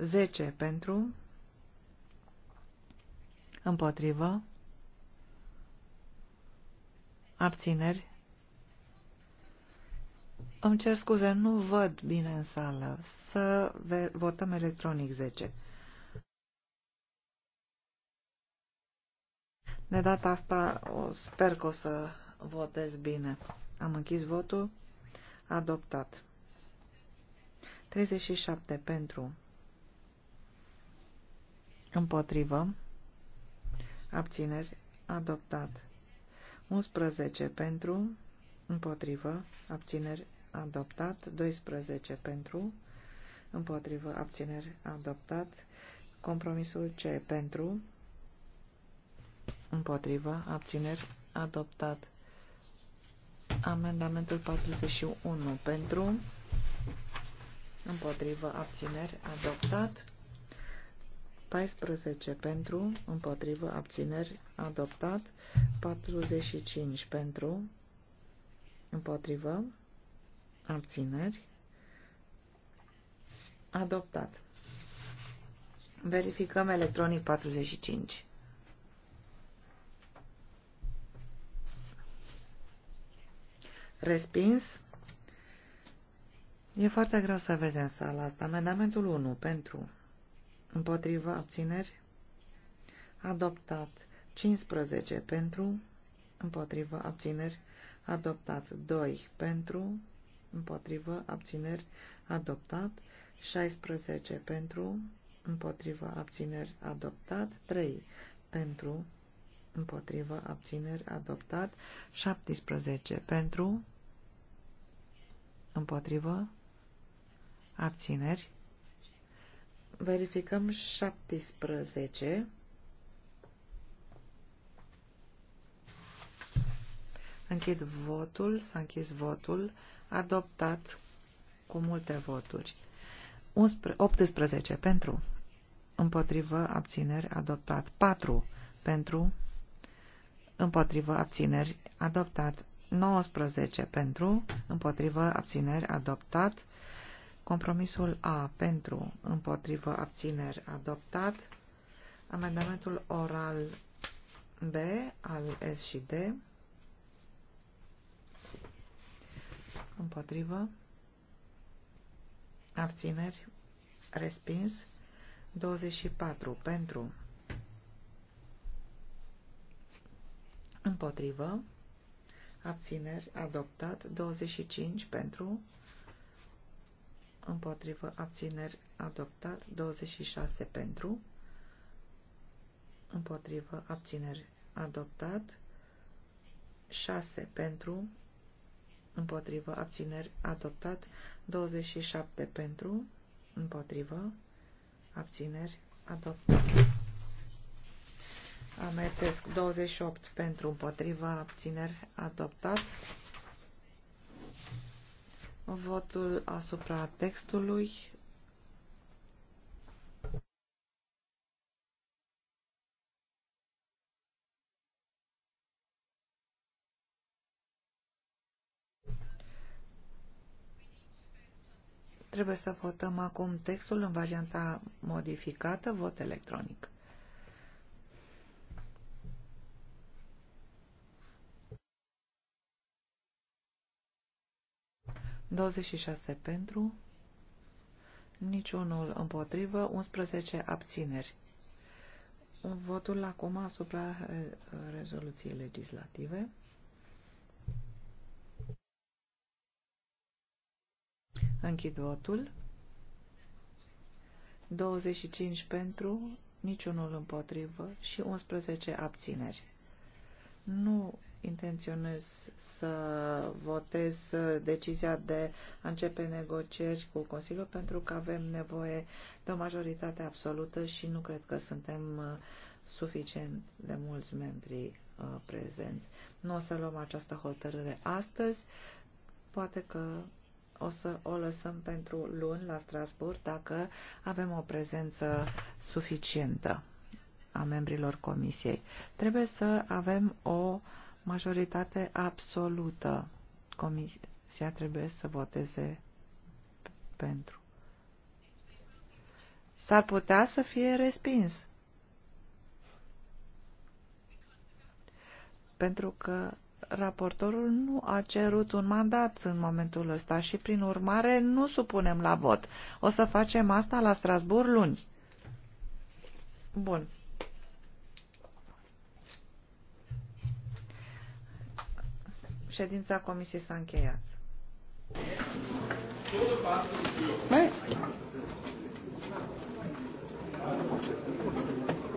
D: 10 pentru, împotrivă, abțineri. Îmi cer scuze, nu văd bine în sală. Să votăm electronic 10. De data asta o, sper că o să votez bine. Am închis votul. Adoptat. 37 pentru. Împotrivă. Abțineri. Adoptat. 11 pentru. Împotrivă. Abțineri. Adoptat. 12 pentru. Împotrivă. Abțineri. Adoptat. Compromisul C pentru. Împotrivă. Abțineri. Adoptat. Amendamentul 41 pentru. Împotrivă. Abțineri. Adoptat. 14 pentru, împotrivă, abțineri, adoptat. 45 pentru, împotrivă, abțineri, adoptat. Verificăm electronic 45. Respins. E foarte greu să vezi în sala asta. Amendamentul 1 pentru împotriva abțineri, adoptat 15 pentru, împotriva abțineri, adoptat 2 pentru, împotriva abțineri, adoptat 16 pentru, împotriva abțineri, adoptat 3 pentru, împotriva abțineri, adoptat 17 pentru, împotriva abțineri, Verificăm 17. Închid votul, s-a închis votul, adoptat cu multe voturi. 11, 18 pentru, împotrivă, abțineri, adoptat. 4 pentru, împotrivă, abțineri, adoptat. 19 pentru, împotrivă, abțineri, adoptat. Compromisul A pentru împotrivă abțineri adoptat. Amendamentul oral B al S și D. Împotrivă. Abțineri. Respins. 24 pentru. Împotrivă. Abțineri. Adoptat. 25 pentru împotrivă abțineri adoptat, 26 pentru, împotrivă abțineri adoptat, 6 pentru, împotrivă abțineri adoptat, 27 pentru, împotrivă abțineri adoptat. Amertesc 28 pentru împotriva abțineri adoptat. Votul asupra textului. Trebuie să votăm acum textul în varianta modificată, vot electronic. 26 pentru, niciunul împotrivă, 11 abțineri. Votul acum asupra eh, rezoluției legislative. Închid votul. 25 pentru, niciunul împotrivă și 11 abțineri. Nu intenționez să votez decizia de a începe negocieri cu Consiliul pentru că avem nevoie de o majoritate absolută și nu cred că suntem uh, suficient de mulți membri uh, prezenți. Nu o să luăm această hotărâre astăzi, poate că o să o lăsăm pentru luni la Strasburg dacă avem o prezență suficientă a membrilor comisiei. Trebuie să avem o uh, majoritate absolută. Comisia trebuie să voteze pentru. S-ar putea să fie respins. Pentru că raportorul nu a cerut un mandat în momentul ăsta și, prin urmare, nu supunem la vot. O să facem asta la Strasbourg luni. Bun. Ședința comisiei s-a încheiat. Mai.